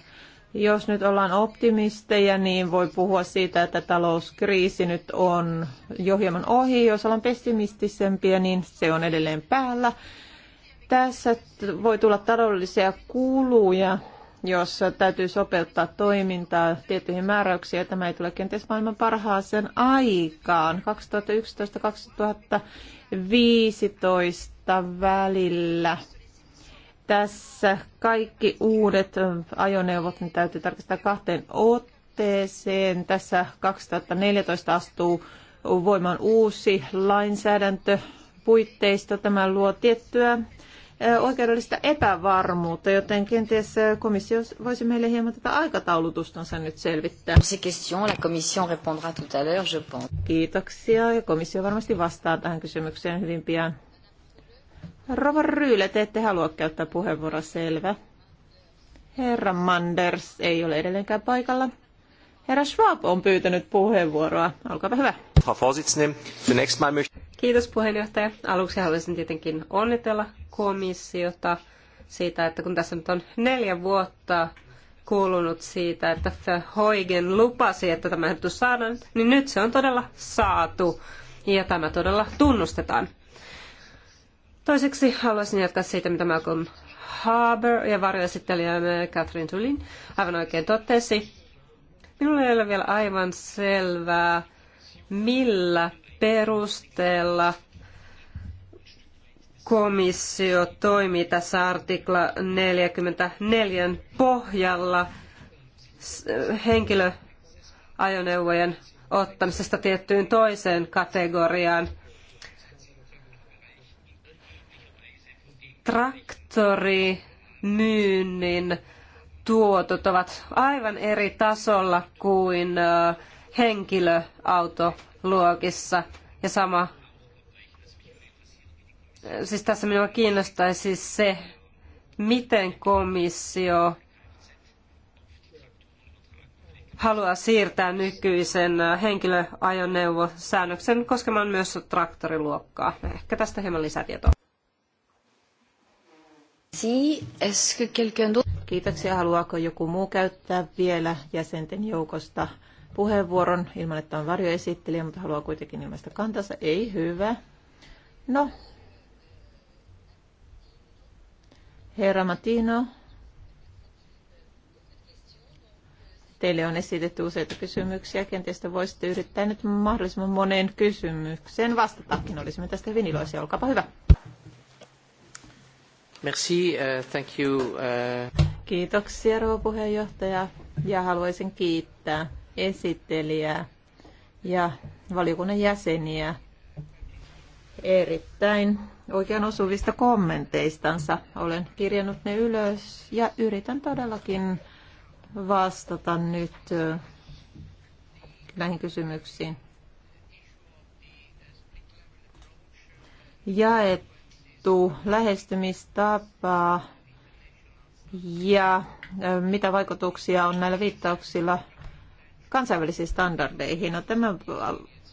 Jos nyt ollaan optimisteja, niin voi puhua siitä, että talouskriisi nyt on jo hieman ohi. Jos ollaan pessimistisempiä, niin se on edelleen päällä. Tässä voi tulla taloudellisia kuluja jossa täytyy sopeuttaa toimintaa tiettyihin määräyksiin, tämä ei tule kenties maailman parhaaseen aikaan. 2011-2015 välillä tässä kaikki uudet ajoneuvot niin täytyy tarkistaa kahteen otteeseen. Tässä 2014 astuu voimaan uusi lainsäädäntö puitteisto. Tämä luo tiettyä oikeudellista epävarmuutta, joten kenties komissio voisi meille hieman tätä aikataulutustansa nyt selvittää. Kiitoksia ja komissio varmasti vastaa tähän kysymykseen hyvin pian. Rova Ryyle, te ette halua käyttää puheenvuoroa selvä. Herra Manders ei ole edelleenkään paikalla. Herra Schwab on pyytänyt puheenvuoroa. Olkaapa hyvä. Frau Vorsitzende, zunächst mal möchte... Kiitos puheenjohtaja. Aluksi haluaisin tietenkin onnitella komissiota siitä, että kun tässä nyt on neljä vuotta kuulunut siitä, että Hoigen lupasi, että tämä ehdotus saadaan, niin nyt se on todella saatu ja tämä todella tunnustetaan. Toiseksi haluaisin jatkaa siitä, mitä Malcolm Harbour ja varjoesittelijämme Catherine Tulin aivan oikein totesi. Minulle ei ole vielä aivan selvää, millä perusteella komissio toimii tässä artikla 44 pohjalla henkilöajoneuvojen ottamisesta tiettyyn toiseen kategoriaan. Traktori myynnin tuotot ovat aivan eri tasolla kuin henkilöauto luokissa. Ja sama, siis tässä minua kiinnostaisi se, miten komissio haluaa siirtää nykyisen henkilöajoneuvosäännöksen koskemaan myös traktoriluokkaa. Ehkä tästä hieman lisätietoa. Kiitoksia. Haluaako joku muu käyttää vielä jäsenten joukosta puheenvuoron ilman, että on varjoesittelijä, mutta haluaa kuitenkin ilmaista kantansa. Ei, hyvä. No. Herra Matino, teille on esitetty useita kysymyksiä. Kenties te voisitte yrittää nyt mahdollisimman moneen kysymykseen vastatakin. Olisimme tästä hyvin iloisia. Olkaapa hyvä. Merci, uh, thank you. Uh... Kiitoksia, rouva puheenjohtaja. Ja haluaisin kiittää esittelijää ja valiokunnan jäseniä erittäin oikean osuvista kommenteistansa. Olen kirjannut ne ylös ja yritän todellakin vastata nyt näihin kysymyksiin. Jaettu lähestymistapa ja mitä vaikutuksia on näillä viittauksilla kansainvälisiin standardeihin. No, tämä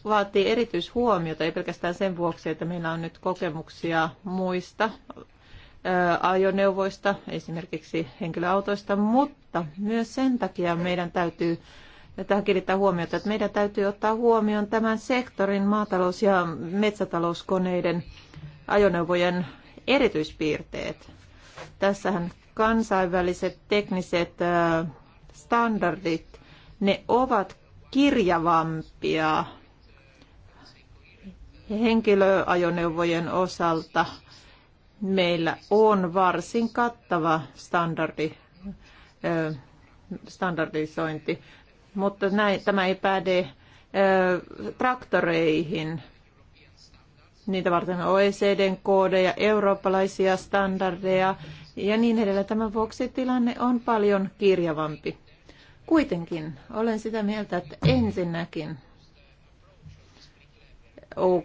vaatii erityishuomiota, ei pelkästään sen vuoksi, että meillä on nyt kokemuksia muista ajoneuvoista, esimerkiksi henkilöautoista, mutta myös sen takia meidän täytyy tähän kiinnittää huomiota, että meidän täytyy ottaa huomioon tämän sektorin maatalous- ja metsätalouskoneiden ajoneuvojen erityispiirteet. Tässähän kansainväliset tekniset standardit ne ovat kirjavampia henkilöajoneuvojen osalta. Meillä on varsin kattava standardi, standardisointi, mutta näin, tämä ei päde traktoreihin. Niitä varten OECDn koodeja, eurooppalaisia standardeja ja niin edelleen. Tämän vuoksi tilanne on paljon kirjavampi. Kuitenkin olen sitä mieltä, että ensinnäkin,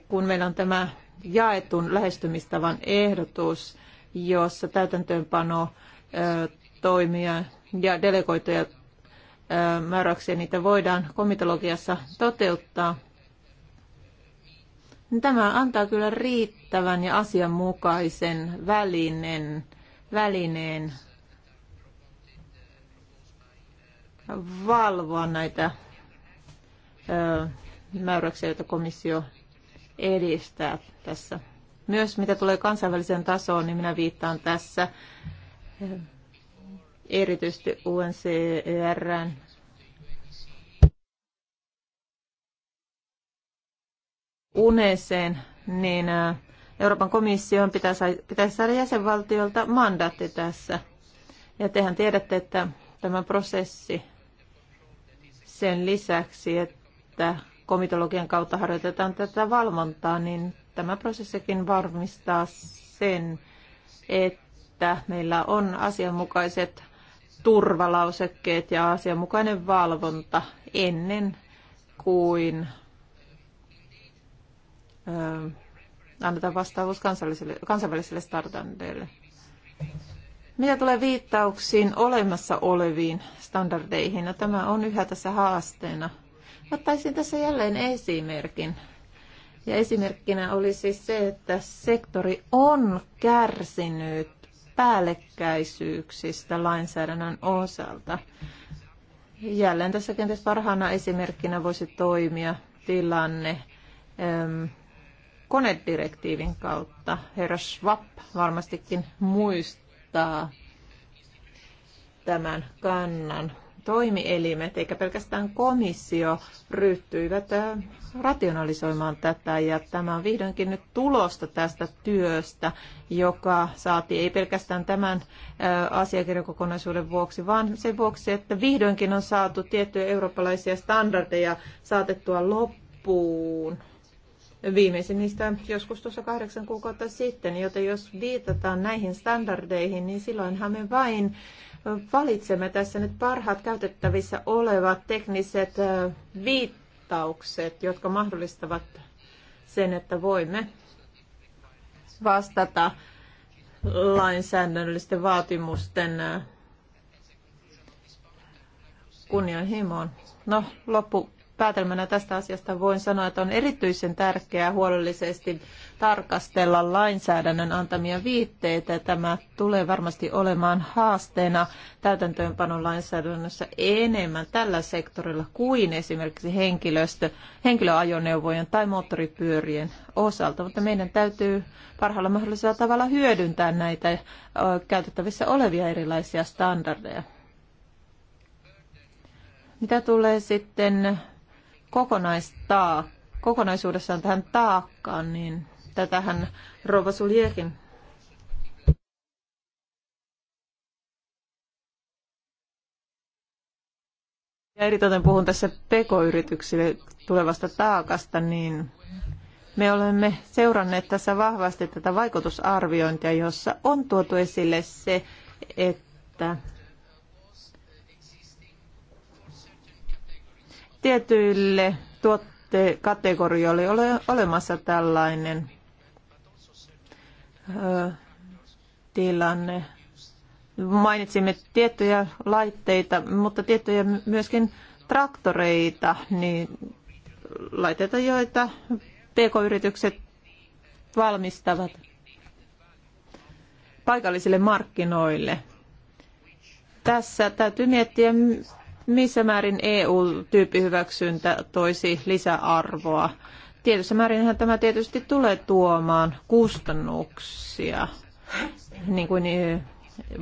kun meillä on tämä jaetun lähestymistavan ehdotus, jossa täytäntöönpano toimia ja delegoituja määräyksiä, niitä voidaan komitologiassa toteuttaa. Niin tämä antaa kyllä riittävän ja asianmukaisen välinen, välineen valvoa näitä määräyksiä, joita komissio edistää tässä. Myös mitä tulee kansainväliseen tasoon, niin minä viittaan tässä erityisesti UNCRn UNEeseen, niin Euroopan komission pitäisi saada jäsenvaltiolta mandaatti tässä. Ja tehän tiedätte, että tämä prosessi sen lisäksi, että komitologian kautta harjoitetaan tätä valvontaa, niin tämä prosessikin varmistaa sen, että meillä on asianmukaiset turvalausekkeet ja asianmukainen valvonta ennen kuin annetaan vastaavuus kansainväliselle standardeille. Mitä tulee viittauksiin olemassa oleviin standardeihin, no tämä on yhä tässä haasteena. Ottaisin tässä jälleen esimerkin. Ja esimerkkinä oli siis se, että sektori on kärsinyt päällekkäisyyksistä lainsäädännön osalta. Jälleen tässä kenties parhaana esimerkkinä voisi toimia tilanne ähm, konedirektiivin kautta. Herra Schwab varmastikin muistaa ottaa tämän kannan. Toimielimet, eikä pelkästään komissio, ryhtyivät äh, rationalisoimaan tätä ja tämä on vihdoinkin nyt tulosta tästä työstä, joka saatiin ei pelkästään tämän äh, asiakirjakokonaisuuden vuoksi, vaan sen vuoksi, että vihdoinkin on saatu tiettyjä eurooppalaisia standardeja saatettua loppuun Viimeisin niistä joskus tuossa kahdeksan kuukautta sitten, joten jos viitataan näihin standardeihin, niin silloinhan me vain valitsemme tässä nyt parhaat käytettävissä olevat tekniset viittaukset, jotka mahdollistavat sen, että voimme vastata lainsäädännöllisten vaatimusten kunnianhimoon. No, loppu päätelmänä tästä asiasta voin sanoa, että on erityisen tärkeää huolellisesti tarkastella lainsäädännön antamia viitteitä. Tämä tulee varmasti olemaan haasteena täytäntöönpanon lainsäädännössä enemmän tällä sektorilla kuin esimerkiksi henkilöstö, henkilöajoneuvojen tai moottoripyörien osalta, mutta meidän täytyy parhaalla mahdollisella tavalla hyödyntää näitä käytettävissä olevia erilaisia standardeja. Mitä tulee sitten kokonaistaa, kokonaisuudessaan tähän taakkaan, niin tätähän Rova Suljekin Ja eritoten puhun tässä pekoyrityksille tulevasta taakasta, niin me olemme seuranneet tässä vahvasti tätä vaikutusarviointia, jossa on tuotu esille se, että tietyille tuottekategorioille ole olemassa tällainen ö, tilanne. Mainitsimme tiettyjä laitteita, mutta tiettyjä myöskin traktoreita, niin laitteita, joita pk-yritykset valmistavat paikallisille markkinoille. Tässä täytyy miettiä missä määrin EU-tyyppihyväksyntä toisi lisäarvoa. Tietyssä määrinhän tämä tietysti tulee tuomaan kustannuksia, niin kuin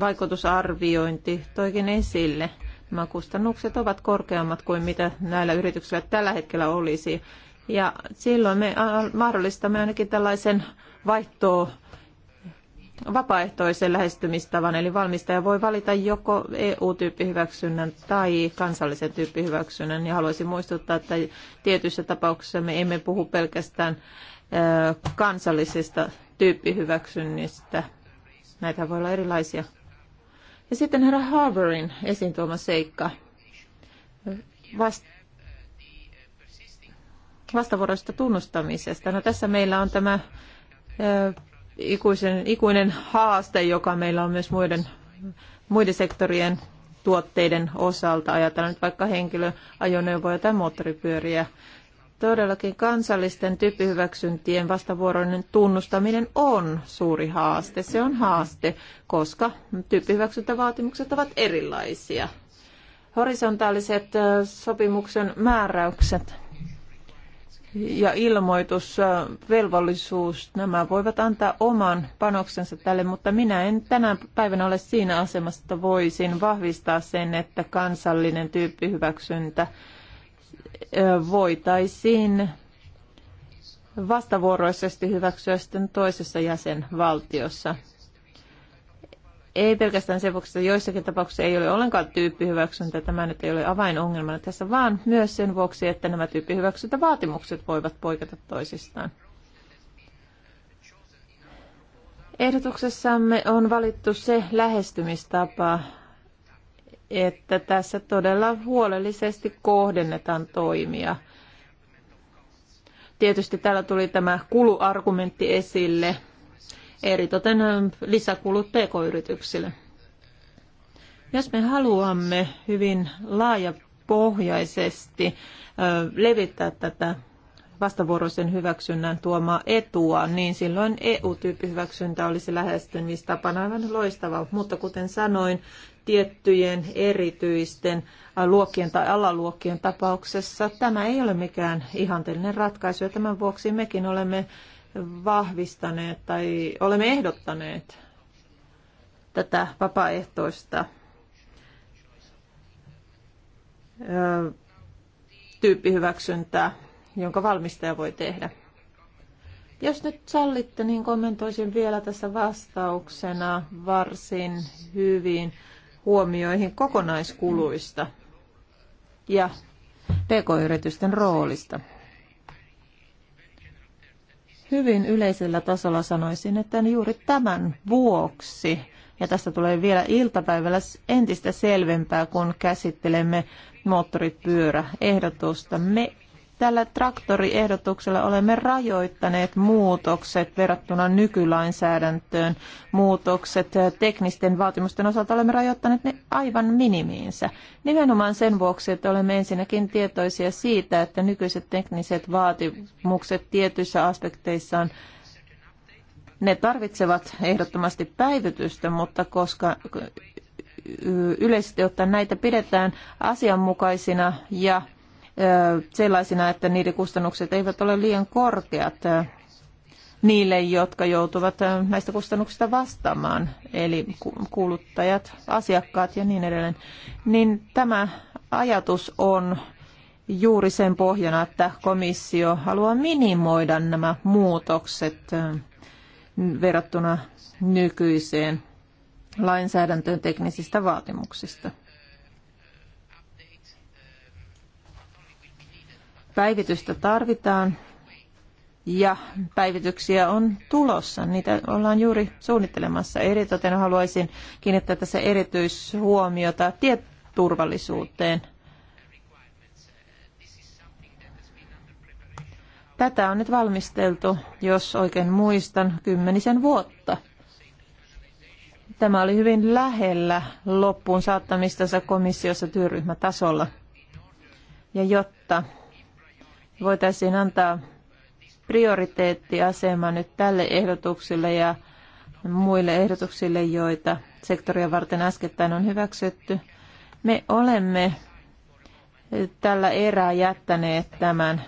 vaikutusarviointi toikin esille. Nämä kustannukset ovat korkeammat kuin mitä näillä yrityksillä tällä hetkellä olisi. Ja silloin me mahdollistamme ainakin tällaisen vaihtoehtoisen vapaaehtoisen lähestymistavan, eli valmistaja voi valita joko EU-tyyppihyväksynnän tai kansallisen tyyppihyväksynnän. Ja haluaisin muistuttaa, että tietyissä tapauksissa me emme puhu pelkästään kansallisista tyyppihyväksynnistä. Näitä voi olla erilaisia. Ja sitten herra Harberin esiin tuoma seikka. Vast- vastavuoroista tunnustamisesta. No tässä meillä on tämä ikuisen, ikuinen haaste, joka meillä on myös muiden, muiden sektorien tuotteiden osalta. Ajatellaan nyt vaikka henkilöajoneuvoja tai moottoripyöriä. Todellakin kansallisten tyyppihyväksyntien vastavuoroinen tunnustaminen on suuri haaste. Se on haaste, koska tyyppihyväksyntävaatimukset ovat erilaisia. Horisontaaliset sopimuksen määräykset ja ilmoitusvelvollisuus, nämä voivat antaa oman panoksensa tälle, mutta minä en tänä päivänä ole siinä asemassa, että voisin vahvistaa sen, että kansallinen tyyppihyväksyntä voitaisiin vastavuoroisesti hyväksyä sitten toisessa jäsenvaltiossa. Ei pelkästään sen vuoksi, että joissakin tapauksissa ei ole ollenkaan tyyppihyväksyntä, tämä nyt ei ole avainongelmana tässä, vaan myös sen vuoksi, että nämä vaatimukset voivat poiketa toisistaan. Ehdotuksessamme on valittu se lähestymistapa, että tässä todella huolellisesti kohdennetaan toimia. Tietysti täällä tuli tämä kuluargumentti esille – eritoten lisäkulut pk-yrityksille. Jos me haluamme hyvin laajapohjaisesti levittää tätä vastavuoroisen hyväksynnän tuomaa etua, niin silloin EU-tyyppihyväksyntä olisi lähestymistapana aivan loistava. Mutta kuten sanoin, tiettyjen erityisten luokkien tai alaluokkien tapauksessa tämä ei ole mikään ihanteellinen ratkaisu ja tämän vuoksi mekin olemme vahvistaneet tai olemme ehdottaneet tätä vapaaehtoista tyyppihyväksyntää, jonka valmistaja voi tehdä. Jos nyt sallitte, niin kommentoisin vielä tässä vastauksena varsin hyvin huomioihin kokonaiskuluista ja pk-yritysten roolista hyvin yleisellä tasolla sanoisin, että juuri tämän vuoksi, ja tästä tulee vielä iltapäivällä entistä selvempää, kun käsittelemme moottoripyöräehdotusta, me Tällä traktoriehdotuksella olemme rajoittaneet muutokset verrattuna nykylainsäädäntöön. Muutokset teknisten vaatimusten osalta olemme rajoittaneet ne aivan minimiinsä. Nimenomaan sen vuoksi, että olemme ensinnäkin tietoisia siitä, että nykyiset tekniset vaatimukset tietyissä aspekteissaan ne tarvitsevat ehdottomasti päivitystä, mutta koska yleisesti ottaen näitä pidetään asianmukaisina ja sellaisina, että niiden kustannukset eivät ole liian korkeat niille, jotka joutuvat näistä kustannuksista vastaamaan, eli kuluttajat, asiakkaat ja niin edelleen, niin tämä ajatus on juuri sen pohjana, että komissio haluaa minimoida nämä muutokset verrattuna nykyiseen lainsäädäntöön teknisistä vaatimuksista. Päivitystä tarvitaan ja päivityksiä on tulossa. Niitä ollaan juuri suunnittelemassa. Eritoten haluaisin kiinnittää tässä erityishuomiota tieturvallisuuteen. Tätä on nyt valmisteltu, jos oikein muistan, kymmenisen vuotta. Tämä oli hyvin lähellä loppuun saattamistansa komissiossa työryhmätasolla. Ja jotta voitaisiin antaa prioriteettiasema nyt tälle ehdotukselle ja muille ehdotuksille, joita sektoria varten äskettäin on hyväksytty. Me olemme tällä erää jättäneet tämän,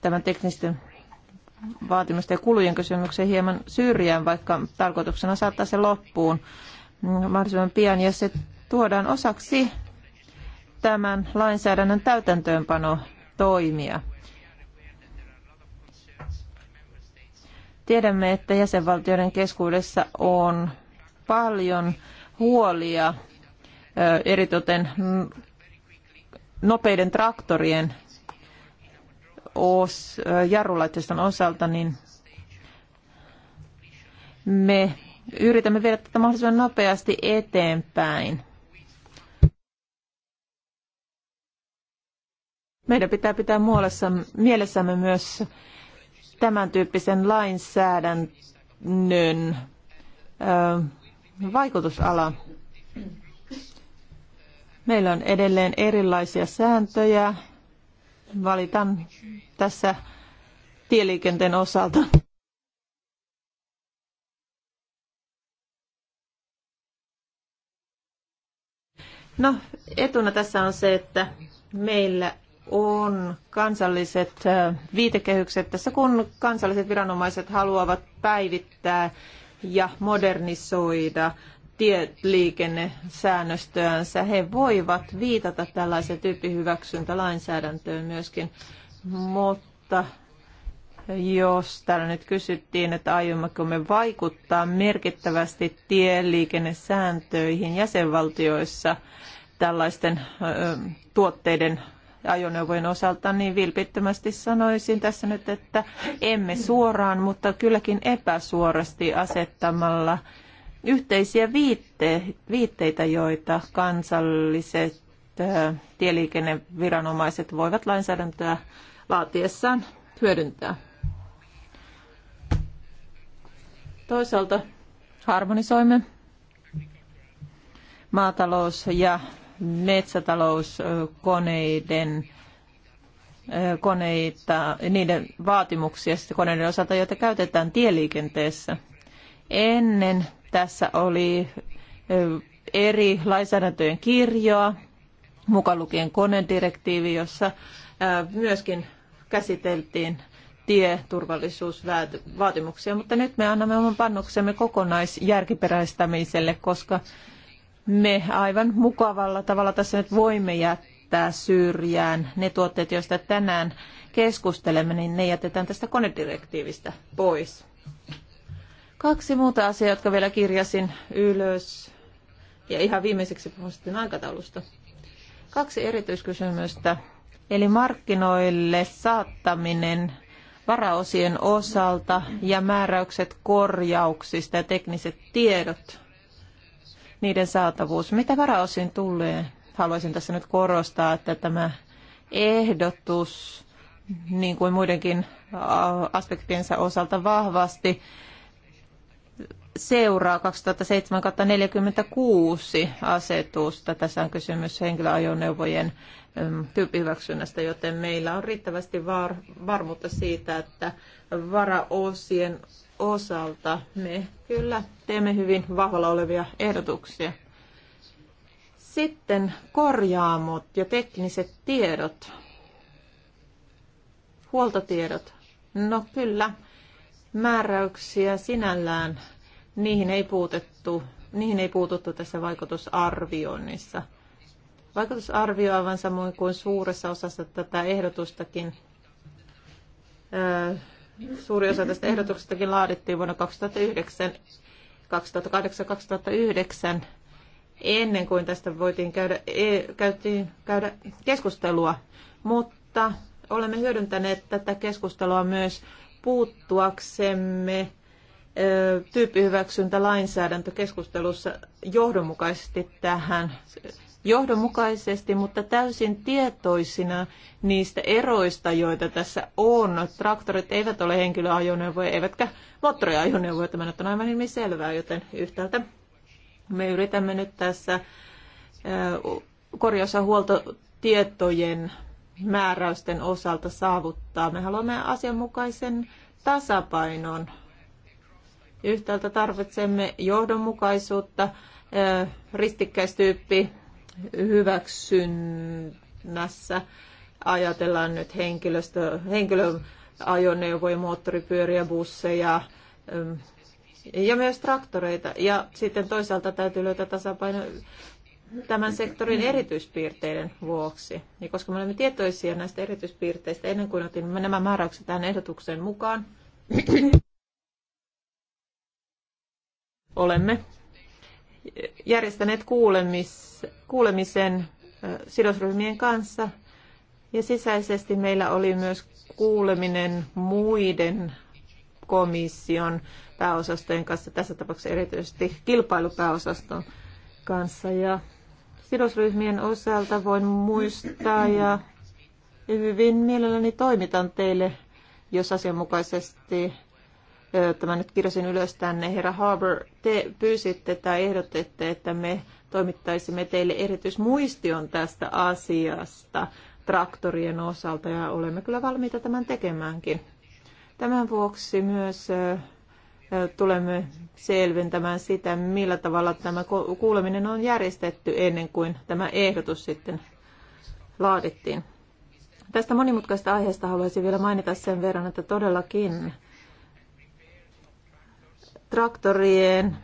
tämän teknisten vaatimusten ja kulujen kysymyksen hieman syrjään, vaikka tarkoituksena saattaa se loppuun mahdollisimman pian, ja se tuodaan osaksi tämän lainsäädännön täytäntöönpano toimia. Tiedämme, että jäsenvaltioiden keskuudessa on paljon huolia eritoten nopeiden traktorien os, jarrulaitteiston osalta, niin me yritämme viedä tätä mahdollisimman nopeasti eteenpäin. Meidän pitää pitää muolessa, mielessämme myös tämän tyyppisen lainsäädännön ö, vaikutusala. Meillä on edelleen erilaisia sääntöjä. Valitan tässä tieliikenteen osalta. No, etuna tässä on se, että meillä on kansalliset viitekehykset tässä, kun kansalliset viranomaiset haluavat päivittää ja modernisoida tieliikennesäännöstöänsä. He voivat viitata tällaisen lainsäädäntöön myöskin, mutta jos täällä nyt kysyttiin, että aiommeko me vaikuttaa merkittävästi tieliikennesääntöihin jäsenvaltioissa tällaisten tuotteiden ajoneuvojen osalta, niin vilpittömästi sanoisin tässä nyt, että emme suoraan, mutta kylläkin epäsuorasti asettamalla yhteisiä viitte, viitteitä, joita kansalliset tieliikenneviranomaiset voivat lainsäädäntöä laatiessaan hyödyntää. Toisaalta harmonisoimme maatalous- ja metsätalouskoneiden koneita, niiden vaatimuksia sitten koneiden osalta, joita käytetään tieliikenteessä. Ennen tässä oli eri lainsäädäntöjen kirjoa, mukaan lukien konedirektiivi, jossa myöskin käsiteltiin tieturvallisuusvaatimuksia, mutta nyt me annamme oman pannuksemme kokonaisjärkiperäistämiselle, koska me aivan mukavalla tavalla tässä nyt voimme jättää syrjään ne tuotteet, joista tänään keskustelemme, niin ne jätetään tästä konedirektiivistä pois. Kaksi muuta asiaa, jotka vielä kirjasin ylös. Ja ihan viimeiseksi puhun sitten aikataulusta. Kaksi erityiskysymystä. Eli markkinoille saattaminen varaosien osalta ja määräykset korjauksista ja tekniset tiedot niiden saatavuus. Mitä varaosin tulee? Haluaisin tässä nyt korostaa, että tämä ehdotus, niin kuin muidenkin aspektiensa osalta vahvasti, seuraa 2007-46 asetusta. Tässä on kysymys henkilöajoneuvojen mm, tyyppihyväksynnästä, joten meillä on riittävästi var- varmuutta siitä, että varaosien osalta me kyllä teemme hyvin vahvalla olevia ehdotuksia. Sitten korjaamot ja tekniset tiedot, huoltotiedot. No kyllä, määräyksiä sinällään, niihin ei puutettu, niihin ei puututtu tässä vaikutusarvioinnissa. Vaikutusarvio aivan samoin kuin suuressa osassa tätä ehdotustakin suuri osa tästä ehdotuksestakin laadittiin vuonna 2009, 2008, 2009 ennen kuin tästä voitiin käydä, e, käytiin, käydä keskustelua, mutta olemme hyödyntäneet tätä keskustelua myös puuttuaksemme lainsäädäntökeskustelussa johdonmukaisesti tähän johdonmukaisesti, mutta täysin tietoisina niistä eroista, joita tässä on. Traktorit eivät ole henkilöajoneuvoja, eivätkä moottoriajoneuvoja. Tämä nyt on aivan ilmi selvää, joten yhtäältä me yritämme nyt tässä korjaus- ja huoltotietojen määräysten osalta saavuttaa. Me haluamme asianmukaisen tasapainon. Yhtäältä tarvitsemme johdonmukaisuutta ristikkäistyyppi hyväksynnässä ajatellaan nyt henkilöstö, henkilöajoneuvoja, moottoripyöriä, busseja ja myös traktoreita. Ja sitten toisaalta täytyy löytää tasapaino tämän sektorin erityispiirteiden vuoksi. Ja koska me olemme tietoisia näistä erityispiirteistä ennen kuin otin nämä määräykset tähän ehdotukseen mukaan, olemme järjestäneet kuulemis, kuulemisen sidosryhmien kanssa ja sisäisesti meillä oli myös kuuleminen muiden komission pääosastojen kanssa, tässä tapauksessa erityisesti kilpailupääosaston kanssa. Ja sidosryhmien osalta voin muistaa ja hyvin mielelläni toimitan teille, jos asianmukaisesti mä nyt kirjasin ylös tänne. Herra Harbour, te pyysitte tai ehdotitte, että me toimittaisimme teille erityismuistion tästä asiasta traktorien osalta ja olemme kyllä valmiita tämän tekemäänkin. Tämän vuoksi myös tulemme selventämään sitä, millä tavalla tämä kuuleminen on järjestetty ennen kuin tämä ehdotus sitten laadittiin. Tästä monimutkaista aiheesta haluaisin vielä mainita sen verran, että todellakin traktorien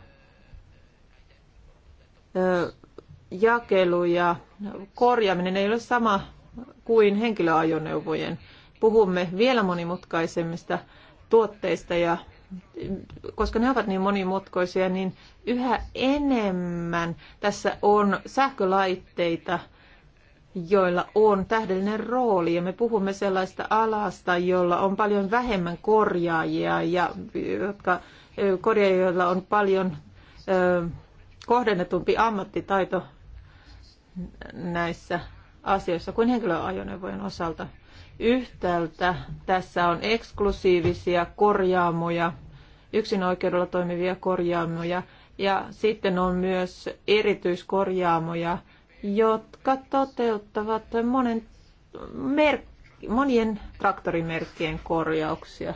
jakelu ja korjaaminen ei ole sama kuin henkilöajoneuvojen. Puhumme vielä monimutkaisemmista tuotteista ja koska ne ovat niin monimutkaisia, niin yhä enemmän tässä on sähkölaitteita – joilla on tähdellinen rooli. Ja me puhumme sellaista alasta, jolla on paljon vähemmän korjaajia ja jotka, korjaajilla on paljon ö, kohdennetumpi ammattitaito näissä asioissa kuin henkilöajoneuvojen osalta. Yhtäältä tässä on eksklusiivisia korjaamoja, yksinoikeudella toimivia korjaamoja ja sitten on myös erityiskorjaamoja – jotka toteuttavat monen merk, monien traktorimerkkien korjauksia.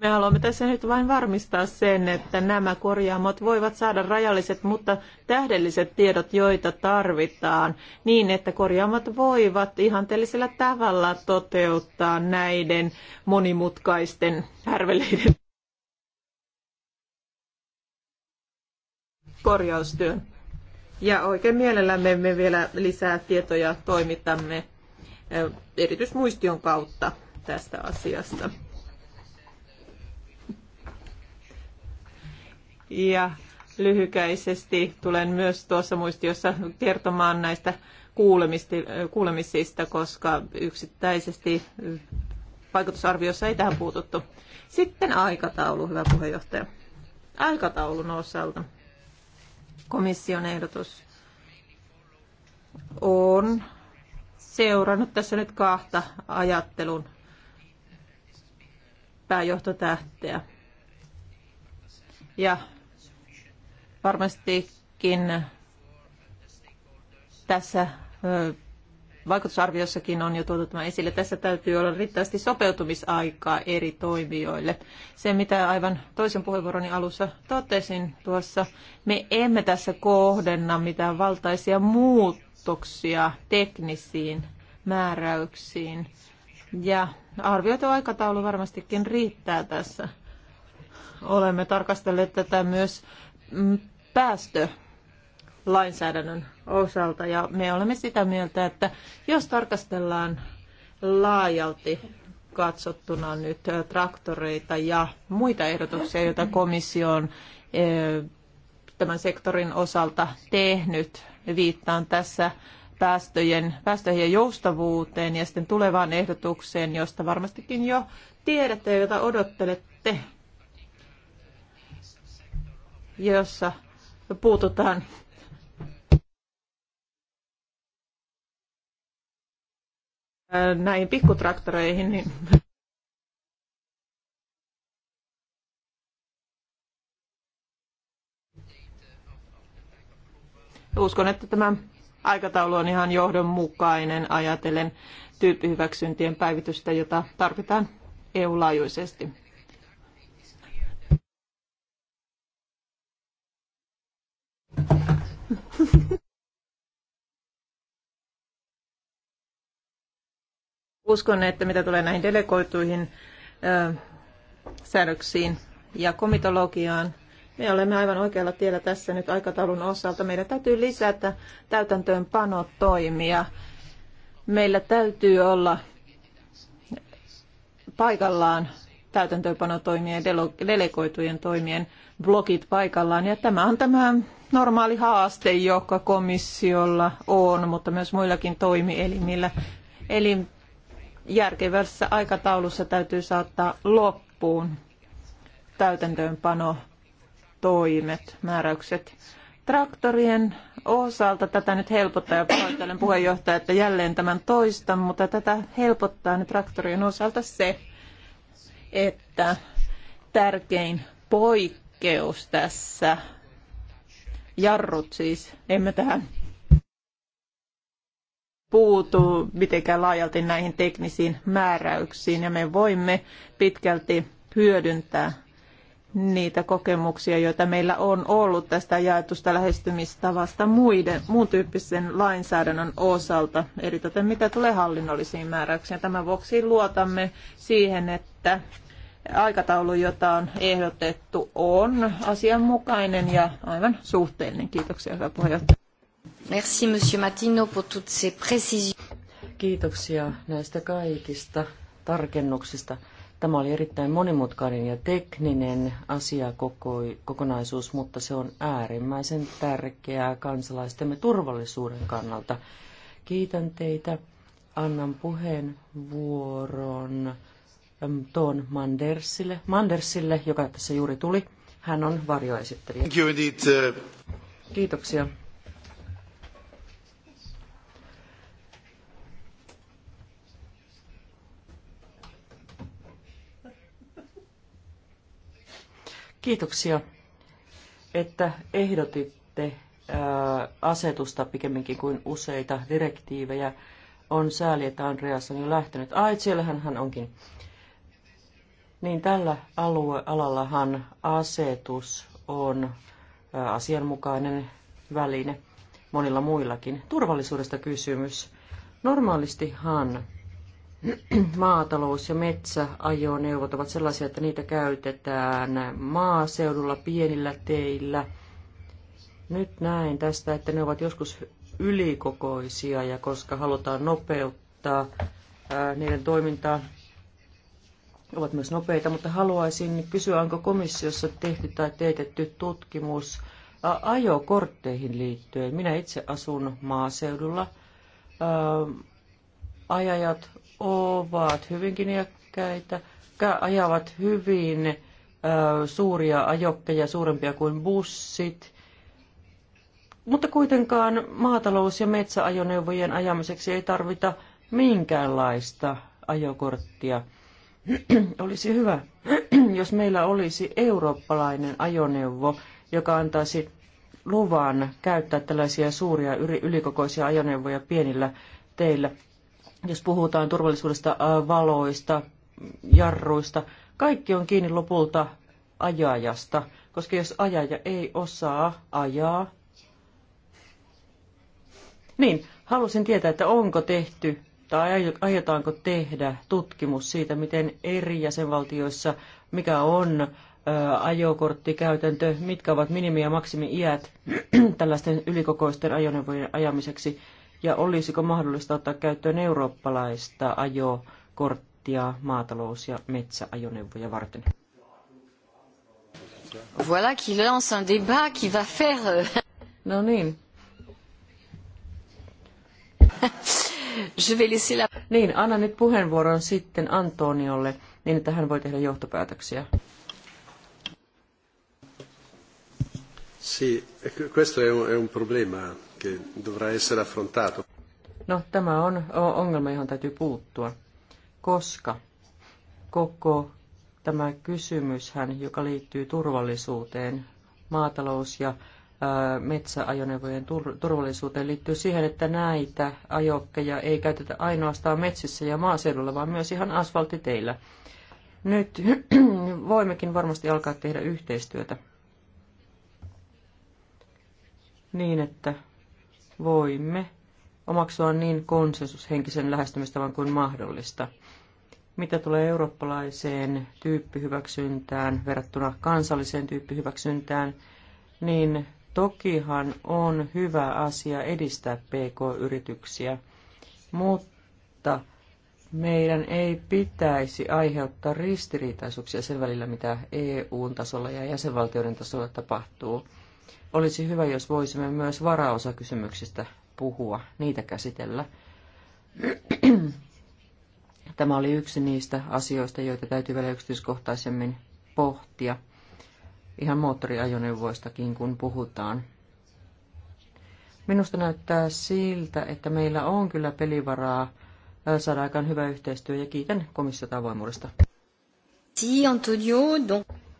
Me haluamme tässä nyt vain varmistaa sen, että nämä korjaamot voivat saada rajalliset, mutta tähdelliset tiedot, joita tarvitaan, niin että korjaamot voivat ihanteellisella tavalla toteuttaa näiden monimutkaisten härveleiden korjaustyön. Ja oikein mielellämme me vielä lisää tietoja toimitamme erityismuistion kautta tästä asiasta. Ja lyhykäisesti tulen myös tuossa muistiossa kertomaan näistä kuulemisista, koska yksittäisesti vaikutusarviossa ei tähän puututtu. Sitten aikataulu, hyvä puheenjohtaja. Aikataulun osalta. Komission ehdotus on seurannut tässä nyt kahta ajattelun pääjohtotähteä. Ja varmastikin tässä vaikutusarviossakin on jo tuotu tämä esille. Tässä täytyy olla riittävästi sopeutumisaikaa eri toimijoille. Se, mitä aivan toisen puheenvuoroni alussa totesin tuossa, me emme tässä kohdenna mitään valtaisia muutoksia teknisiin määräyksiin. Ja arvioitu aikataulu varmastikin riittää tässä. Olemme tarkastelleet tätä myös mm, päästö lainsäädännön osalta. Ja me olemme sitä mieltä, että jos tarkastellaan laajalti katsottuna nyt traktoreita ja muita ehdotuksia, joita komissio on tämän sektorin osalta tehnyt, viittaan tässä päästöjen, päästöjen joustavuuteen ja sitten tulevaan ehdotukseen, josta varmastikin jo tiedätte ja jota odottelette, jossa puututaan näihin pikkutraktoreihin, niin uskon, että tämä aikataulu on ihan johdonmukainen ajatellen tyyppihyväksyntien päivitystä, jota tarvitaan EU-laajuisesti. Uskon, että mitä tulee näihin delegoituihin ö, säädöksiin ja komitologiaan, me olemme aivan oikealla tiellä tässä nyt aikataulun osalta. Meidän täytyy lisätä täytäntöönpanotoimia. Meillä täytyy olla paikallaan täytäntöönpanotoimien ja delegoitujen toimien blokit paikallaan. Ja tämä on tämä normaali haaste, joka komissiolla on, mutta myös muillakin toimielimillä. Eli järkevässä aikataulussa täytyy saattaa loppuun täytäntöönpano toimet, määräykset. Traktorien osalta tätä nyt helpottaa, ja pahoittelen puheenjohtaja, että jälleen tämän toistan, mutta tätä helpottaa nyt traktorien osalta se, että tärkein poikkeus tässä, jarrut siis, emme tähän puutu mitenkään laajalti näihin teknisiin määräyksiin ja me voimme pitkälti hyödyntää niitä kokemuksia, joita meillä on ollut tästä jaetusta lähestymistavasta muiden, muun tyyppisen lainsäädännön osalta, eritoten mitä tulee hallinnollisiin määräyksiin. Tämän vuoksi luotamme siihen, että aikataulu, jota on ehdotettu, on asianmukainen ja aivan suhteellinen. Kiitoksia, hyvä puheenjohtaja. Merci, Monsieur Matino, pour toutes ces précisions. Kiitoksia näistä kaikista tarkennuksista. Tämä oli erittäin monimutkainen ja tekninen asiakokonaisuus, mutta se on äärimmäisen tärkeää kansalaistemme turvallisuuden kannalta. Kiitän teitä. Annan puheenvuoron Toon Mandersille, Mandersille, joka tässä juuri tuli. Hän on varjoesittelijä. Uh, Kiitoksia. Kiitoksia, että ehdotitte asetusta pikemminkin kuin useita direktiivejä. On sääli, että Andreas on jo lähtenyt. Ai, siellähän hän onkin. Niin tällä aluealallahan asetus on asianmukainen väline monilla muillakin. Turvallisuudesta kysymys. Normaalistihan maatalous- ja metsäajoneuvot ovat sellaisia, että niitä käytetään maaseudulla pienillä teillä. Nyt näen tästä, että ne ovat joskus ylikokoisia ja koska halutaan nopeuttaa ää, niiden toimintaa, ovat myös nopeita, mutta haluaisin kysyä, onko komissiossa tehty tai teetetty tutkimus ajokortteihin liittyen. Minä itse asun maaseudulla. Ää, ajajat ovat hyvinkin iäkkäitä, ajavat hyvin suuria ajokkeja, suurempia kuin bussit. Mutta kuitenkaan maatalous- ja metsäajoneuvojen ajamiseksi ei tarvita minkäänlaista ajokorttia. olisi hyvä, jos meillä olisi eurooppalainen ajoneuvo, joka antaisi luvan käyttää tällaisia suuria ylikokoisia ajoneuvoja pienillä teillä jos puhutaan turvallisuudesta, äh, valoista, jarruista, kaikki on kiinni lopulta ajajasta, koska jos ajaja ei osaa ajaa, niin halusin tietää, että onko tehty tai aiotaanko tehdä tutkimus siitä, miten eri jäsenvaltioissa, mikä on äh, ajokorttikäytäntö, mitkä ovat minimi- ja maksimi-iät tällaisten ylikokoisten ajoneuvojen ajamiseksi ja olisiko mahdollista ottaa käyttöön eurooppalaista ajokorttia maatalous- ja metsäajoneuvoja varten? Voilà qui lance un débat qui va faire... Euh, no niin. Je vais laisser la... Niin, anna nyt puheenvuoron sitten Antoniolle, niin että hän voi tehdä johtopäätöksiä. Sì, si, questo è un, è un problema che dovrà essere affrontato. No, tämä on ongelma, johon täytyy puuttua, koska koko tämä kysymyshän, joka liittyy turvallisuuteen, maatalous- ja metsäajoneuvojen turvallisuuteen liittyy siihen, että näitä ajokkeja ei käytetä ainoastaan metsissä ja maaseudulla, vaan myös ihan asfaltiteillä. Nyt voimmekin varmasti alkaa tehdä yhteistyötä niin, että voimme omaksua niin konsensushenkisen lähestymistavan kuin mahdollista. Mitä tulee eurooppalaiseen tyyppihyväksyntään verrattuna kansalliseen tyyppihyväksyntään, niin tokihan on hyvä asia edistää pk-yrityksiä, mutta meidän ei pitäisi aiheuttaa ristiriitaisuuksia sen välillä, mitä EU-tasolla ja jäsenvaltioiden tasolla tapahtuu. Olisi hyvä, jos voisimme myös varaosakysymyksistä puhua, niitä käsitellä. Tämä oli yksi niistä asioista, joita täytyy vielä yksityiskohtaisemmin pohtia. Ihan moottoriajoneuvoistakin, kun puhutaan. Minusta näyttää siltä, että meillä on kyllä pelivaraa saada aikaan hyvä yhteistyö ja kiitän komissiota avoimuudesta.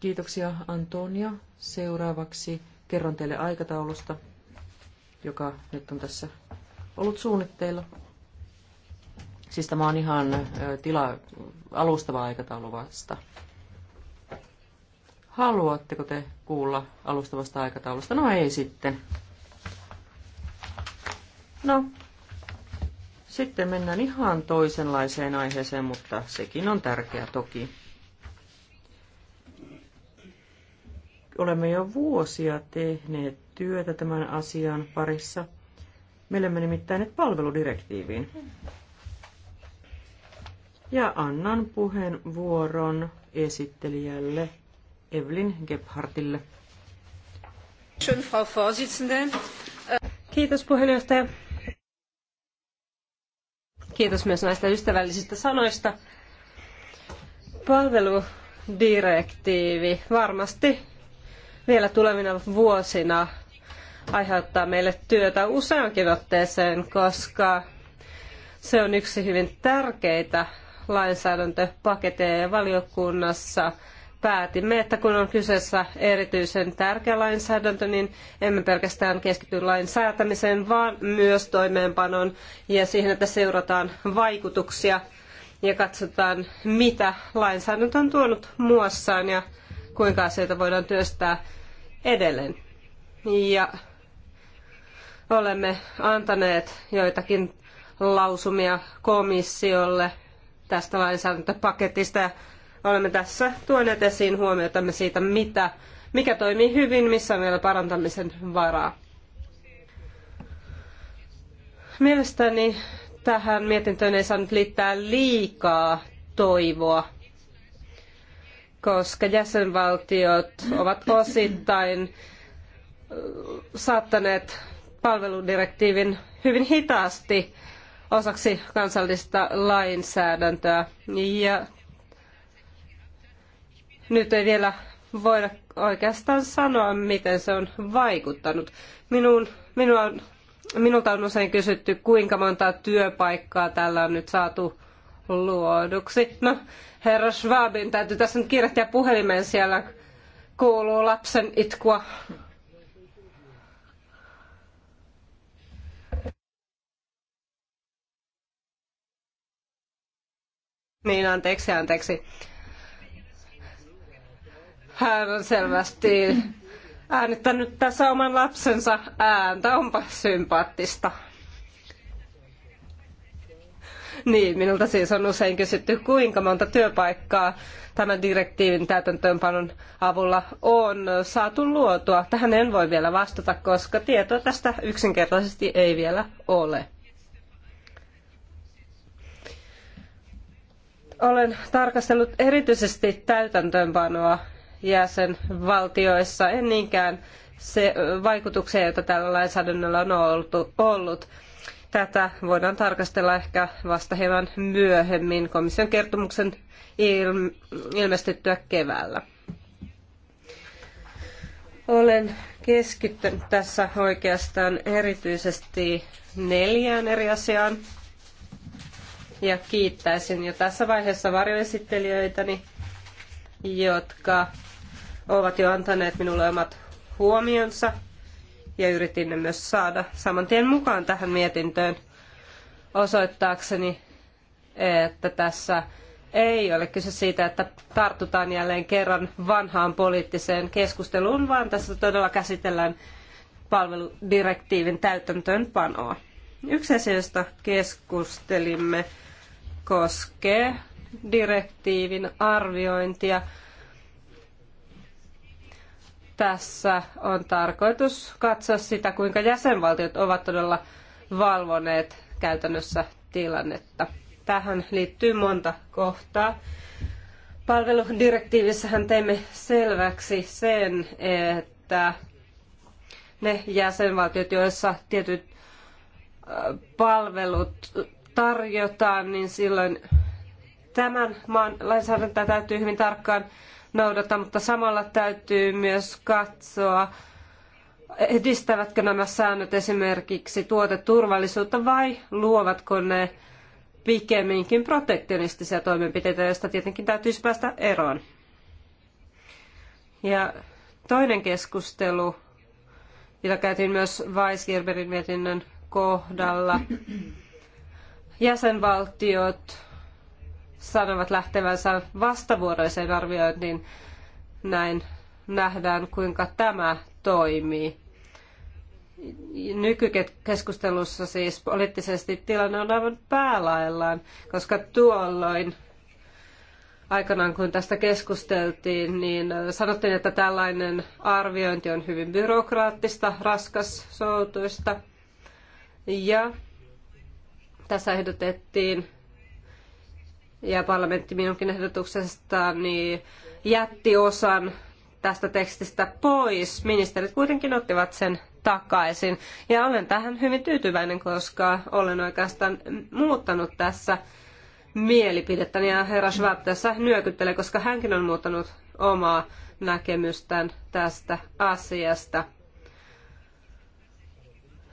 Kiitoksia Antonio. Seuraavaksi Kerron teille aikataulusta, joka nyt on tässä ollut suunnitteilla. Siis tämä on ihan tila, alustava aikataulu vasta. Haluatteko te kuulla alustavasta aikataulusta? No ei sitten. No, sitten mennään ihan toisenlaiseen aiheeseen, mutta sekin on tärkeä toki. Olemme jo vuosia tehneet työtä tämän asian parissa. me nimittäin nyt palveludirektiiviin. Ja annan puheenvuoron esittelijälle Evelyn Gebhardille. Kiitos puheenjohtaja. Kiitos myös näistä ystävällisistä sanoista. Palveludirektiivi varmasti vielä tulevina vuosina aiheuttaa meille työtä useankin otteeseen, koska se on yksi hyvin tärkeitä lainsäädäntöpaketeja ja valiokunnassa päätimme, että kun on kyseessä erityisen tärkeä lainsäädäntö, niin emme pelkästään keskity lain säätämiseen, vaan myös toimeenpanoon ja siihen, että seurataan vaikutuksia ja katsotaan, mitä lainsäädäntö on tuonut muassaan ja kuinka asioita voidaan työstää edelleen. Ja olemme antaneet joitakin lausumia komissiolle tästä lainsäädäntöpaketista ja olemme tässä tuoneet esiin huomiotamme siitä, mitä, mikä toimii hyvin, missä on vielä parantamisen varaa. Mielestäni tähän mietintöön ei saanut liittää liikaa toivoa koska jäsenvaltiot ovat osittain saattaneet palveludirektiivin hyvin hitaasti osaksi kansallista lainsäädäntöä. Ja nyt ei vielä voida oikeastaan sanoa, miten se on vaikuttanut. Minun, minua, minulta on usein kysytty, kuinka monta työpaikkaa tällä on nyt saatu luoduksi. No, herra Schwabin täytyy tässä nyt kiirehtiä puhelimeen siellä. Kuuluu lapsen itkua. Niin, anteeksi, anteeksi. Hän on selvästi äänittänyt tässä oman lapsensa ääntä. Onpa sympaattista. Niin, minulta siis on usein kysytty, kuinka monta työpaikkaa tämän direktiivin täytäntöönpanon avulla on saatu luotua. Tähän en voi vielä vastata, koska tietoa tästä yksinkertaisesti ei vielä ole. Olen tarkastellut erityisesti täytäntöönpanoa jäsenvaltioissa, en niinkään se vaikutuksia, joita tällä lainsäädännöllä on ollut Tätä voidaan tarkastella ehkä vasta hieman myöhemmin komission kertomuksen ilmestyttyä keväällä. Olen keskittynyt tässä oikeastaan erityisesti neljään eri asiaan. Ja kiittäisin jo tässä vaiheessa varjoesittelijöitäni, jotka ovat jo antaneet minulle omat huomionsa ja yritin ne myös saada saman tien mukaan tähän mietintöön osoittaakseni, että tässä ei ole kyse siitä, että tartutaan jälleen kerran vanhaan poliittiseen keskusteluun, vaan tässä todella käsitellään palveludirektiivin täytäntöönpanoa. Yksi asia, josta keskustelimme, koskee direktiivin arviointia tässä on tarkoitus katsoa sitä, kuinka jäsenvaltiot ovat todella valvoneet käytännössä tilannetta. Tähän liittyy monta kohtaa. Palveludirektiivissähän teimme selväksi sen, että ne jäsenvaltiot, joissa tietyt palvelut tarjotaan, niin silloin tämän maan lainsäädäntöä täytyy hyvin tarkkaan noudata, mutta samalla täytyy myös katsoa, edistävätkö nämä säännöt esimerkiksi tuoteturvallisuutta vai luovatko ne pikemminkin protektionistisia toimenpiteitä, joista tietenkin täytyisi päästä eroon. Ja toinen keskustelu, jota käytiin myös Weisgerberin mietinnön kohdalla, jäsenvaltiot sanovat lähtevänsä vastavuoroiseen arviointiin, näin nähdään, kuinka tämä toimii. Nykykeskustelussa siis poliittisesti tilanne on aivan päälaillaan, koska tuolloin aikanaan kun tästä keskusteltiin, niin sanottiin, että tällainen arviointi on hyvin byrokraattista, raskas, soutuista. Ja tässä ehdotettiin ja parlamentti minunkin ehdotuksestani niin jätti osan tästä tekstistä pois. Ministerit kuitenkin ottivat sen takaisin. Ja olen tähän hyvin tyytyväinen, koska olen oikeastaan muuttanut tässä mielipidettäni. Ja herra Schwab tässä nyökyttelee, koska hänkin on muuttanut omaa näkemystään tästä asiasta.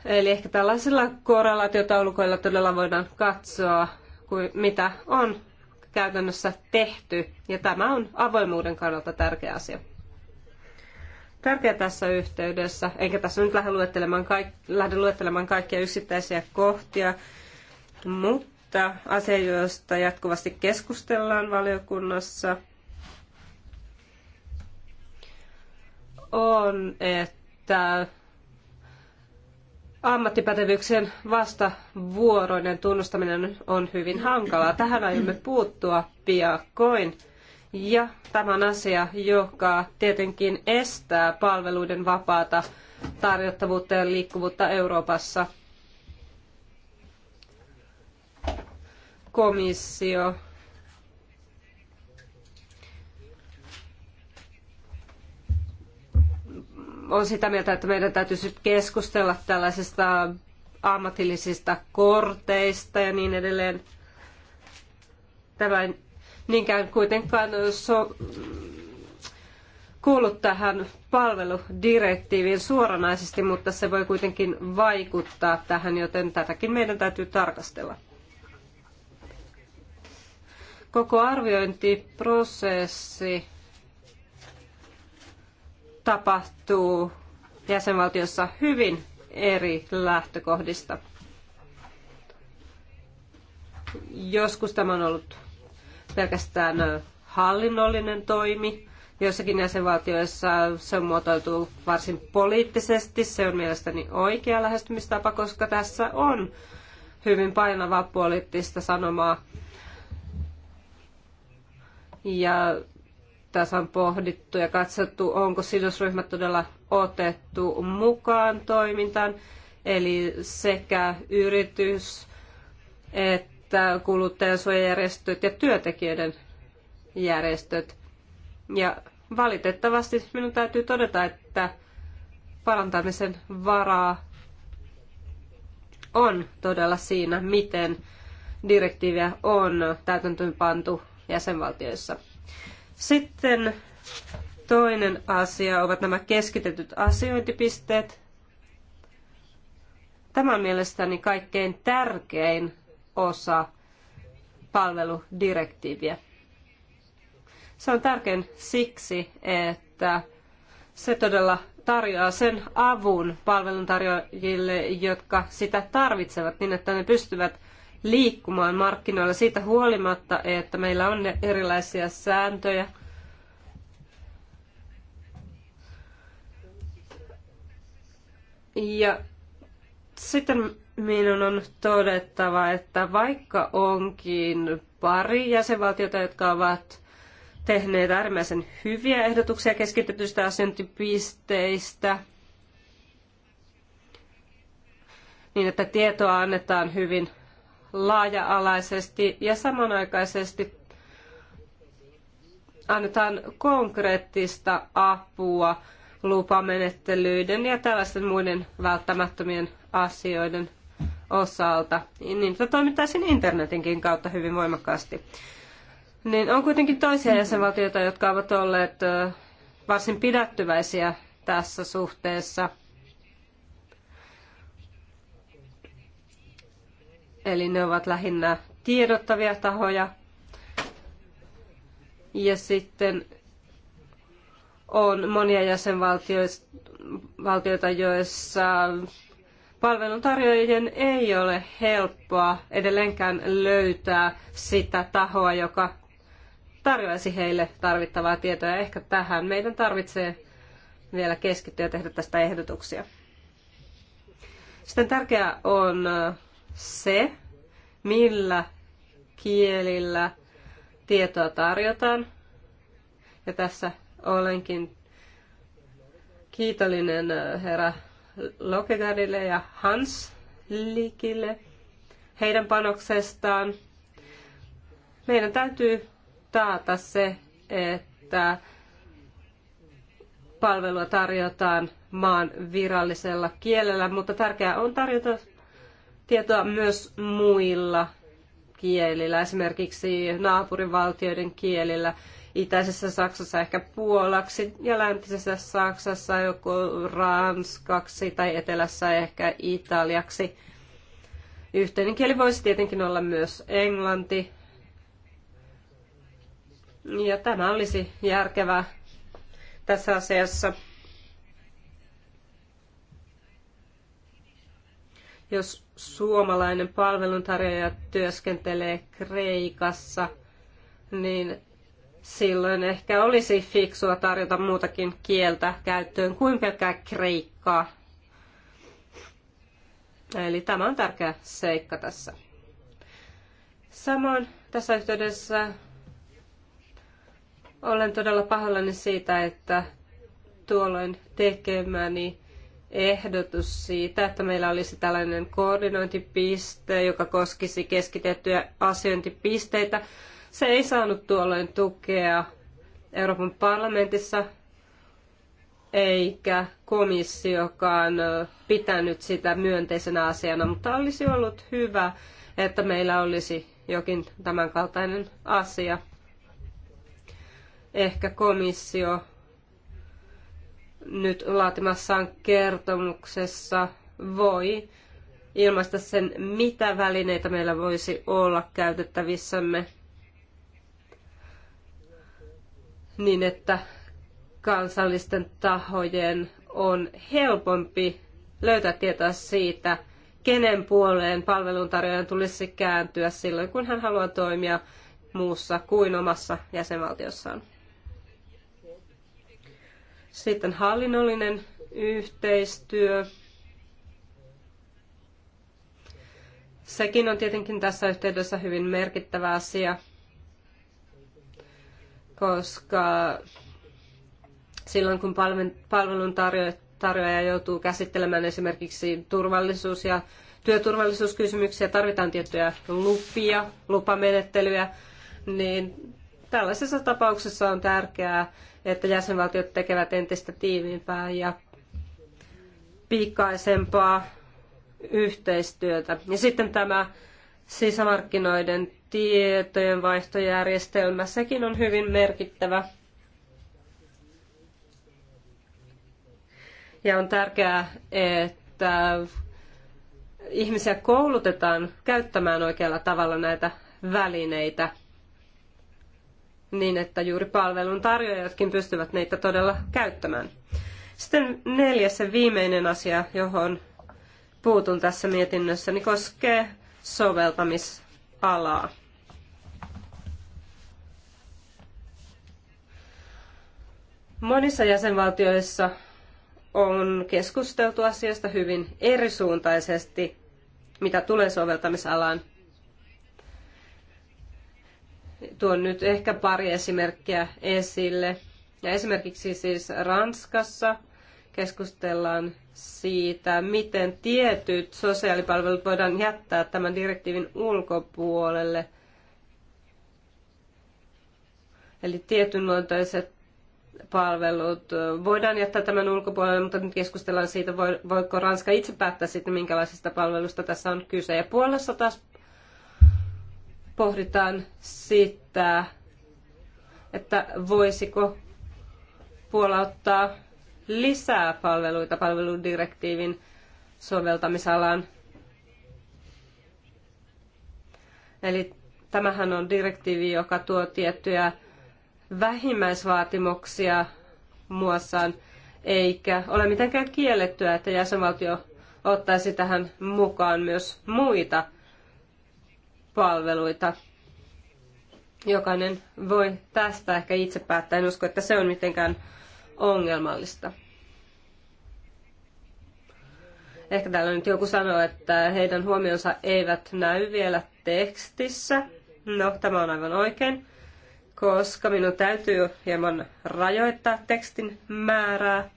Eli ehkä tällaisilla korrelaatiotaulukoilla todella voidaan katsoa, mitä on käytännössä tehty, ja tämä on avoimuuden kannalta tärkeä asia. Tärkeä tässä yhteydessä, enkä tässä nyt lähde luettelemaan, kaik, lähde luettelemaan kaikkia yksittäisiä kohtia, mutta asia, josta jatkuvasti keskustellaan valiokunnassa, on, että ammattipätevyyksien vastavuoroinen tunnustaminen on hyvin hankalaa. Tähän aiomme puuttua piakkoin. Ja tämä on asia, joka tietenkin estää palveluiden vapaata tarjottavuutta ja liikkuvuutta Euroopassa. Komissio on sitä mieltä, että meidän täytyisi siis keskustella tällaisista ammatillisista korteista ja niin edelleen. Tämä ei niinkään kuitenkaan so- kuulu tähän palveludirektiiviin suoranaisesti, mutta se voi kuitenkin vaikuttaa tähän, joten tätäkin meidän täytyy tarkastella. Koko arviointiprosessi tapahtuu jäsenvaltiossa hyvin eri lähtökohdista. Joskus tämä on ollut pelkästään hallinnollinen toimi. Joissakin jäsenvaltioissa se on muotoiltu varsin poliittisesti. Se on mielestäni oikea lähestymistapa, koska tässä on hyvin painavaa poliittista sanomaa. Ja tasan pohdittu ja katsottu, onko sidosryhmät todella otettu mukaan toimintaan, eli sekä yritys että kuluttajansuojajärjestöt ja työntekijöiden järjestöt. Ja valitettavasti minun täytyy todeta, että parantamisen varaa on todella siinä, miten direktiiviä on täytäntöönpantu jäsenvaltioissa. Sitten toinen asia ovat nämä keskitetyt asiointipisteet. Tämä on mielestäni kaikkein tärkein osa palveludirektiiviä. Se on tärkein siksi, että se todella tarjoaa sen avun palveluntarjoajille, jotka sitä tarvitsevat, niin että ne pystyvät liikkumaan markkinoilla siitä huolimatta, että meillä on erilaisia sääntöjä. Ja sitten minun on todettava, että vaikka onkin pari jäsenvaltiota, jotka ovat tehneet äärimmäisen hyviä ehdotuksia keskitetyistä asiointipisteistä, niin että tietoa annetaan hyvin laaja-alaisesti ja samanaikaisesti annetaan konkreettista apua lupamenettelyiden ja tällaisten muiden välttämättömien asioiden osalta. Niin toimittaisiin internetinkin kautta hyvin voimakkaasti. Niin on kuitenkin toisia jäsenvaltioita, jotka ovat olleet varsin pidättyväisiä tässä suhteessa – Eli ne ovat lähinnä tiedottavia tahoja. Ja sitten on monia jäsenvaltioita, joissa palveluntarjoajien ei ole helppoa edelleenkään löytää sitä tahoa, joka tarjoaisi heille tarvittavaa tietoa. Ja ehkä tähän meidän tarvitsee vielä keskittyä ja tehdä tästä ehdotuksia. Sitten tärkeää on se, millä kielillä tietoa tarjotaan. Ja tässä olenkin kiitollinen äh, herra Lokegardille ja Hans Likille heidän panoksestaan. Meidän täytyy taata se, että palvelua tarjotaan maan virallisella kielellä, mutta tärkeää on tarjota tietoa myös muilla kielillä, esimerkiksi naapurivaltioiden kielillä. Itäisessä Saksassa ehkä puolaksi ja läntisessä Saksassa joko ranskaksi tai etelässä ehkä italiaksi. Yhteinen kieli voisi tietenkin olla myös englanti. Ja tämä olisi järkevää tässä asiassa. Jos suomalainen palveluntarjoaja työskentelee Kreikassa, niin silloin ehkä olisi fiksua tarjota muutakin kieltä käyttöön kuin pelkkää kreikkaa. Eli tämä on tärkeä seikka tässä. Samoin tässä yhteydessä olen todella pahoillani siitä, että tuolloin tekemäni ehdotus siitä, että meillä olisi tällainen koordinointipiste, joka koskisi keskitettyjä asiointipisteitä. Se ei saanut tuolloin tukea Euroopan parlamentissa, eikä komissiokaan pitänyt sitä myönteisenä asiana, mutta olisi ollut hyvä, että meillä olisi jokin tämänkaltainen asia. Ehkä komissio nyt laatimassaan kertomuksessa voi ilmaista sen, mitä välineitä meillä voisi olla käytettävissämme niin, että kansallisten tahojen on helpompi löytää tietoa siitä, kenen puoleen palveluntarjoajan tulisi kääntyä silloin, kun hän haluaa toimia muussa kuin omassa jäsenvaltiossaan. Sitten hallinnollinen yhteistyö. Sekin on tietenkin tässä yhteydessä hyvin merkittävä asia, koska silloin kun palvelun tarjoaja joutuu käsittelemään esimerkiksi turvallisuus- ja työturvallisuuskysymyksiä, tarvitaan tiettyjä lupia, lupamenettelyjä, niin tällaisessa tapauksessa on tärkeää, että jäsenvaltiot tekevät entistä tiiviimpää ja pikaisempaa yhteistyötä. Ja sitten tämä sisämarkkinoiden tietojenvaihtojärjestelmä, sekin on hyvin merkittävä. Ja on tärkeää, että ihmisiä koulutetaan käyttämään oikealla tavalla näitä välineitä – niin, että juuri palvelun tarjoajatkin pystyvät niitä todella käyttämään. Sitten neljäs ja viimeinen asia, johon puutun tässä mietinnössä, niin koskee soveltamisalaa. Monissa jäsenvaltioissa on keskusteltu asiasta hyvin erisuuntaisesti, mitä tulee soveltamisalaan. Tuon nyt ehkä pari esimerkkiä esille. Ja esimerkiksi siis Ranskassa keskustellaan siitä, miten tietyt sosiaalipalvelut voidaan jättää tämän direktiivin ulkopuolelle. Eli tietynluontoiset palvelut voidaan jättää tämän ulkopuolelle, mutta nyt keskustellaan siitä, voiko Ranska itse päättää sitten, minkälaisista palvelusta tässä on kyse. Ja Puolassa taas pohditaan sitä, että voisiko Puola ottaa lisää palveluita palveludirektiivin soveltamisalaan. Eli tämähän on direktiivi, joka tuo tiettyjä vähimmäisvaatimuksia muassaan, eikä ole mitenkään kiellettyä, että jäsenvaltio ottaisi tähän mukaan myös muita palveluita. Jokainen voi tästä ehkä itse päättää. En usko, että se on mitenkään ongelmallista. Ehkä täällä nyt joku sanoo, että heidän huomionsa eivät näy vielä tekstissä. No, tämä on aivan oikein, koska minun täytyy hieman rajoittaa tekstin määrää.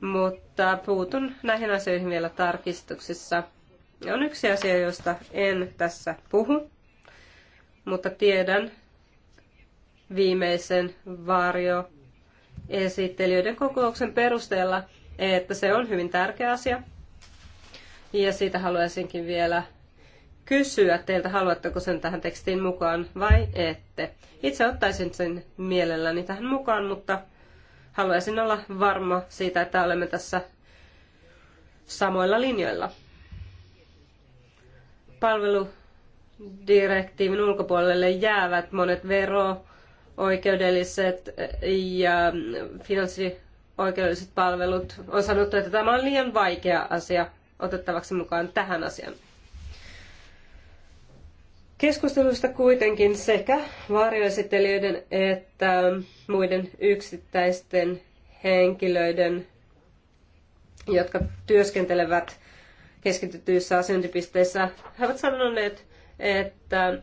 Mutta puutun näihin asioihin vielä tarkistuksissa. Ja on yksi asia, josta en tässä puhu, mutta tiedän viimeisen varjo esittelijöiden kokouksen perusteella, että se on hyvin tärkeä asia. Ja siitä haluaisinkin vielä kysyä teiltä, haluatteko sen tähän tekstiin mukaan vai ette. Itse ottaisin sen mielelläni tähän mukaan, mutta haluaisin olla varma siitä, että olemme tässä samoilla linjoilla palveludirektiivin ulkopuolelle jäävät monet vero, oikeudelliset eh, ja finanssioikeudelliset palvelut. On sanottu, että tämä on liian vaikea asia otettavaksi mukaan tähän asiaan. Keskustelusta kuitenkin sekä varjoesittelijöiden että muiden yksittäisten henkilöiden, jotka työskentelevät keskitetyissä asiointipisteissä, he ovat sanoneet, että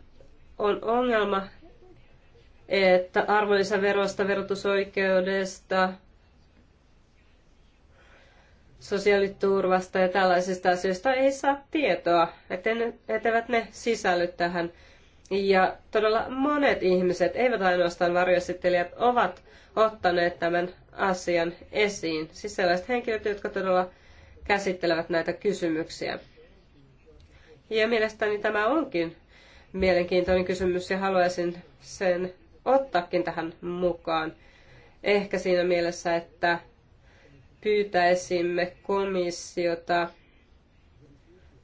on ongelma, että arvonlisäverosta, verotusoikeudesta, sosiaaliturvasta ja tällaisista asioista ei saa tietoa, etteivät ne sisälly tähän. Ja todella monet ihmiset, eivät ainoastaan varjoesittelijät, ovat ottaneet tämän asian esiin. Siis sellaiset henkilöt, jotka todella käsittelevät näitä kysymyksiä. Ja mielestäni tämä onkin mielenkiintoinen kysymys ja haluaisin sen ottaakin tähän mukaan. Ehkä siinä mielessä, että pyytäisimme komissiota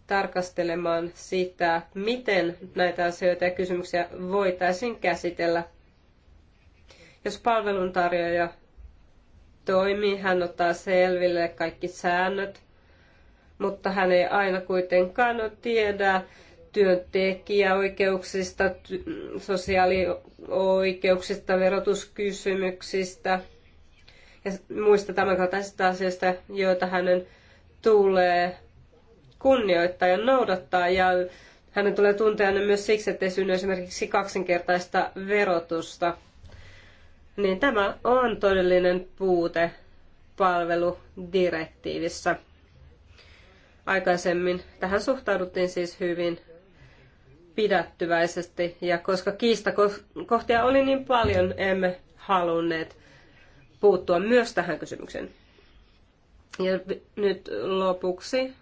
tarkastelemaan sitä, miten näitä asioita ja kysymyksiä voitaisiin käsitellä. Jos palveluntarjoaja toimii, hän ottaa selville kaikki säännöt, mutta hän ei aina kuitenkaan tiedä työntekijäoikeuksista, sosiaalioikeuksista, verotuskysymyksistä ja muista tämänkaltaisista asioista, joita hänen tulee kunnioittaa ja noudattaa. Ja hänen tulee tuntea ne myös siksi, ei synny esimerkiksi kaksinkertaista verotusta. Niin tämä on todellinen puute palveludirektiivissä. Aikaisemmin tähän suhtauduttiin siis hyvin pidättyväisesti ja koska kiistakohtia oli niin paljon, emme halunneet puuttua myös tähän kysymykseen. Ja nyt lopuksi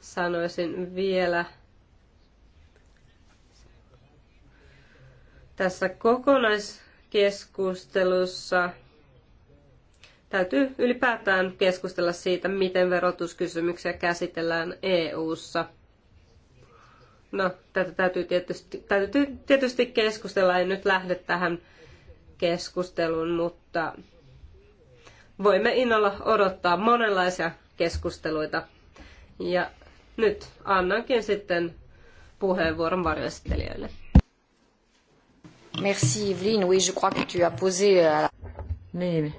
sanoisin vielä tässä kokonaiskeskustelussa täytyy ylipäätään keskustella siitä, miten verotuskysymyksiä käsitellään EU:ssa. No, tätä täytyy tietysti, täytyy tietysti keskustella. En nyt lähde tähän keskusteluun, mutta voimme innolla odottaa monenlaisia keskusteluita. Ja nyt annankin sitten puheenvuoron varjoesittelijöille. Merci Evelyne, oui je crois que tu as posé... Euh, niin,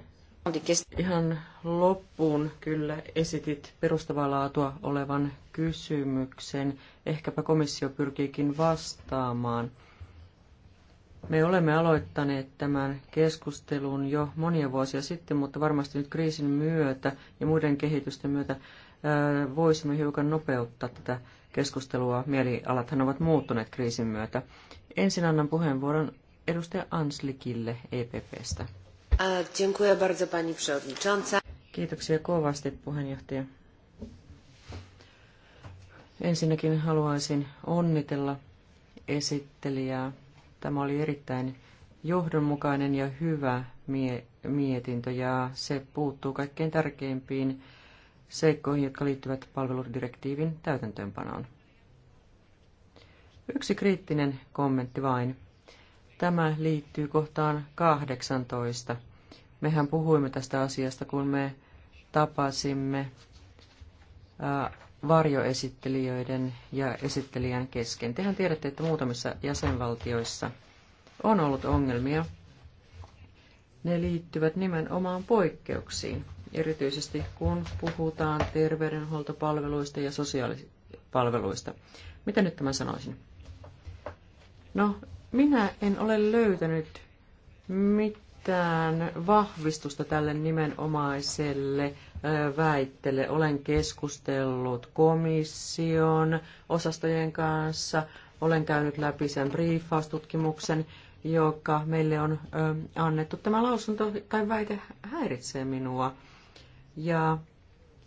Ihan loppuun kyllä esitit perustavaa laatua olevan kysymyksen. Ehkäpä komissio pyrkiikin vastaamaan. Me olemme aloittaneet tämän keskustelun jo monia vuosia sitten, mutta varmasti nyt kriisin myötä ja muiden kehitysten myötä voisimme hiukan nopeuttaa tätä keskustelua. Mielialathan ovat muuttuneet kriisin myötä. Ensin annan puheenvuoron edustaja Anslikille EPPstä. Dziękuję bardzo pani przewodnicząca. Kiitoksia kovasti puheenjohtaja. Ensinnäkin haluaisin onnitella esittelijää. Tämä oli erittäin johdonmukainen ja hyvä mie- mietintö ja se puuttuu kaikkein tärkeimpiin seikkoihin, jotka liittyvät palveludirektiivin täytäntöönpanoon. Yksi kriittinen kommentti vain. Tämä liittyy kohtaan 18. Mehän puhuimme tästä asiasta, kun me tapasimme varjoesittelijöiden ja esittelijän kesken. Tehän tiedätte, että muutamissa jäsenvaltioissa on ollut ongelmia. Ne liittyvät nimenomaan poikkeuksiin, erityisesti kun puhutaan terveydenhuoltopalveluista ja sosiaalipalveluista. Mitä nyt tämän sanoisin? No, minä en ole löytänyt mitään mitään vahvistusta tälle nimenomaiselle väitteelle Olen keskustellut komission osastojen kanssa, olen käynyt läpi sen briefaustutkimuksen, joka meille on annettu. Tämä lausunto tai väite häiritsee minua ja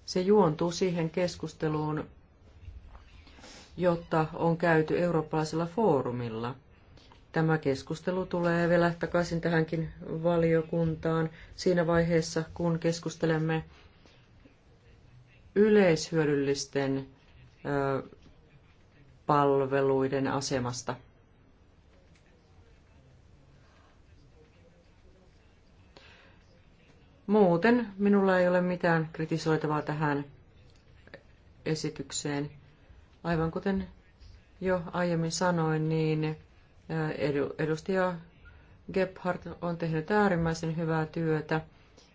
se juontuu siihen keskusteluun, jota on käyty eurooppalaisella foorumilla – Tämä keskustelu tulee vielä takaisin tähänkin valiokuntaan siinä vaiheessa, kun keskustelemme yleishyödyllisten palveluiden asemasta. Muuten minulla ei ole mitään kritisoitavaa tähän esitykseen. Aivan kuten jo aiemmin sanoin, niin Edustaja Gebhardt on tehnyt äärimmäisen hyvää työtä.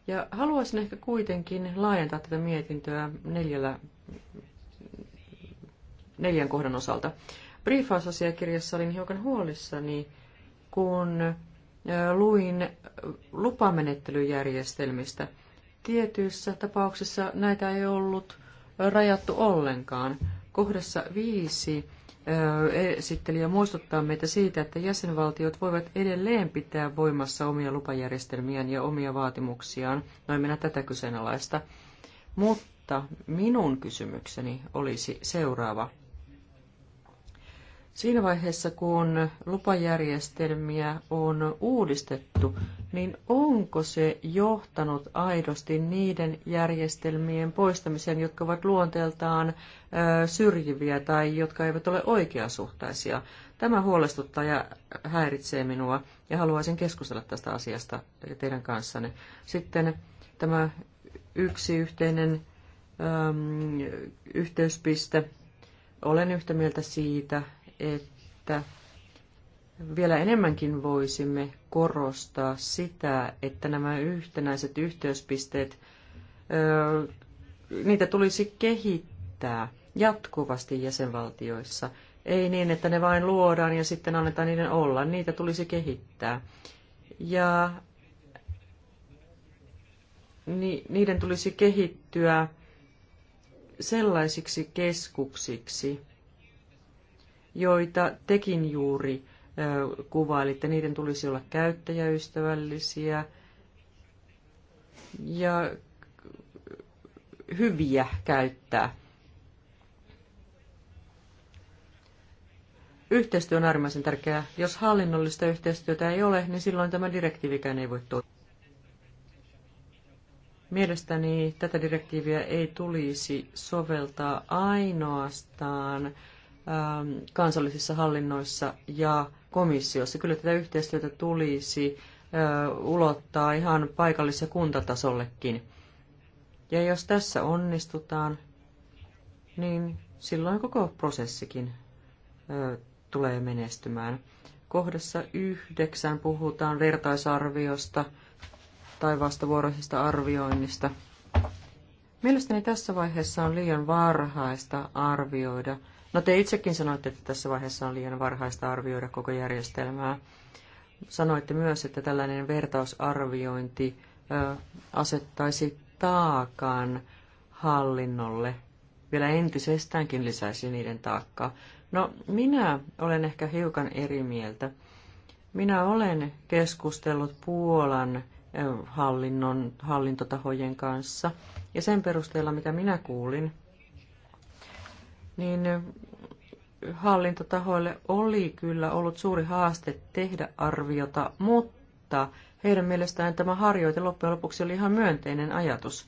Ja haluaisin ehkä kuitenkin laajentaa tätä mietintöä neljällä, neljän kohdan osalta. Briefausasiakirjassa olin hiukan huolissani, kun luin lupamenettelyjärjestelmistä. Tietyissä tapauksissa näitä ei ollut rajattu ollenkaan. Kohdassa viisi esittelijä muistuttaa meitä siitä, että jäsenvaltiot voivat edelleen pitää voimassa omia lupajärjestelmiään ja omia vaatimuksiaan. No en minä tätä kyseenalaista. Mutta minun kysymykseni olisi seuraava. Siinä vaiheessa, kun lupajärjestelmiä on uudistettu, niin onko se johtanut aidosti niiden järjestelmien poistamiseen, jotka ovat luonteeltaan syrjiviä tai jotka eivät ole oikeasuhtaisia? Tämä huolestuttaa ja häiritsee minua ja haluaisin keskustella tästä asiasta teidän kanssanne. Sitten tämä yksi yhteinen äm, yhteyspiste. Olen yhtä mieltä siitä, että vielä enemmänkin voisimme korostaa sitä, että nämä yhtenäiset yhteyspisteet, niitä tulisi kehittää jatkuvasti jäsenvaltioissa. Ei niin, että ne vain luodaan ja sitten annetaan niiden olla. Niitä tulisi kehittää. Ja niiden tulisi kehittyä sellaisiksi keskuksiksi, joita tekin juuri kuvailitte. Niiden tulisi olla käyttäjäystävällisiä ja hyviä käyttää. Yhteistyö on äärimmäisen tärkeää. Jos hallinnollista yhteistyötä ei ole, niin silloin tämä direktiivikään ei voi toimia. Mielestäni tätä direktiiviä ei tulisi soveltaa ainoastaan Ähm, kansallisissa hallinnoissa ja komissiossa. Kyllä tätä yhteistyötä tulisi ulottaa ihan paikallis- ja kuntatasollekin. Ja jos tässä onnistutaan, niin silloin koko prosessikin tulee menestymään. Kohdassa yhdeksän puhutaan vertaisarviosta tai vastavuoroisesta arvioinnista. Mielestäni tässä vaiheessa on liian varhaista arvioida – No te itsekin sanoitte, että tässä vaiheessa on liian varhaista arvioida koko järjestelmää. Sanoitte myös, että tällainen vertausarviointi asettaisi taakan hallinnolle. Vielä entisestäänkin lisäisi niiden taakkaa. No, minä olen ehkä hiukan eri mieltä. Minä olen keskustellut Puolan hallinnon, hallintotahojen kanssa, ja sen perusteella, mitä minä kuulin, niin hallintotahoille oli kyllä ollut suuri haaste tehdä arviota, mutta heidän mielestään tämä harjoite loppujen lopuksi oli ihan myönteinen ajatus.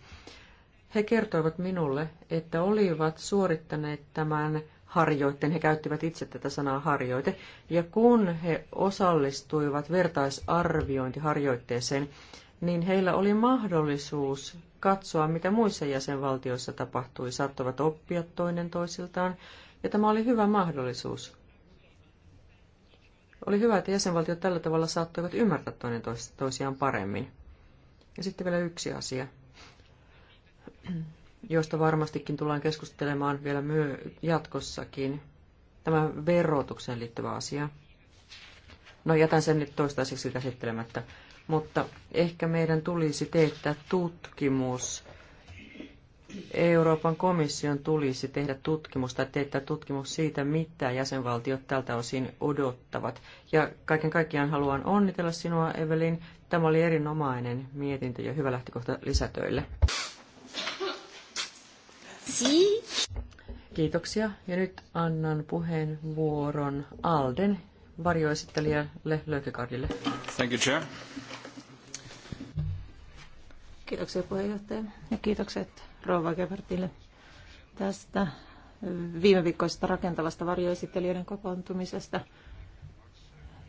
He kertoivat minulle, että olivat suorittaneet tämän harjoitteen, he käyttivät itse tätä sanaa harjoite, ja kun he osallistuivat vertaisarviointiharjoitteeseen, niin heillä oli mahdollisuus katsoa, mitä muissa jäsenvaltioissa tapahtui. Saattoivat oppia toinen toisiltaan, ja tämä oli hyvä mahdollisuus. Oli hyvä, että jäsenvaltiot tällä tavalla saattoivat ymmärtää toinen toisiaan paremmin. Ja sitten vielä yksi asia, josta varmastikin tullaan keskustelemaan vielä myö- jatkossakin. Tämä verotukseen liittyvä asia. No jätän sen nyt toistaiseksi käsittelemättä mutta ehkä meidän tulisi tehdä tutkimus. Euroopan komission tulisi tehdä tutkimus tai teettää tutkimus siitä, mitä jäsenvaltiot tältä osin odottavat. Ja kaiken kaikkiaan haluan onnitella sinua, Evelin. Tämä oli erinomainen mietintö ja hyvä lähtökohta lisätöille. Si. Kiitoksia. Ja nyt annan puheenvuoron Alden varjoesittelijälle Lökekardille. Thank you, Chair. Kiitoksia puheenjohtaja ja kiitokset Rova Gebertille tästä viime viikkoisesta rakentavasta varjoesittelijöiden kokoontumisesta.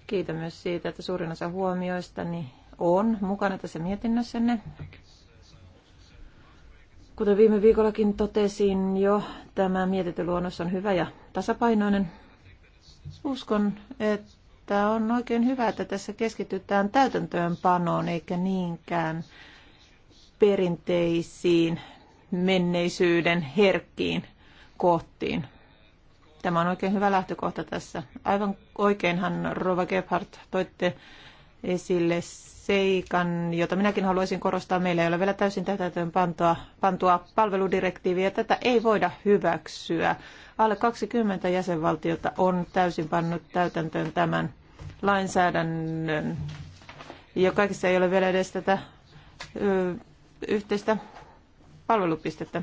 Kiitän myös siitä, että suurin osa huomioistani on mukana tässä mietinnössänne. Kuten viime viikollakin totesin jo, tämä mietintöluonnos on hyvä ja tasapainoinen. Uskon, että on oikein hyvä, että tässä keskitytään täytäntöönpanoon eikä niinkään perinteisiin menneisyyden herkkiin kohtiin. Tämä on oikein hyvä lähtökohta tässä. Aivan oikeinhan Rova Gebhardt toitte esille seikan, jota minäkin haluaisin korostaa. Meillä ei ole vielä täysin täytäntöön pantua, pantua palveludirektiiviä. Tätä ei voida hyväksyä. Alle 20 jäsenvaltiota on täysin pannut täytäntöön tämän lainsäädännön. Ja kaikissa ei ole vielä edes tätä yhteistä palvelupistettä.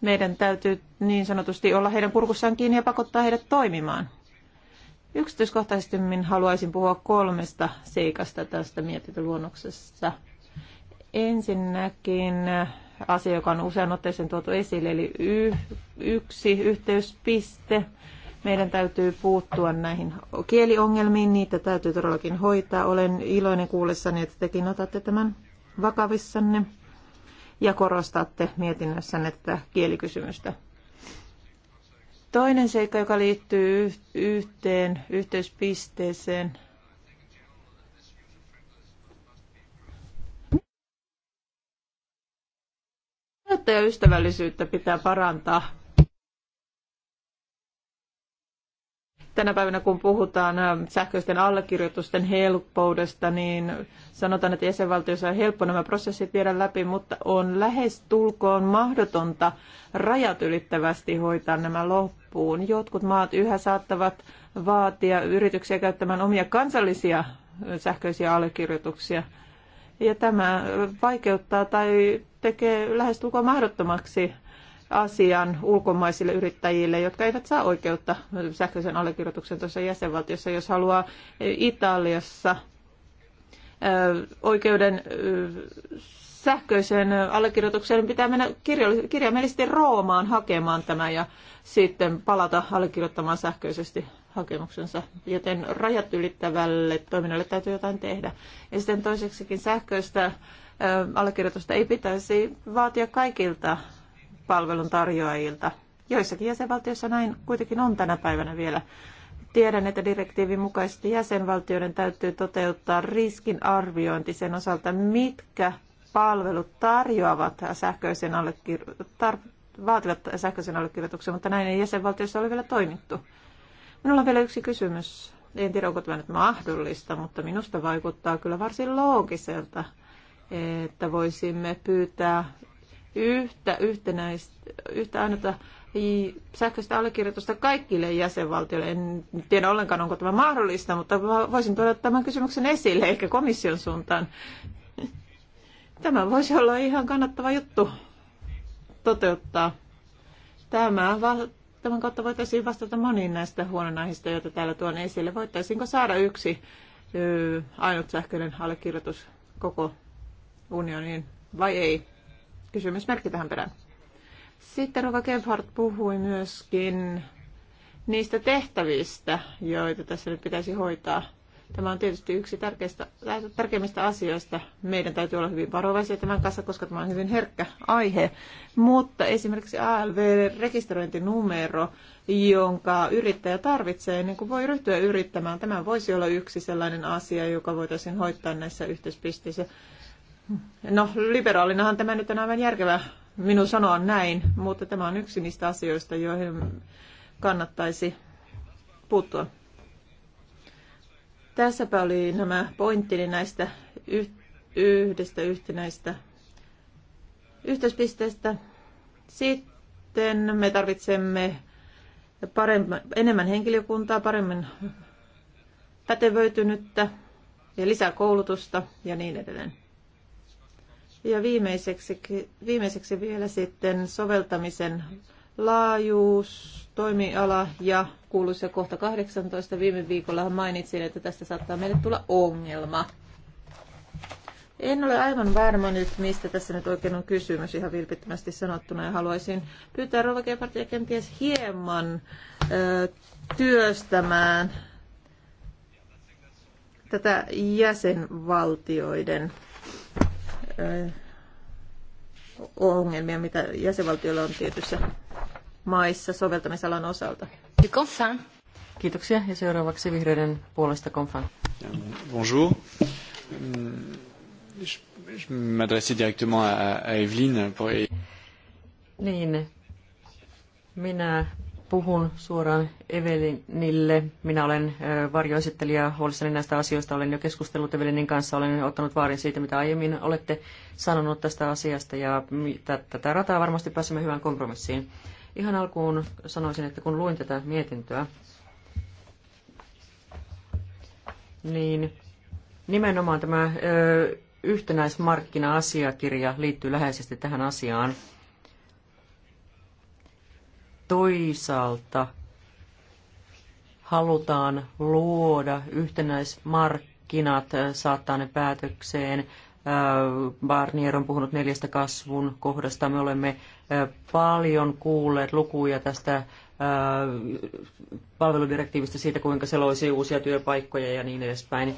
Meidän täytyy niin sanotusti olla heidän kurkussaan kiinni ja pakottaa heidät toimimaan. Yksityiskohtaisesti haluaisin puhua kolmesta seikasta tästä mietintöluonnoksessa. Ensinnäkin asia, joka on usean otteeseen tuotu esille, eli y- yksi yhteyspiste. Meidän täytyy puuttua näihin kieliongelmiin, niitä täytyy todellakin hoitaa. Olen iloinen kuullessani, että tekin otatte tämän vakavissanne ja korostatte mietinnössänne tätä kielikysymystä. Toinen seikka, joka liittyy yhteen yhteyspisteeseen, ystävällisyyttä pitää parantaa tänä päivänä, kun puhutaan sähköisten allekirjoitusten helppoudesta, niin sanotaan, että jäsenvaltioissa on helppo nämä prosessit viedä läpi, mutta on lähes tulkoon mahdotonta rajat ylittävästi hoitaa nämä loppuun. Jotkut maat yhä saattavat vaatia yrityksiä käyttämään omia kansallisia sähköisiä allekirjoituksia. Ja tämä vaikeuttaa tai tekee lähestulkoon mahdottomaksi asian ulkomaisille yrittäjille, jotka eivät saa oikeutta sähköisen allekirjoituksen tuossa jäsenvaltiossa, jos haluaa Italiassa oikeuden sähköiseen allekirjoitukseen niin pitää mennä kirjaimellisesti Roomaan hakemaan tämä ja sitten palata allekirjoittamaan sähköisesti hakemuksensa, joten rajat ylittävälle toiminnalle täytyy jotain tehdä. Ja sitten toiseksikin sähköistä allekirjoitusta ei pitäisi vaatia kaikilta palveluntarjoajilta. Joissakin jäsenvaltioissa näin kuitenkin on tänä päivänä vielä. Tiedän, että direktiivin mukaisesti jäsenvaltioiden täytyy toteuttaa riskin arviointi sen osalta, mitkä palvelut tarjoavat sähköisen allekir- tar- vaativat sähköisen allekirjoituksen, mutta näin ei jäsenvaltiossa ole vielä toimittu. Minulla on vielä yksi kysymys. En tiedä, onko tämä nyt mahdollista, mutta minusta vaikuttaa kyllä varsin loogiselta, että voisimme pyytää yhtä, yhtenäistä, yhtä ainoita sähköistä allekirjoitusta kaikille jäsenvaltioille. En tiedä ollenkaan, onko tämä mahdollista, mutta voisin tuoda tämän kysymyksen esille ehkä komission suuntaan. Tämä voisi olla ihan kannattava juttu toteuttaa. Tämä, tämän kautta voitaisiin vastata moniin näistä huononaiheista, joita täällä tuon esille. Voittaisinko saada yksi ainut sähköinen allekirjoitus koko unioniin vai ei? kysymysmerkki tähän perään. Sitten Rova Gebhardt puhui myöskin niistä tehtävistä, joita tässä nyt pitäisi hoitaa. Tämä on tietysti yksi tärkeimmistä asioista. Meidän täytyy olla hyvin varovaisia tämän kanssa, koska tämä on hyvin herkkä aihe. Mutta esimerkiksi ALV-rekisteröintinumero, jonka yrittäjä tarvitsee, niin kuin voi ryhtyä yrittämään, tämä voisi olla yksi sellainen asia, joka voitaisiin hoitaa näissä yhteispisteissä. No, liberaalinahan tämä nyt on aivan järkevä minun sanoa näin, mutta tämä on yksi niistä asioista, joihin kannattaisi puuttua. Tässäpä oli nämä pointtini näistä yhdestä yhtenäistä yhteispisteestä. Sitten me tarvitsemme paremmin, enemmän henkilökuntaa, paremmin pätevöitynyttä ja lisää koulutusta ja niin edelleen. Ja viimeiseksi, viimeiseksi vielä sitten soveltamisen laajuus, toimiala ja kuuluisa kohta 18. Viime viikolla mainitsin, että tästä saattaa meille tulla ongelma. En ole aivan varma nyt, mistä tässä nyt oikein on kysymys ihan vilpittömästi sanottuna ja haluaisin pyytää Rova Gepardia kenties hieman ö, työstämään tätä jäsenvaltioiden ongelmia, mitä jäsenvaltioilla on tietyissä maissa soveltamisalan osalta. Kiitoksia ja seuraavaksi vihreiden puolesta Konfan. Bonjour. Mm, je, je directement à, à Evelyn. Pour... Niin, minä puhun suoraan Evelinille. Minä olen varjoesittelijä huolissani näistä asioista. Olen jo keskustellut Evelinin kanssa. Olen ottanut vaarin siitä, mitä aiemmin olette sanonut tästä asiasta. Ja tätä rataa varmasti pääsemme hyvään kompromissiin. Ihan alkuun sanoisin, että kun luin tätä mietintöä, niin nimenomaan tämä yhtenäismarkkina-asiakirja liittyy läheisesti tähän asiaan – toisaalta halutaan luoda yhtenäismarkkinat, äh, saattaa ne päätökseen. Äh, Barnier on puhunut neljästä kasvun kohdasta. Me olemme äh, paljon kuulleet lukuja tästä palveludirektiivistä siitä, kuinka se loisi uusia työpaikkoja ja niin edespäin.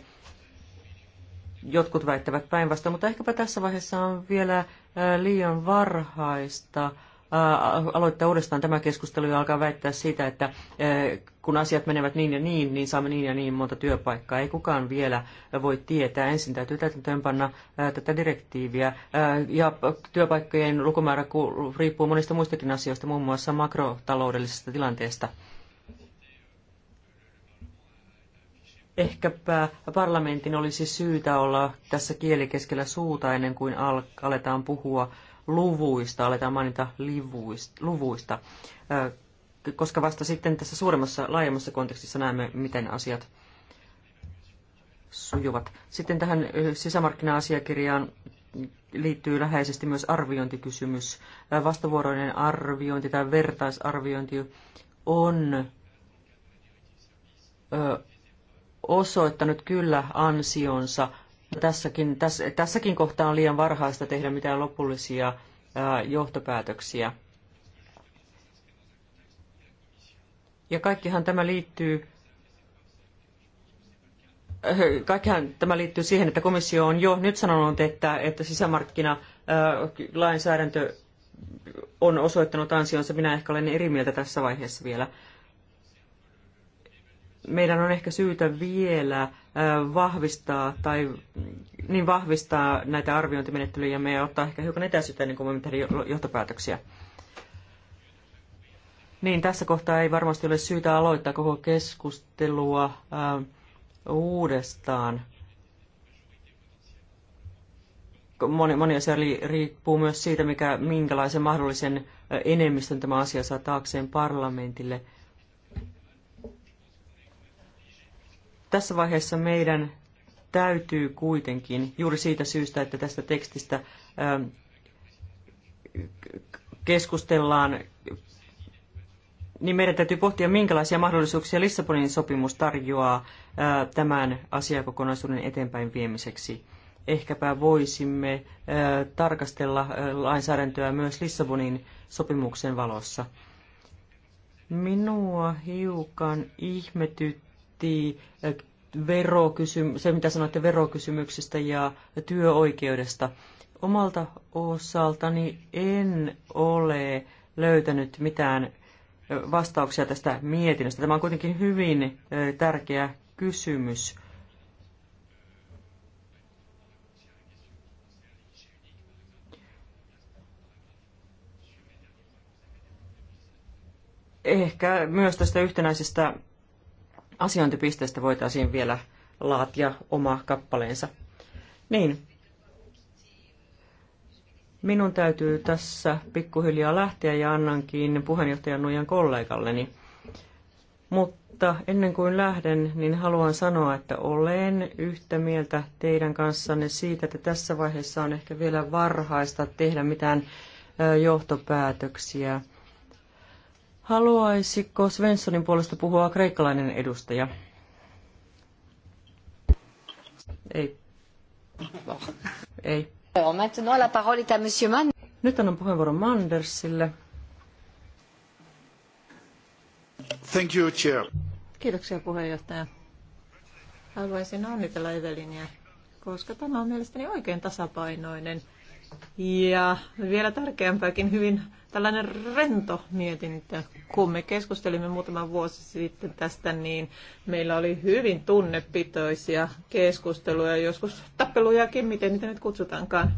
Jotkut väittävät päinvastoin, mutta ehkäpä tässä vaiheessa on vielä liian varhaista Äh, aloittaa uudestaan tämä keskustelu ja alkaa väittää siitä, että äh, kun asiat menevät niin ja niin, niin saamme niin ja niin monta työpaikkaa. Ei kukaan vielä voi tietää. Ensin täytyy täytäntöönpanna äh, tätä direktiiviä. Ja työpaikkojen lukumäärä riippuu monista muistakin asioista, muun muassa makrotaloudellisesta tilanteesta. Ehkäpä parlamentin olisi syytä olla tässä kielikeskellä suuta ennen kuin aletaan puhua luvuista, aletaan mainita livuista, luvuista, koska vasta sitten tässä suuremmassa, laajemmassa kontekstissa näemme, miten asiat sujuvat. Sitten tähän sisämarkkina-asiakirjaan liittyy läheisesti myös arviointikysymys. Vastavuoroinen arviointi tai vertaisarviointi on osoittanut kyllä ansionsa Tässäkin, täs, tässäkin kohtaa on liian varhaista tehdä mitään lopullisia ää, johtopäätöksiä. Ja kaikkihan tämä liittyy kaikkihan tämä liittyy siihen, että komissio on jo nyt sanonut, että, että sisämarkkinalainsäädäntö on osoittanut ansionsa. Minä ehkä olen eri mieltä tässä vaiheessa vielä meidän on ehkä syytä vielä vahvistaa tai niin vahvistaa näitä arviointimenettelyjä ja ottaa ehkä hiukan etäisyyttä niin kuin me tehdä johtopäätöksiä. Niin, tässä kohtaa ei varmasti ole syytä aloittaa koko keskustelua uudestaan. Moni, moni asia riippuu myös siitä, mikä, minkälaisen mahdollisen enemmistön tämä asia saa taakseen parlamentille – Tässä vaiheessa meidän täytyy kuitenkin, juuri siitä syystä, että tästä tekstistä ähm, keskustellaan, niin meidän täytyy pohtia, minkälaisia mahdollisuuksia Lissabonin sopimus tarjoaa äh, tämän asiakokonaisuuden eteenpäin viemiseksi. Ehkäpä voisimme äh, tarkastella äh, lainsäädäntöä myös Lissabonin sopimuksen valossa. Minua hiukan ihmetyttää miettii eh, verokysym- se, mitä sanoitte verokysymyksistä ja työoikeudesta. Omalta osaltani en ole löytänyt mitään eh, vastauksia tästä mietinnöstä. Tämä on kuitenkin hyvin eh, tärkeä kysymys. Ehkä myös tästä yhtenäisestä asiointipisteestä voitaisiin vielä laatia oma kappaleensa. Niin. Minun täytyy tässä pikkuhiljaa lähteä ja annankin puheenjohtajan nuijan kollegalleni. Mutta ennen kuin lähden, niin haluan sanoa, että olen yhtä mieltä teidän kanssanne siitä, että tässä vaiheessa on ehkä vielä varhaista tehdä mitään johtopäätöksiä Haluaisiko Svenssonin puolesta puhua kreikkalainen edustaja? Ei. Ei. Maintenant la parole est à monsieur Mann. Nyt annan puheenvuoron Mandersille. Thank you, chair. Kiitoksia puheenjohtaja. Haluaisin onnitella Evelinia, koska tämä on mielestäni oikein tasapainoinen – ja vielä tärkeämpääkin hyvin tällainen rento mietintö. Kun me keskustelimme muutama vuosi sitten tästä, niin meillä oli hyvin tunnepitoisia keskusteluja, joskus tappelujakin, miten niitä nyt kutsutaankaan.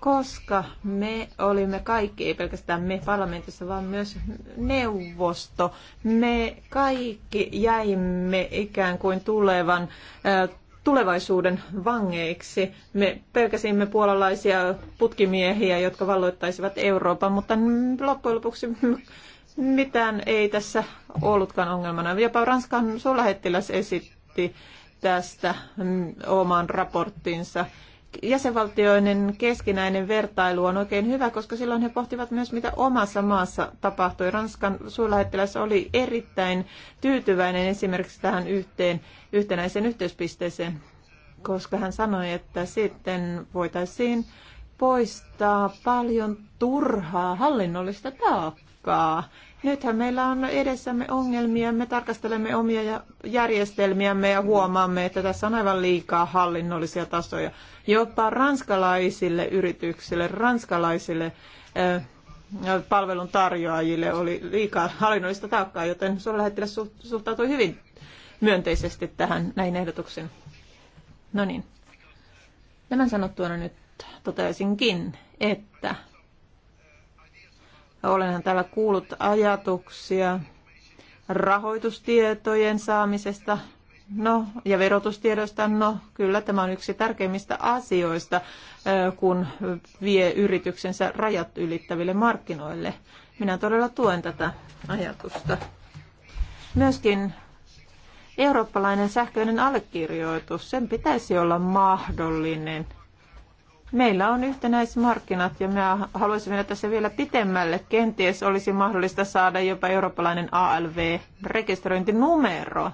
Koska me olimme kaikki, ei pelkästään me parlamentissa, vaan myös neuvosto, me kaikki jäimme ikään kuin tulevan äh, tulevaisuuden vangeiksi. Me pelkäsimme puolalaisia putkimiehiä, jotka valloittaisivat Euroopan, mutta loppujen lopuksi mitään ei tässä ollutkaan ongelmana. Jopa Ranskan suurlähettiläs esitti tästä oman raporttinsa jäsenvaltioiden keskinäinen vertailu on oikein hyvä, koska silloin he pohtivat myös, mitä omassa maassa tapahtui. Ranskan suurlähettiläs oli erittäin tyytyväinen esimerkiksi tähän yhteen, yhtenäiseen yhteyspisteeseen, koska hän sanoi, että sitten voitaisiin poistaa paljon turhaa hallinnollista taakkaa Nythän meillä on edessämme ongelmia, me tarkastelemme omia järjestelmiämme ja huomaamme, että tässä on aivan liikaa hallinnollisia tasoja. Jopa ranskalaisille yrityksille, ranskalaisille eh, palvelun tarjoajille oli liikaa hallinnollista taakkaa, joten suurlähettiläs suhtautui hyvin myönteisesti tähän näihin ehdotuksiin. No niin. Tämän sanottuna nyt toteaisinkin, että Olenhan täällä kuullut ajatuksia rahoitustietojen saamisesta No, ja verotustiedoista, no kyllä tämä on yksi tärkeimmistä asioista, kun vie yrityksensä rajat ylittäville markkinoille. Minä todella tuen tätä ajatusta. Myöskin eurooppalainen sähköinen allekirjoitus, sen pitäisi olla mahdollinen – Meillä on yhtenäismarkkinat ja me haluaisin mennä tässä vielä pitemmälle. Kenties olisi mahdollista saada jopa eurooppalainen ALV-rekisteröintinumero.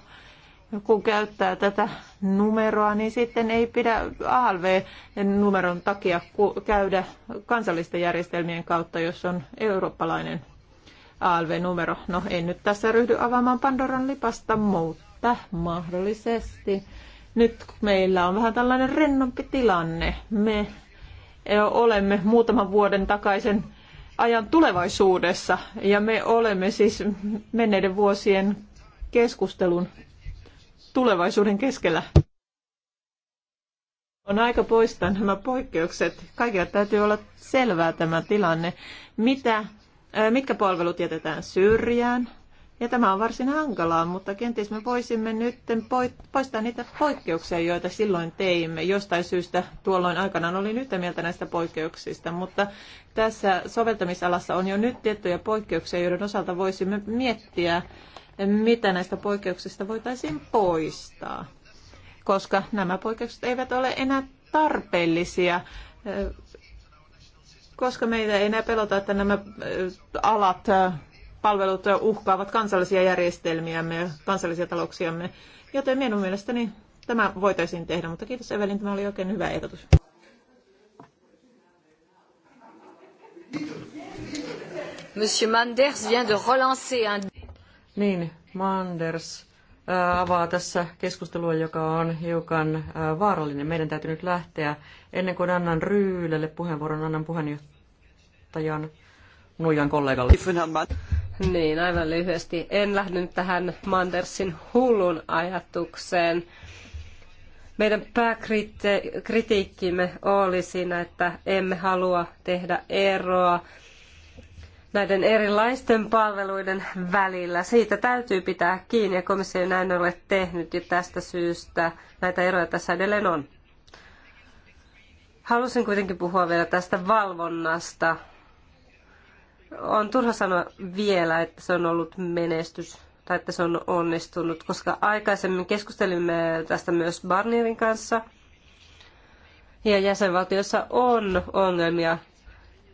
Kun käyttää tätä numeroa, niin sitten ei pidä ALV-numeron takia käydä kansallisten järjestelmien kautta, jos on eurooppalainen ALV-numero. No en nyt tässä ryhdy avaamaan Pandoran lipasta, mutta mahdollisesti nyt meillä on vähän tällainen rennompi tilanne. Me olemme muutaman vuoden takaisen ajan tulevaisuudessa. Ja me olemme siis menneiden vuosien keskustelun tulevaisuuden keskellä. On aika poistaa nämä poikkeukset. Kaikilla täytyy olla selvää tämä tilanne. Mitä, mitkä palvelut jätetään syrjään? Ja tämä on varsin hankalaa, mutta kenties me voisimme nyt poistaa niitä poikkeuksia, joita silloin teimme. Jostain syystä tuolloin aikanaan olin yhtä mieltä näistä poikkeuksista, mutta tässä soveltamisalassa on jo nyt tiettyjä poikkeuksia, joiden osalta voisimme miettiä, mitä näistä poikkeuksista voitaisiin poistaa, koska nämä poikkeukset eivät ole enää tarpeellisia eh, koska meitä ei enää pelota, että nämä eh, alat eh, palvelut uhkaavat kansallisia järjestelmiämme ja kansallisia talouksiamme. Joten minun mielestäni tämä voitaisiin tehdä, mutta kiitos Evelin, tämä oli oikein hyvä ehdotus. Monsieur Manders vient de relancer un... Niin, Manders äh, avaa tässä keskustelua, joka on hiukan äh, vaarallinen. Meidän täytyy nyt lähteä. Ennen kuin annan Ryylelle puheenvuoron, annan puheenjohtajan nuijan kollegalle. Niin, aivan lyhyesti. En lähde nyt tähän Mandersin hullun ajatukseen. Meidän pääkritiikkimme oli siinä, että emme halua tehdä eroa näiden erilaisten palveluiden välillä. Siitä täytyy pitää kiinni ja komissio ei näin ole tehnyt ja tästä syystä näitä eroja tässä edelleen on. Halusin kuitenkin puhua vielä tästä valvonnasta on turha sanoa vielä, että se on ollut menestys tai että se on onnistunut, koska aikaisemmin keskustelimme tästä myös Barnierin kanssa. Ja jäsenvaltioissa on ongelmia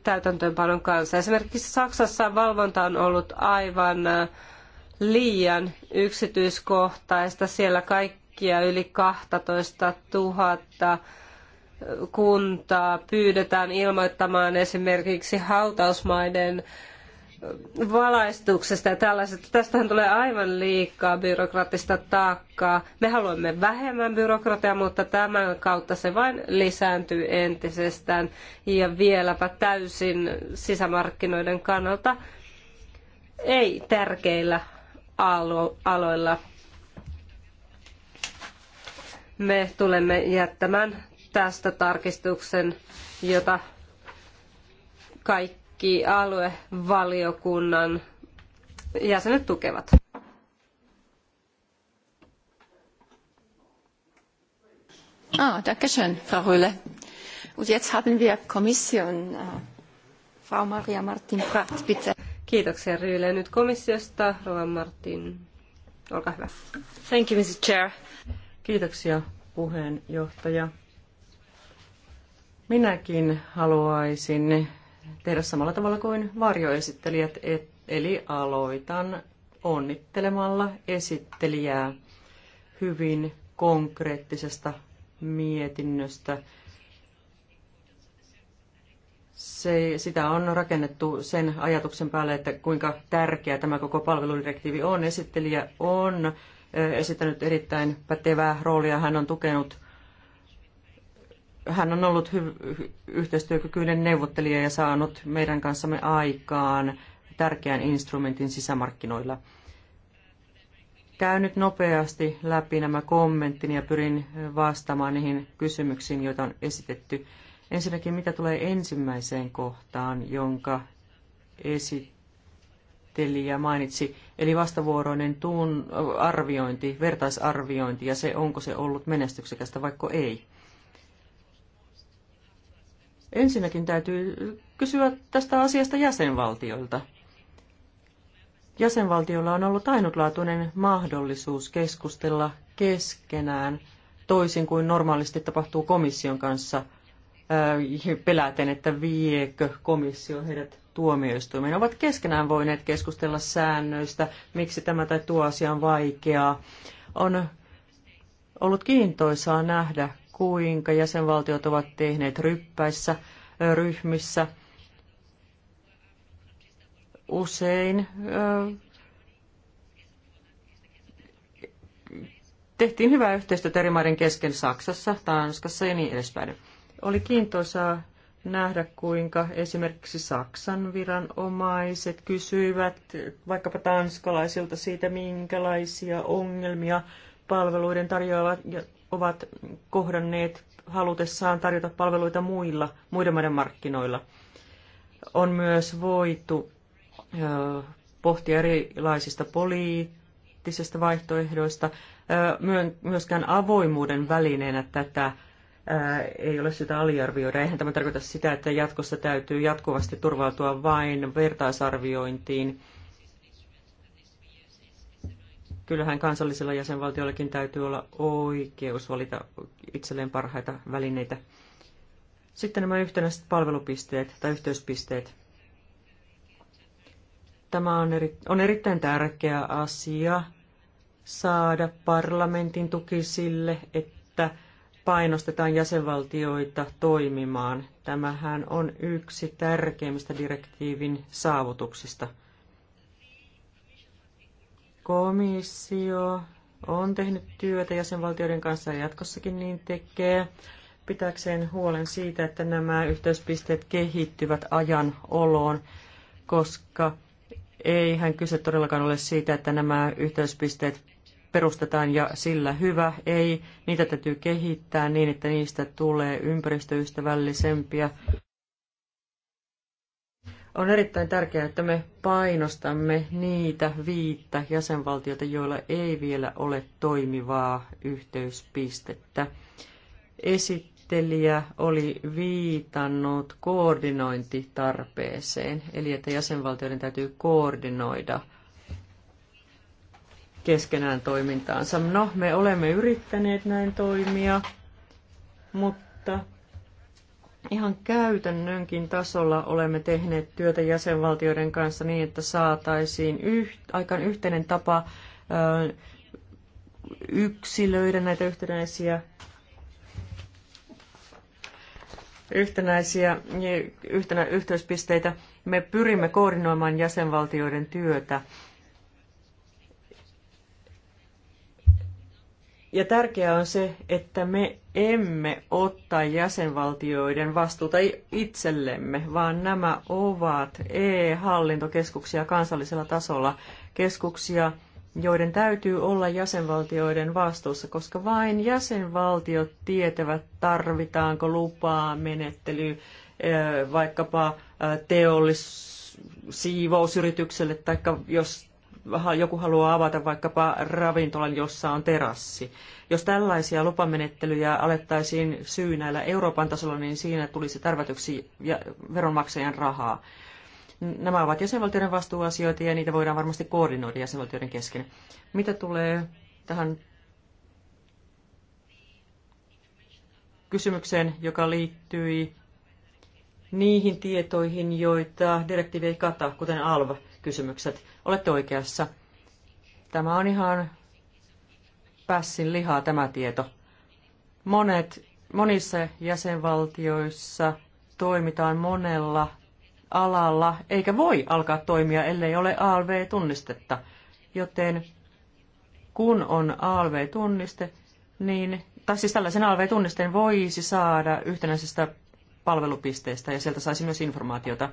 täytäntöönpanon kanssa. Esimerkiksi Saksassa valvonta on ollut aivan äh, liian yksityiskohtaista. Siellä kaikkia yli 12 000 kuntaa pyydetään ilmoittamaan esimerkiksi hautausmaiden valaistuksesta ja tällaisesta. Tästähän tulee aivan liikaa byrokraattista taakkaa. Me haluamme vähemmän byrokratiaa, mutta tämän kautta se vain lisääntyy entisestään ja vieläpä täysin sisämarkkinoiden kannalta ei tärkeillä alo- aloilla. Me tulemme jättämään tästä tarkistuksen, jota kaikki aluevaliokunnan jäsenet tukevat. Ah, danke schön, Frau Röhle. Und jetzt haben wir Kommission. Äh, Frau Maria Martin Pratt, bitte. Kiitoksia Ryyle. Nyt komissiosta Rova Martin. Olkaa hyvä. Thank you, Mrs. Chair. Kiitoksia puheenjohtaja. Minäkin haluaisin tehdä samalla tavalla kuin varjoesittelijät, eli aloitan onnittelemalla esittelijää hyvin konkreettisesta mietinnöstä. Se, sitä on rakennettu sen ajatuksen päälle, että kuinka tärkeä tämä koko palveludirektiivi on. Esittelijä on esittänyt erittäin pätevää roolia. Hän on tukenut hän on ollut hy- yhteistyökykyinen neuvottelija ja saanut meidän kanssamme aikaan tärkeän instrumentin sisämarkkinoilla. Käyn nyt nopeasti läpi nämä kommenttini ja pyrin vastaamaan niihin kysymyksiin, joita on esitetty. Ensinnäkin, mitä tulee ensimmäiseen kohtaan, jonka esittelijä mainitsi, eli vastavuoroinen tuun arviointi, vertaisarviointi ja se, onko se ollut menestyksekästä vaikka ei. Ensinnäkin täytyy kysyä tästä asiasta jäsenvaltioilta. Jäsenvaltiolla on ollut ainutlaatuinen mahdollisuus keskustella keskenään toisin kuin normaalisti tapahtuu komission kanssa äh, peläten, että viekö komissio heidät tuomioistuimeen. Ovat keskenään voineet keskustella säännöistä, miksi tämä tai tuo asia on vaikeaa. On ollut kiintoisaa nähdä, kuinka jäsenvaltiot ovat tehneet ryppäissä ryhmissä. Usein tehtiin hyvää yhteistyötä eri maiden kesken Saksassa, Tanskassa ja niin edespäin. Oli kiintoisaa nähdä, kuinka esimerkiksi Saksan viranomaiset kysyivät vaikkapa tanskalaisilta siitä, minkälaisia ongelmia palveluiden tarjoajat ovat kohdanneet halutessaan tarjota palveluita muilla, muiden maiden markkinoilla. On myös voitu pohtia erilaisista poliittisista vaihtoehdoista. Myöskään avoimuuden välineenä tätä ei ole sitä aliarvioida. Eihän tämä tarkoita sitä, että jatkossa täytyy jatkuvasti turvautua vain vertaisarviointiin kyllähän kansallisilla jäsenvaltioillakin täytyy olla oikeus valita itselleen parhaita välineitä. Sitten nämä yhtenäiset palvelupisteet tai yhteyspisteet. Tämä on, eri, on erittäin tärkeä asia saada parlamentin tuki sille, että painostetaan jäsenvaltioita toimimaan. Tämähän on yksi tärkeimmistä direktiivin saavutuksista – Komissio on tehnyt työtä jäsenvaltioiden kanssa ja jatkossakin niin tekee pitääkseen huolen siitä, että nämä yhteyspisteet kehittyvät ajan oloon, koska eihän kyse todellakaan ole siitä, että nämä yhteyspisteet perustetaan ja sillä hyvä. Ei, niitä täytyy kehittää niin, että niistä tulee ympäristöystävällisempiä on erittäin tärkeää, että me painostamme niitä viittä jäsenvaltiota, joilla ei vielä ole toimivaa yhteyspistettä. Esittelijä oli viitannut koordinointitarpeeseen, eli että jäsenvaltioiden täytyy koordinoida keskenään toimintaansa. No, me olemme yrittäneet näin toimia, mutta Ihan käytännönkin tasolla olemme tehneet työtä jäsenvaltioiden kanssa niin, että saataisiin yht, aikaan yhteinen tapa ö, yksilöidä näitä yhtenäisiä yhtenäisiä niin yhtenä, yhteyspisteitä. Me pyrimme koordinoimaan jäsenvaltioiden työtä Ja tärkeää on se, että me emme ottaa jäsenvaltioiden vastuuta itsellemme, vaan nämä ovat e-hallintokeskuksia kansallisella tasolla, keskuksia, joiden täytyy olla jäsenvaltioiden vastuussa, koska vain jäsenvaltiot tietävät, tarvitaanko lupaa, menettely, vaikkapa teollis siivousyritykselle tai jos joku haluaa avata vaikkapa ravintolan, jossa on terassi. Jos tällaisia lupamenettelyjä alettaisiin syynäillä Euroopan tasolla, niin siinä tulisi tärvätyksi veronmaksajan rahaa. Nämä ovat jäsenvaltioiden vastuuasioita ja niitä voidaan varmasti koordinoida jäsenvaltioiden kesken. Mitä tulee tähän kysymykseen, joka liittyi niihin tietoihin, joita direktiivi ei kata, kuten ALV kysymykset. Olette oikeassa. Tämä on ihan pässin lihaa tämä tieto. Monet, monissa jäsenvaltioissa toimitaan monella alalla, eikä voi alkaa toimia, ellei ole ALV-tunnistetta. Joten kun on ALV-tunniste, niin, tai siis tällaisen ALV-tunnisteen voisi saada yhtenäisestä palvelupisteestä ja sieltä saisi myös informaatiota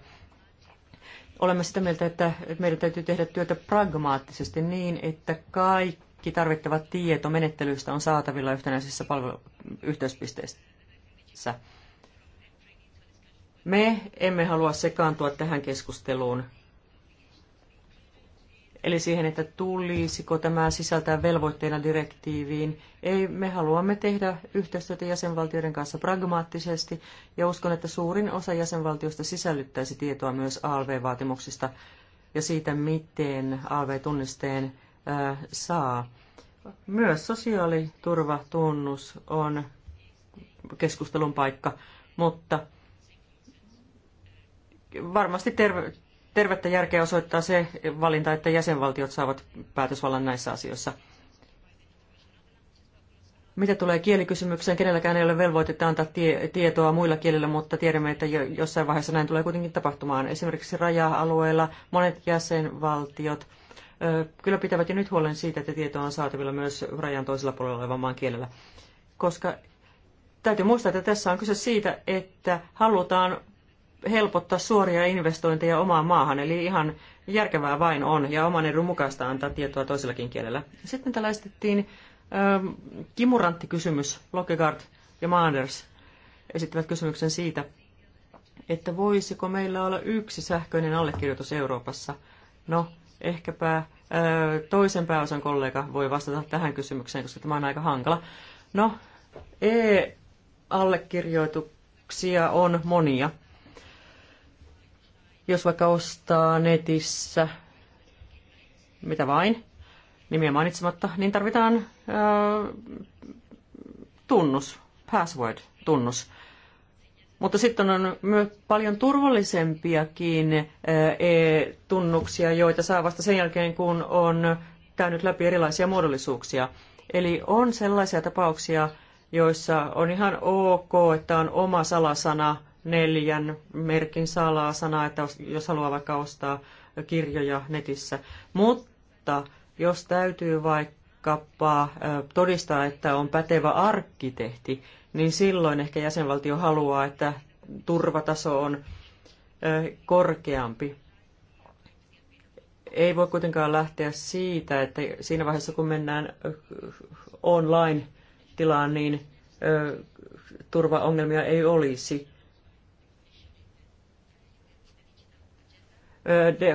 olemme sitä mieltä, että meidän täytyy tehdä työtä pragmaattisesti niin, että kaikki tarvittava tieto menettelyistä on saatavilla yhtenäisissä palveluyhteyspisteissä. Me emme halua sekaantua tähän keskusteluun eli siihen, että tulisiko tämä sisältää velvoitteena direktiiviin. Ei, me haluamme tehdä yhteistyötä jäsenvaltioiden kanssa pragmaattisesti, ja uskon, että suurin osa jäsenvaltioista sisällyttäisi tietoa myös ALV-vaatimuksista ja siitä, miten ALV-tunnisteen saa. Myös sosiaaliturvatunnus on keskustelun paikka, mutta varmasti terve- tervettä järkeä osoittaa se valinta, että jäsenvaltiot saavat päätösvallan näissä asioissa. Mitä tulee kielikysymykseen, kenelläkään ei ole velvoitetta antaa tie, tietoa muilla kielillä, mutta tiedämme, että jo, jossain vaiheessa näin tulee kuitenkin tapahtumaan. Esimerkiksi raja-alueilla monet jäsenvaltiot ö, kyllä pitävät jo nyt huolen siitä, että tietoa on saatavilla myös rajan toisella puolella olevan maan kielellä. Koska täytyy muistaa, että tässä on kyse siitä, että halutaan helpottaa suoria investointeja omaan maahan, eli ihan järkevää vain on ja oman edun mukaista antaa tietoa toisellakin kielellä. Sitten täällä esitettiin ähm, kimurantti kysymys, Lokegaard ja Maanders esittävät kysymyksen siitä, että voisiko meillä olla yksi sähköinen allekirjoitus Euroopassa. No, ehkäpä ö, äh, toisen pääosan kollega voi vastata tähän kysymykseen, koska tämä on aika hankala. No, e-allekirjoituksia on monia jos vaikka ostaa netissä mitä vain, nimiä mainitsematta, niin tarvitaan ö, tunnus, password-tunnus. Mutta sitten on myös paljon turvallisempiakin e tunnuksia, joita saa vasta sen jälkeen, kun on käynyt läpi erilaisia muodollisuuksia. Eli on sellaisia tapauksia, joissa on ihan ok, että on oma salasana neljän merkin salaa sana, että jos haluaa vaikka ostaa kirjoja netissä. Mutta jos täytyy vaikkapa todistaa, että on pätevä arkkitehti, niin silloin ehkä jäsenvaltio haluaa, että turvataso on korkeampi. Ei voi kuitenkaan lähteä siitä, että siinä vaiheessa kun mennään online-tilaan, niin turvaongelmia ei olisi.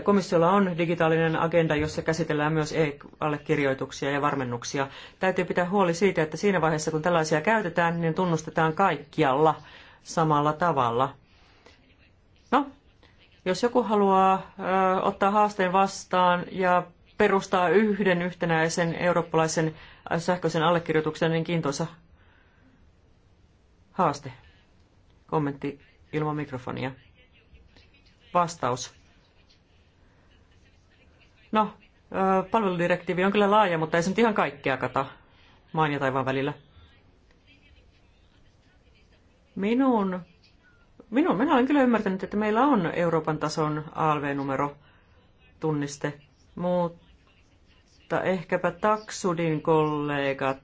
Komissiolla on digitaalinen agenda, jossa käsitellään myös e-allekirjoituksia ja varmennuksia. Täytyy pitää huoli siitä, että siinä vaiheessa kun tällaisia käytetään, niin tunnustetaan kaikkialla samalla tavalla. No, jos joku haluaa ottaa haasteen vastaan ja perustaa yhden yhtenäisen eurooppalaisen sähköisen allekirjoituksen, niin kiintoisa haaste. Kommentti ilman mikrofonia. Vastaus. No, palveludirektiivi on kyllä laaja, mutta ei se nyt ihan kaikkea kata maan ja taivaan välillä. Minun, minun, minä olen kyllä ymmärtänyt, että meillä on Euroopan tason ALV-numero tunniste, mutta ehkäpä taksudin kollegat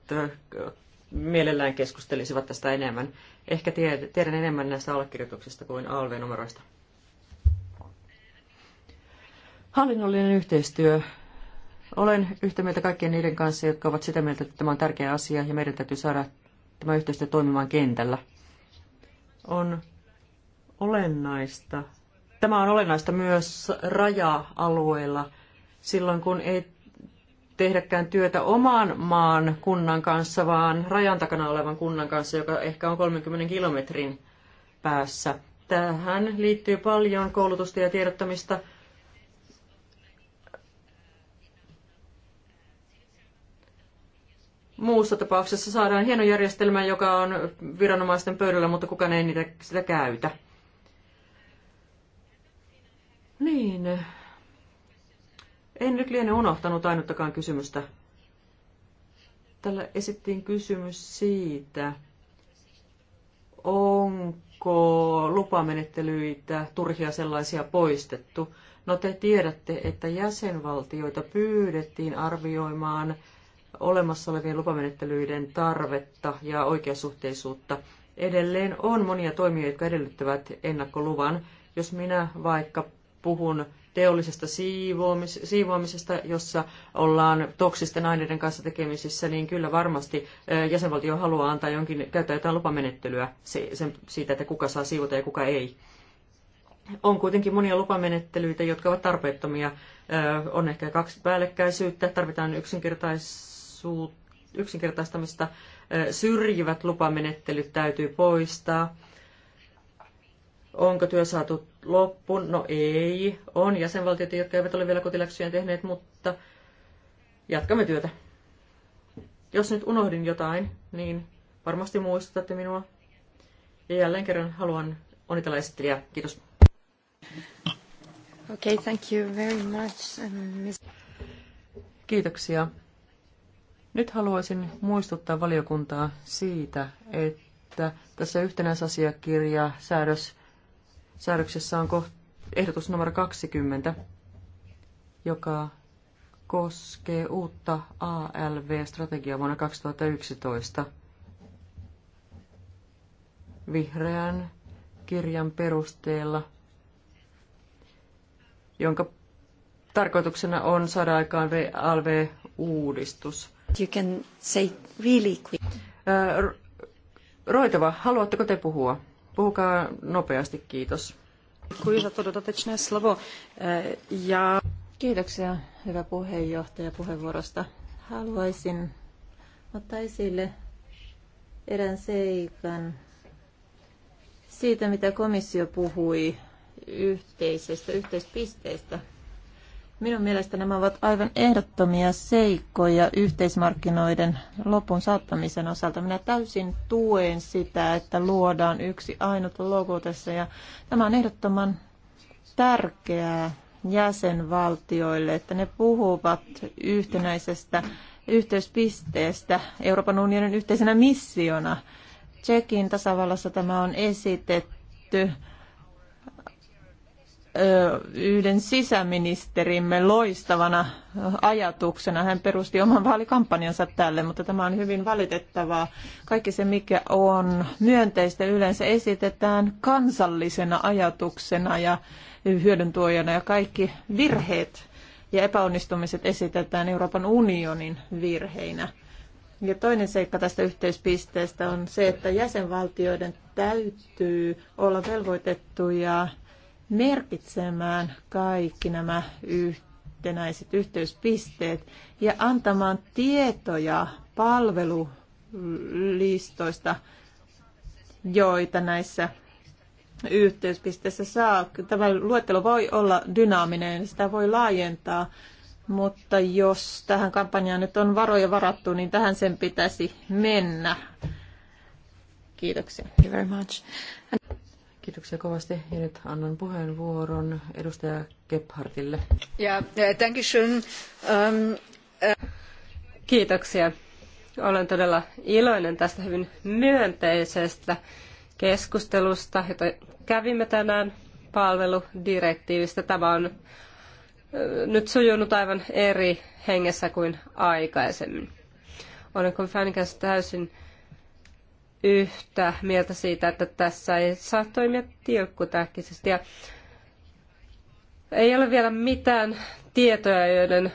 mielellään keskustelisivat tästä enemmän. Ehkä tiedän enemmän näistä allekirjoituksista kuin ALV-numeroista. Hallinnollinen yhteistyö. Olen yhtä mieltä kaikkien niiden kanssa, jotka ovat sitä mieltä, että tämä on tärkeä asia ja meidän täytyy saada tämä yhteistyö toimimaan kentällä. On olennaista. Tämä on olennaista myös raja-alueilla silloin, kun ei tehdäkään työtä oman maan kunnan kanssa, vaan rajan takana olevan kunnan kanssa, joka ehkä on 30 kilometrin päässä. Tähän liittyy paljon koulutusta ja tiedottamista Muussa tapauksessa saadaan hieno järjestelmä, joka on viranomaisten pöydällä, mutta kukaan ei niitä, sitä käytä. Niin. En nyt liene unohtanut ainuttakaan kysymystä. Tällä esittiin kysymys siitä, onko lupamenettelyitä turhia sellaisia poistettu. No te tiedätte, että jäsenvaltioita pyydettiin arvioimaan olemassa olevien lupamenettelyiden tarvetta ja oikeasuhteisuutta. Edelleen on monia toimia, jotka edellyttävät ennakkoluvan. Jos minä vaikka puhun teollisesta siivoamis- siivoamisesta, jossa ollaan toksisten aineiden kanssa tekemisissä, niin kyllä varmasti jäsenvaltio haluaa antaa jonkin, käyttää jotain lupamenettelyä siitä, että kuka saa siivota ja kuka ei. On kuitenkin monia lupamenettelyitä, jotka ovat tarpeettomia. On ehkä kaksi päällekkäisyyttä, tarvitaan yksinkertaisuutta yksinkertaistamista. Syrjivät lupamenettelyt täytyy poistaa. Onko työ saatu loppuun? No ei. On jäsenvaltioita, jotka eivät ole vielä kotiläksyjä tehneet, mutta jatkamme työtä. Jos nyt unohdin jotain, niin varmasti muistutatte minua. Ja jälleen kerran haluan onnitella esittelijää. Kiitos. Okay, thank you very much. Um, Kiitoksia. Nyt haluaisin muistuttaa valiokuntaa siitä, että tässä yhtenäisasiakirja säädös, säädöksessä on koht, ehdotus numero 20, joka koskee uutta ALV-strategiaa vuonna 2011 vihreän kirjan perusteella, jonka tarkoituksena on saada aikaan ALV-uudistus. You can say really quick. Roitova, haluatteko te puhua? Puhukaa nopeasti, kiitos. Kiitoksia, hyvä puheenjohtaja, puheenvuorosta. Haluaisin ottaa esille erään seikan siitä, mitä komissio puhui yhteisestä yhteispisteestä Minun mielestä nämä ovat aivan ehdottomia seikkoja yhteismarkkinoiden lopun saattamisen osalta. Minä täysin tuen sitä, että luodaan yksi ainut logo tässä ja tämä on ehdottoman tärkeää jäsenvaltioille, että ne puhuvat yhtenäisestä yhteyspisteestä Euroopan unionin yhteisenä missiona. Tsekin tasavallassa tämä on esitetty yhden sisäministerimme loistavana ajatuksena. Hän perusti oman vaalikampanjansa tälle, mutta tämä on hyvin valitettavaa. Kaikki se, mikä on myönteistä, yleensä esitetään kansallisena ajatuksena ja hyödyntuojana ja kaikki virheet ja epäonnistumiset esitetään Euroopan unionin virheinä. Ja toinen seikka tästä yhteispisteestä on se, että jäsenvaltioiden täytyy olla velvoitettuja merkitsemään kaikki nämä yhtenäiset yhteyspisteet ja antamaan tietoja palvelulistoista, joita näissä yhteyspisteissä saa. Tämä luettelo voi olla dynaaminen, niin sitä voi laajentaa, mutta jos tähän kampanjaan nyt on varoja varattu, niin tähän sen pitäisi mennä. Kiitoksia. Thank you very much. Kiitoksia kovasti. Ja nyt annan puheenvuoron edustaja Gebhardille. Ja, thank you. Ähm, äh. Kiitoksia. Olen todella iloinen tästä hyvin myönteisestä keskustelusta, jota kävimme tänään palveludirektiivistä. Tämä on äh, nyt sujunut aivan eri hengessä kuin aikaisemmin. Olen Fanny täysin yhtä mieltä siitä, että tässä ei saa toimia tilkkutähkisesti. Ja ei ole vielä mitään tietoja, joiden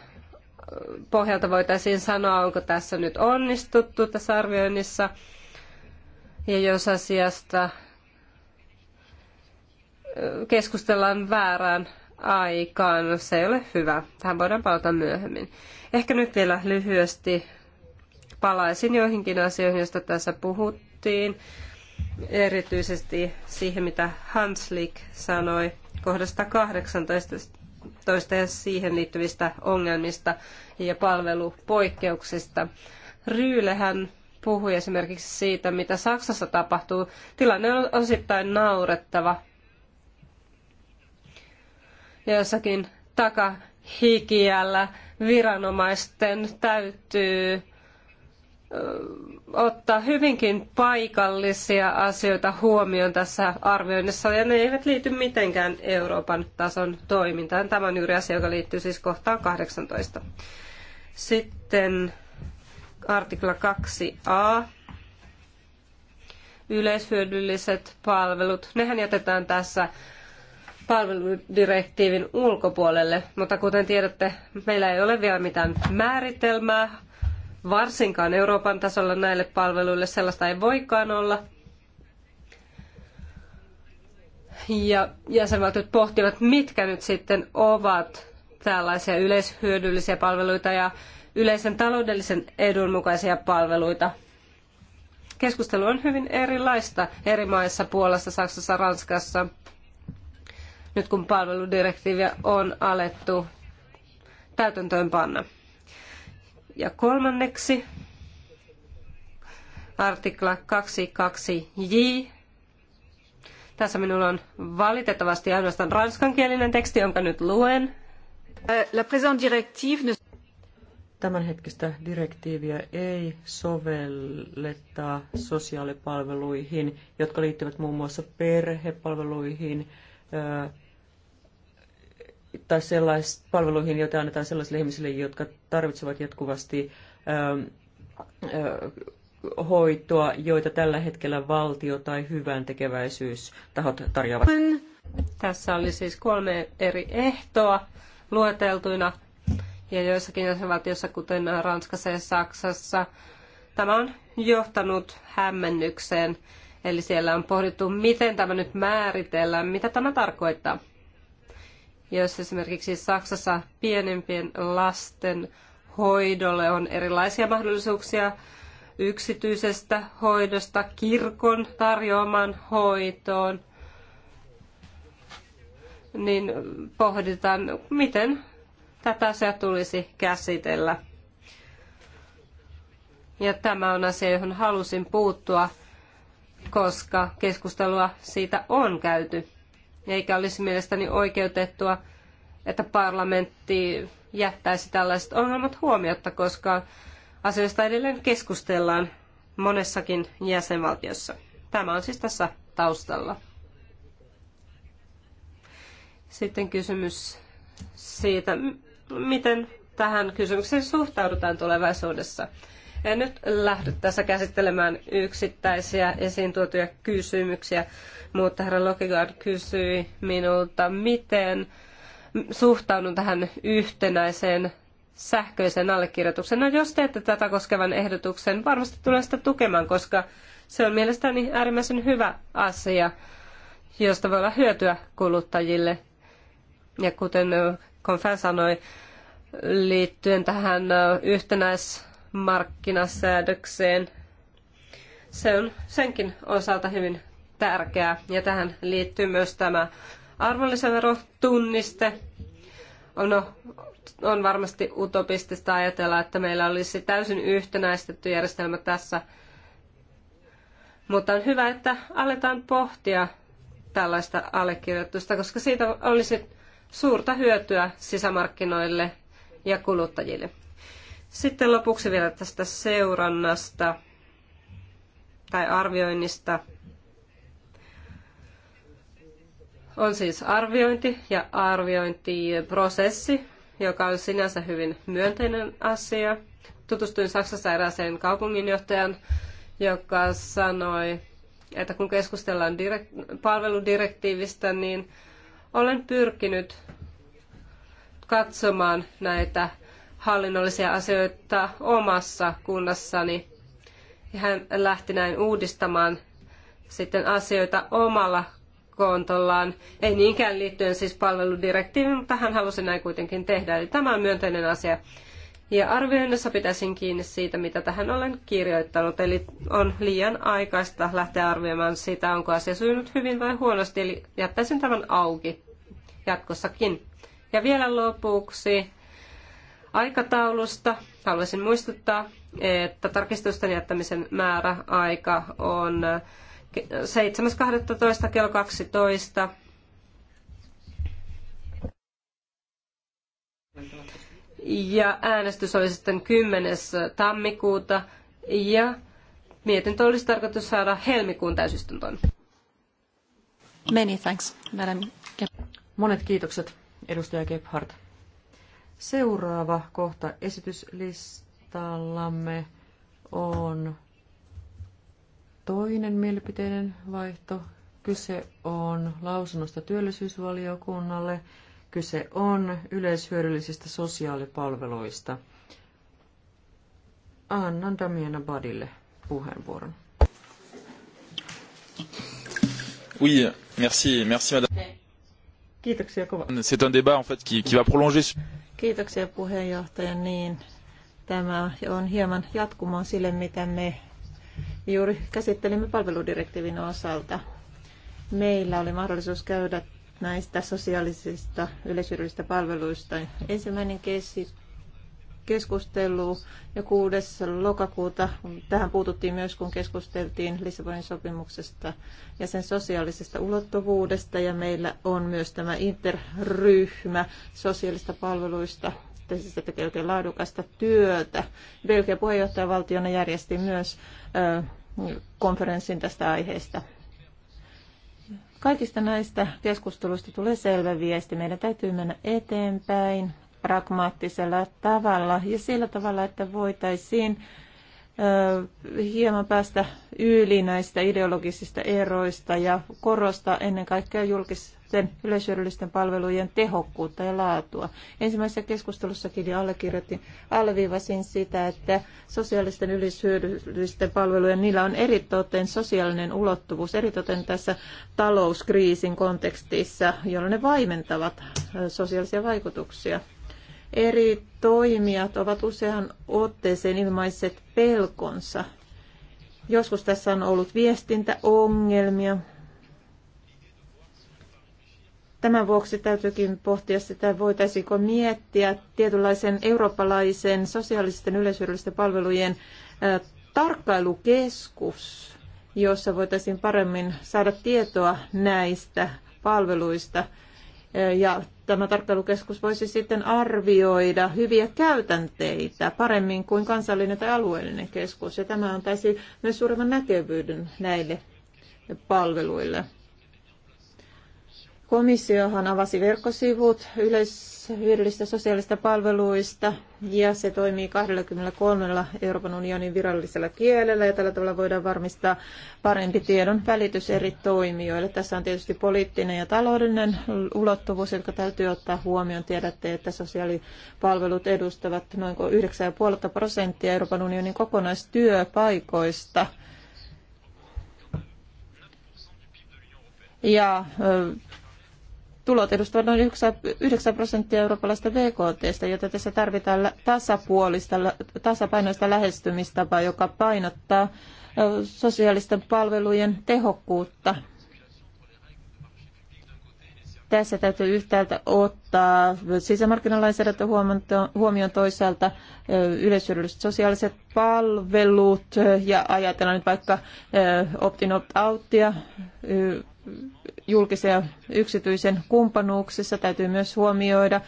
pohjalta voitaisiin sanoa, onko tässä nyt onnistuttu tässä arvioinnissa. Ja jos asiasta keskustellaan väärään aikaan, se ei ole hyvä. Tähän voidaan palata myöhemmin. Ehkä nyt vielä lyhyesti palaisin joihinkin asioihin, joista tässä puhuttiin puhuttiin, erityisesti siihen, mitä Hanslik sanoi kohdasta 18 ja siihen liittyvistä ongelmista ja palvelupoikkeuksista. Ryylehän puhui esimerkiksi siitä, mitä Saksassa tapahtuu. Tilanne on osittain naurettava. Ja jossakin takahikiällä viranomaisten täytyy ottaa hyvinkin paikallisia asioita huomioon tässä arvioinnissa, ja ne eivät liity mitenkään Euroopan tason toimintaan. Tämä on juuri asia, joka liittyy siis kohtaan 18. Sitten artikla 2a, yleishyödylliset palvelut. Nehän jätetään tässä palveludirektiivin ulkopuolelle, mutta kuten tiedätte, meillä ei ole vielä mitään määritelmää varsinkaan Euroopan tasolla näille palveluille sellaista ei voikaan olla. Ja jäsenvaltiot pohtivat, mitkä nyt sitten ovat tällaisia yleishyödyllisiä palveluita ja yleisen taloudellisen edun mukaisia palveluita. Keskustelu on hyvin erilaista eri maissa, Puolassa, Saksassa, Ranskassa. Nyt kun palveludirektiiviä on alettu täytäntöönpanna. panna. Ja kolmanneksi artikla 22j. Tässä minulla on valitettavasti ainoastaan ranskankielinen teksti, jonka nyt luen. Euh, la présente directive ne... Tämänhetkistä direktiiviä ei sovelleta sosiaalipalveluihin, jotka liittyvät muun muassa perhepalveluihin, tai sellaisiin palveluihin, joita annetaan sellaisille ihmisille, jotka tarvitsevat jatkuvasti ö, ähm, ö, äh, hoitoa, joita tällä hetkellä valtio tai hyvän tekeväisyystahot tarjoavat. Tässä oli siis kolme eri ehtoa lueteltuina ja joissakin jäsenvaltioissa, kuten Ranskassa ja Saksassa, tämä on johtanut hämmennykseen. Eli siellä on pohdittu, miten tämä nyt määritellään, mitä tämä tarkoittaa jos esimerkiksi Saksassa pienempien lasten hoidolle on erilaisia mahdollisuuksia yksityisestä hoidosta kirkon tarjoamaan hoitoon, niin pohditaan, miten tätä asiaa tulisi käsitellä. Ja tämä on asia, johon halusin puuttua, koska keskustelua siitä on käyty eikä olisi mielestäni oikeutettua, että parlamentti jättäisi tällaiset ongelmat huomiotta, koska asioista edelleen keskustellaan monessakin jäsenvaltiossa. Tämä on siis tässä taustalla. Sitten kysymys siitä, miten tähän kysymykseen suhtaudutaan tulevaisuudessa. En nyt lähdy tässä käsittelemään yksittäisiä esiin tuotuja kysymyksiä, mutta herra Lokigard kysyi minulta, miten suhtaudun tähän yhtenäiseen sähköisen allekirjoituksen. No jos teette tätä koskevan ehdotuksen, varmasti tulee sitä tukemaan, koska se on mielestäni äärimmäisen hyvä asia, josta voi olla hyötyä kuluttajille. Ja kuten Konfän sanoi, liittyen tähän yhtenäis markkinasäädökseen. Se on senkin osalta hyvin tärkeää ja tähän liittyy myös tämä arvonlisäverotunniste. On, on varmasti utopistista ajatella, että meillä olisi täysin yhtenäistetty järjestelmä tässä, mutta on hyvä, että aletaan pohtia tällaista allekirjoitusta, koska siitä olisi suurta hyötyä sisämarkkinoille ja kuluttajille. Sitten lopuksi vielä tästä seurannasta tai arvioinnista. On siis arviointi ja arviointiprosessi, joka on sinänsä hyvin myönteinen asia. Tutustuin Saksassa erääseen kaupunginjohtajan, joka sanoi, että kun keskustellaan direk- palveludirektiivistä, niin olen pyrkinyt katsomaan näitä hallinnollisia asioita omassa kunnassani. Ja hän lähti näin uudistamaan sitten asioita omalla kontollaan. Ei niinkään liittyen siis palveludirektiiviin, mutta hän halusi näin kuitenkin tehdä. Eli tämä on myönteinen asia. Ja arvioinnissa pitäisin kiinni siitä, mitä tähän olen kirjoittanut. Eli on liian aikaista lähteä arvioimaan sitä, onko asia sujunut hyvin vai huonosti. Eli jättäisin tämän auki jatkossakin. Ja vielä lopuksi Aikataulusta haluaisin muistuttaa, että tarkistusten jättämisen määräaika on 7.12. kello 12. Ja äänestys oli sitten 10. tammikuuta ja mietintö olisi tarkoitus saada helmikuun täysistuntoon. Many thanks, Madam Monet kiitokset, edustaja Gebhardt. Seuraava kohta esityslistallamme on toinen mielipiteinen vaihto. Kyse on lausunnosta työllisyysvaliokunnalle. Kyse on yleishyödyllisistä sosiaalipalveluista. Annan Damiana Badille puheenvuoron. Oui, merci, merci madame. Kiitoksia kovasti. C'est un débat en fait qui, qui va prolonger Kiitoksia puheenjohtaja. Niin, tämä on hieman jatkumoa sille, mitä me juuri käsittelimme palveludirektiivin osalta. Meillä oli mahdollisuus käydä näistä sosiaalisista yleishyödyllisistä palveluista ensimmäinen keskustelu ja 6. lokakuuta tähän puututtiin myös, kun keskusteltiin Lissabonin sopimuksesta ja sen sosiaalisesta ulottuvuudesta ja meillä on myös tämä interryhmä sosiaalista palveluista yhteisöstä tekee oikein laadukasta työtä. Belgian puheenjohtajavaltiona järjesti myös konferenssin tästä aiheesta. Kaikista näistä keskusteluista tulee selvä viesti. Meidän täytyy mennä eteenpäin pragmaattisella tavalla ja sillä tavalla, että voitaisiin hieman päästä yli näistä ideologisista eroista ja korostaa ennen kaikkea julkisten yleishyödyllisten palvelujen tehokkuutta ja laatua. Ensimmäisessä keskustelussakin allekirjoitin, alviivasin sitä, että sosiaalisten yleishyödyllisten palvelujen, niillä on eritoten sosiaalinen ulottuvuus, eritoten tässä talouskriisin kontekstissa, jolloin ne vaimentavat sosiaalisia vaikutuksia. Eri toimijat ovat usean otteeseen ilmaiset pelkonsa. Joskus tässä on ollut viestintäongelmia. Tämän vuoksi täytyykin pohtia sitä, voitaisiinko miettiä tietynlaisen eurooppalaisen sosiaalisten yleisyydellisten palvelujen tarkkailukeskus, jossa voitaisiin paremmin saada tietoa näistä palveluista ja tämä tarkkailukeskus voisi sitten arvioida hyviä käytänteitä paremmin kuin kansallinen tai alueellinen keskus. Ja tämä antaisi myös suuremman näkyvyyden näille palveluille. Komissiohan avasi verkkosivut yleishyödyllistä sosiaalista palveluista ja se toimii 23 Euroopan unionin virallisella kielellä ja tällä tavalla voidaan varmistaa parempi tiedon välitys eri toimijoille. Tässä on tietysti poliittinen ja taloudellinen ulottuvuus, jotka täytyy ottaa huomioon. Tiedätte, että sosiaalipalvelut edustavat noin 9,5 prosenttia Euroopan unionin kokonaistyöpaikoista. Ja tulot edustavat noin 9 prosenttia eurooppalaista BKTstä, joten tässä tarvitaan tasapuolista, tasapainoista lähestymistapaa, joka painottaa sosiaalisten palvelujen tehokkuutta. Tässä täytyy yhtäältä ottaa sisämarkkinalainsäädäntö huomioon toisaalta yleishyödylliset sosiaaliset palvelut ja ajatellaan nyt vaikka opt-in opt-outia julkisen ja yksityisen kumppanuuksissa täytyy myös huomioida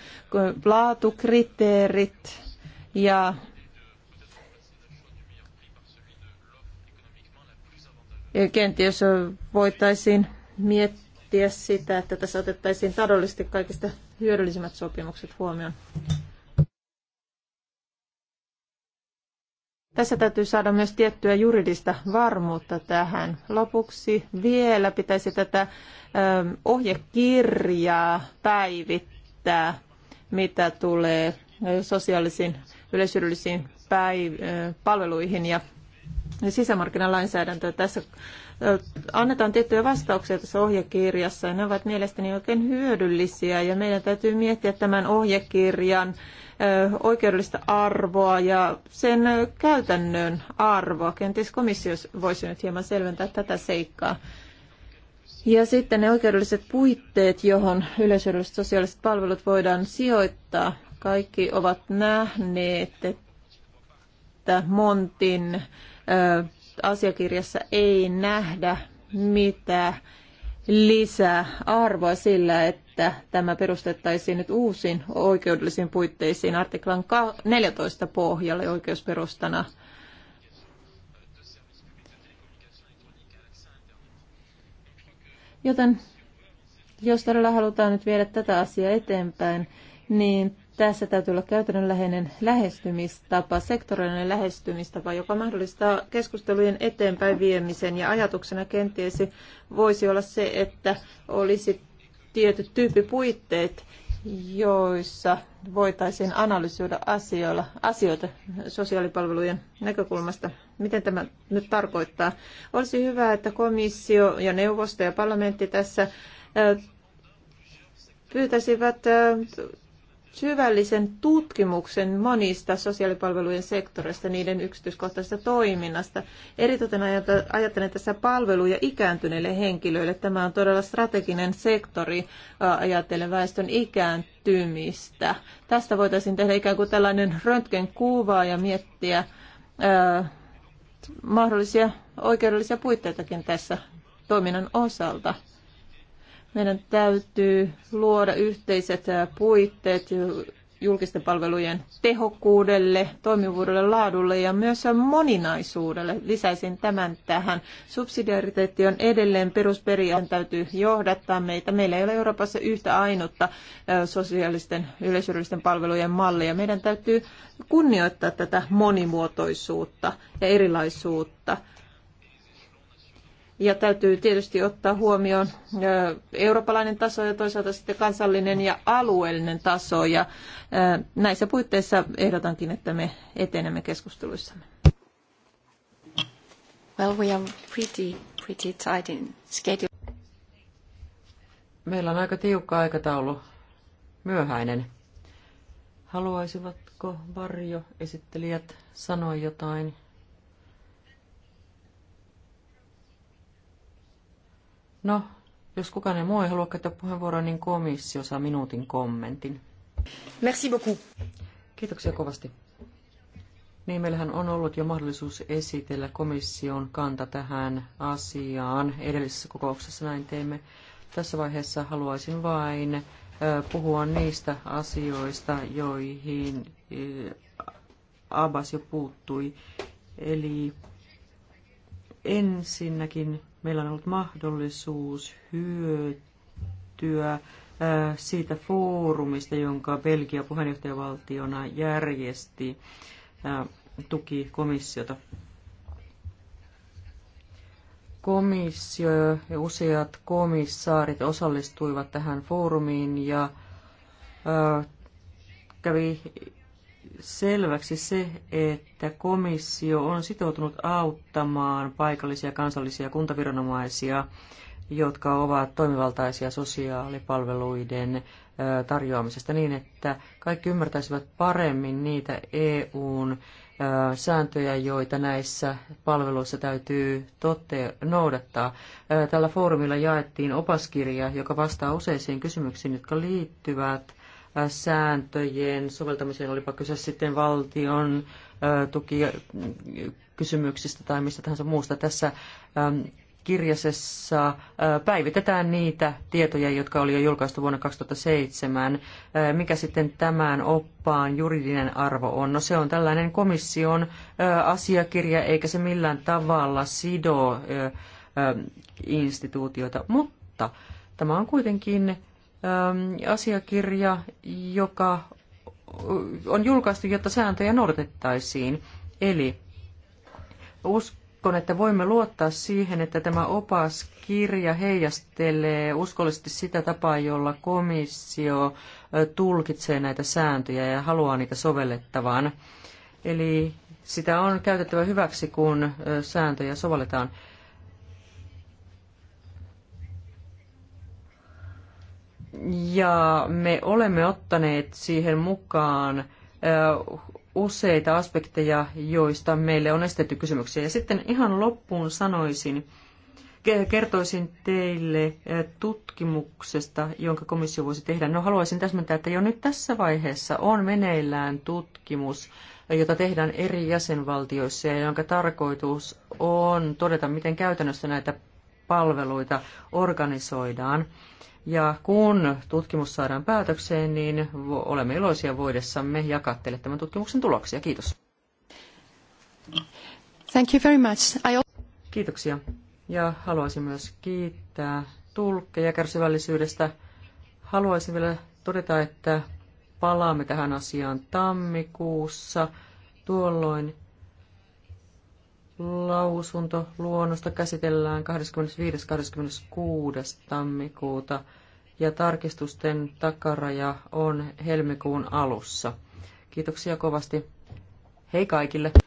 laatukriteerit ja kenties voitaisiin miettiä sitä, että tässä otettaisiin taloudellisesti kaikista hyödyllisimmät sopimukset huomioon. Tässä täytyy saada myös tiettyä juridista varmuutta tähän. Lopuksi vielä pitäisi tätä ohjekirjaa päivittää, mitä tulee sosiaalisiin yleishyödyllisiin palveluihin ja sisämarkkinalainsäädäntöä. Tässä annetaan tiettyjä vastauksia tässä ohjekirjassa ja ne ovat mielestäni oikein hyödyllisiä ja meidän täytyy miettiä tämän ohjekirjan oikeudellista arvoa ja sen käytännön arvoa. Kenties komissio voisi nyt hieman selventää tätä seikkaa. Ja sitten ne oikeudelliset puitteet, johon yleishyödylliset sosiaaliset palvelut voidaan sijoittaa. Kaikki ovat nähneet, että Montin asiakirjassa ei nähdä, mitä lisää arvoa sillä, että tämä perustettaisiin nyt uusiin oikeudellisiin puitteisiin artiklan 14 pohjalle oikeusperustana. Joten jos todella halutaan nyt viedä tätä asiaa eteenpäin, niin tässä täytyy olla käytännönläheinen lähestymistapa, sektorinen lähestymistapa, joka mahdollistaa keskustelujen eteenpäin viemisen. Ja ajatuksena kenties voisi olla se, että olisi tietyt tyyppipuitteet, joissa voitaisiin analysoida asioilla, asioita sosiaalipalvelujen näkökulmasta. Miten tämä nyt tarkoittaa? Olisi hyvä, että komissio ja neuvosto ja parlamentti tässä pyytäisivät syvällisen tutkimuksen monista sosiaalipalvelujen sektoreista, niiden yksityiskohtaisesta toiminnasta. Eritoten ajattelen tässä palveluja ikääntyneille henkilöille. Tämä on todella strateginen sektori ajatellen väestön ikääntymistä. Tästä voitaisiin tehdä ikään kuin tällainen röntgenkuva ja miettiä ää, mahdollisia oikeudellisia puitteitakin tässä toiminnan osalta. Meidän täytyy luoda yhteiset puitteet julkisten palvelujen tehokkuudelle, toimivuudelle, laadulle ja myös moninaisuudelle. Lisäisin tämän tähän. Subsidiariteetti on edelleen perusperiaan täytyy johdattaa meitä. Meillä ei ole Euroopassa yhtä ainutta sosiaalisten yleishyödyllisten palvelujen mallia. Meidän täytyy kunnioittaa tätä monimuotoisuutta ja erilaisuutta. Ja täytyy tietysti ottaa huomioon eurooppalainen taso ja toisaalta sitten kansallinen ja alueellinen taso. Ja näissä puitteissa ehdotankin, että me etenemme keskusteluissamme. Well, we are pretty, pretty tight in schedule. Meillä on aika tiukka aikataulu, myöhäinen. Haluaisivatko varjoesittelijät sanoa jotain? No, jos kukaan ei muu ei halua käyttää puheenvuoroa, niin komissio saa minuutin kommentin. Merci beaucoup. Kiitoksia kovasti. Niin, meillähän on ollut jo mahdollisuus esitellä komission kanta tähän asiaan. Edellisessä kokouksessa näin teimme. Tässä vaiheessa haluaisin vain puhua niistä asioista, joihin Abbas jo puuttui. Eli ensinnäkin Meillä on ollut mahdollisuus hyötyä siitä foorumista, jonka Belgia puheenjohtajavaltiona järjesti tuki komissiota. Komissio ja useat komissaarit osallistuivat tähän foorumiin ja kävi selväksi se, että komissio on sitoutunut auttamaan paikallisia kansallisia kuntaviranomaisia, jotka ovat toimivaltaisia sosiaalipalveluiden tarjoamisesta niin, että kaikki ymmärtäisivät paremmin niitä EUn sääntöjä, joita näissä palveluissa täytyy totte- noudattaa. Tällä foorumilla jaettiin opaskirja, joka vastaa useisiin kysymyksiin, jotka liittyvät sääntöjen soveltamiseen, olipa kyse sitten valtion tukikysymyksistä tai mistä tahansa muusta. Tässä kirjasessa päivitetään niitä tietoja, jotka oli jo julkaistu vuonna 2007. Mikä sitten tämän oppaan juridinen arvo on? No se on tällainen komission asiakirja, eikä se millään tavalla sido instituutioita, mutta tämä on kuitenkin Ähm, asiakirja, joka on julkaistu, jotta sääntöjä noudatettaisiin. Eli uskon, että voimme luottaa siihen, että tämä opaskirja heijastelee uskollisesti sitä tapaa, jolla komissio tulkitsee näitä sääntöjä ja haluaa niitä sovellettavan. Eli sitä on käytettävä hyväksi, kun sääntöjä sovelletaan. Ja me olemme ottaneet siihen mukaan useita aspekteja, joista meille on estetty kysymyksiä. Ja sitten ihan loppuun sanoisin, kertoisin teille tutkimuksesta, jonka komissio voisi tehdä. No haluaisin täsmentää, että jo nyt tässä vaiheessa on meneillään tutkimus, jota tehdään eri jäsenvaltioissa ja jonka tarkoitus on todeta, miten käytännössä näitä palveluita organisoidaan. Ja kun tutkimus saadaan päätökseen, niin olemme iloisia voidessamme jakaa teille tämän tutkimuksen tuloksia. Kiitos. Thank you very much. I... Kiitoksia. Ja haluaisin myös kiittää tulkkeja kärsivällisyydestä. Haluaisin vielä todeta, että palaamme tähän asiaan tammikuussa. Tuolloin lausunto luonnosta käsitellään 25.–26. tammikuuta ja tarkistusten takaraja on helmikuun alussa. Kiitoksia kovasti. Hei kaikille!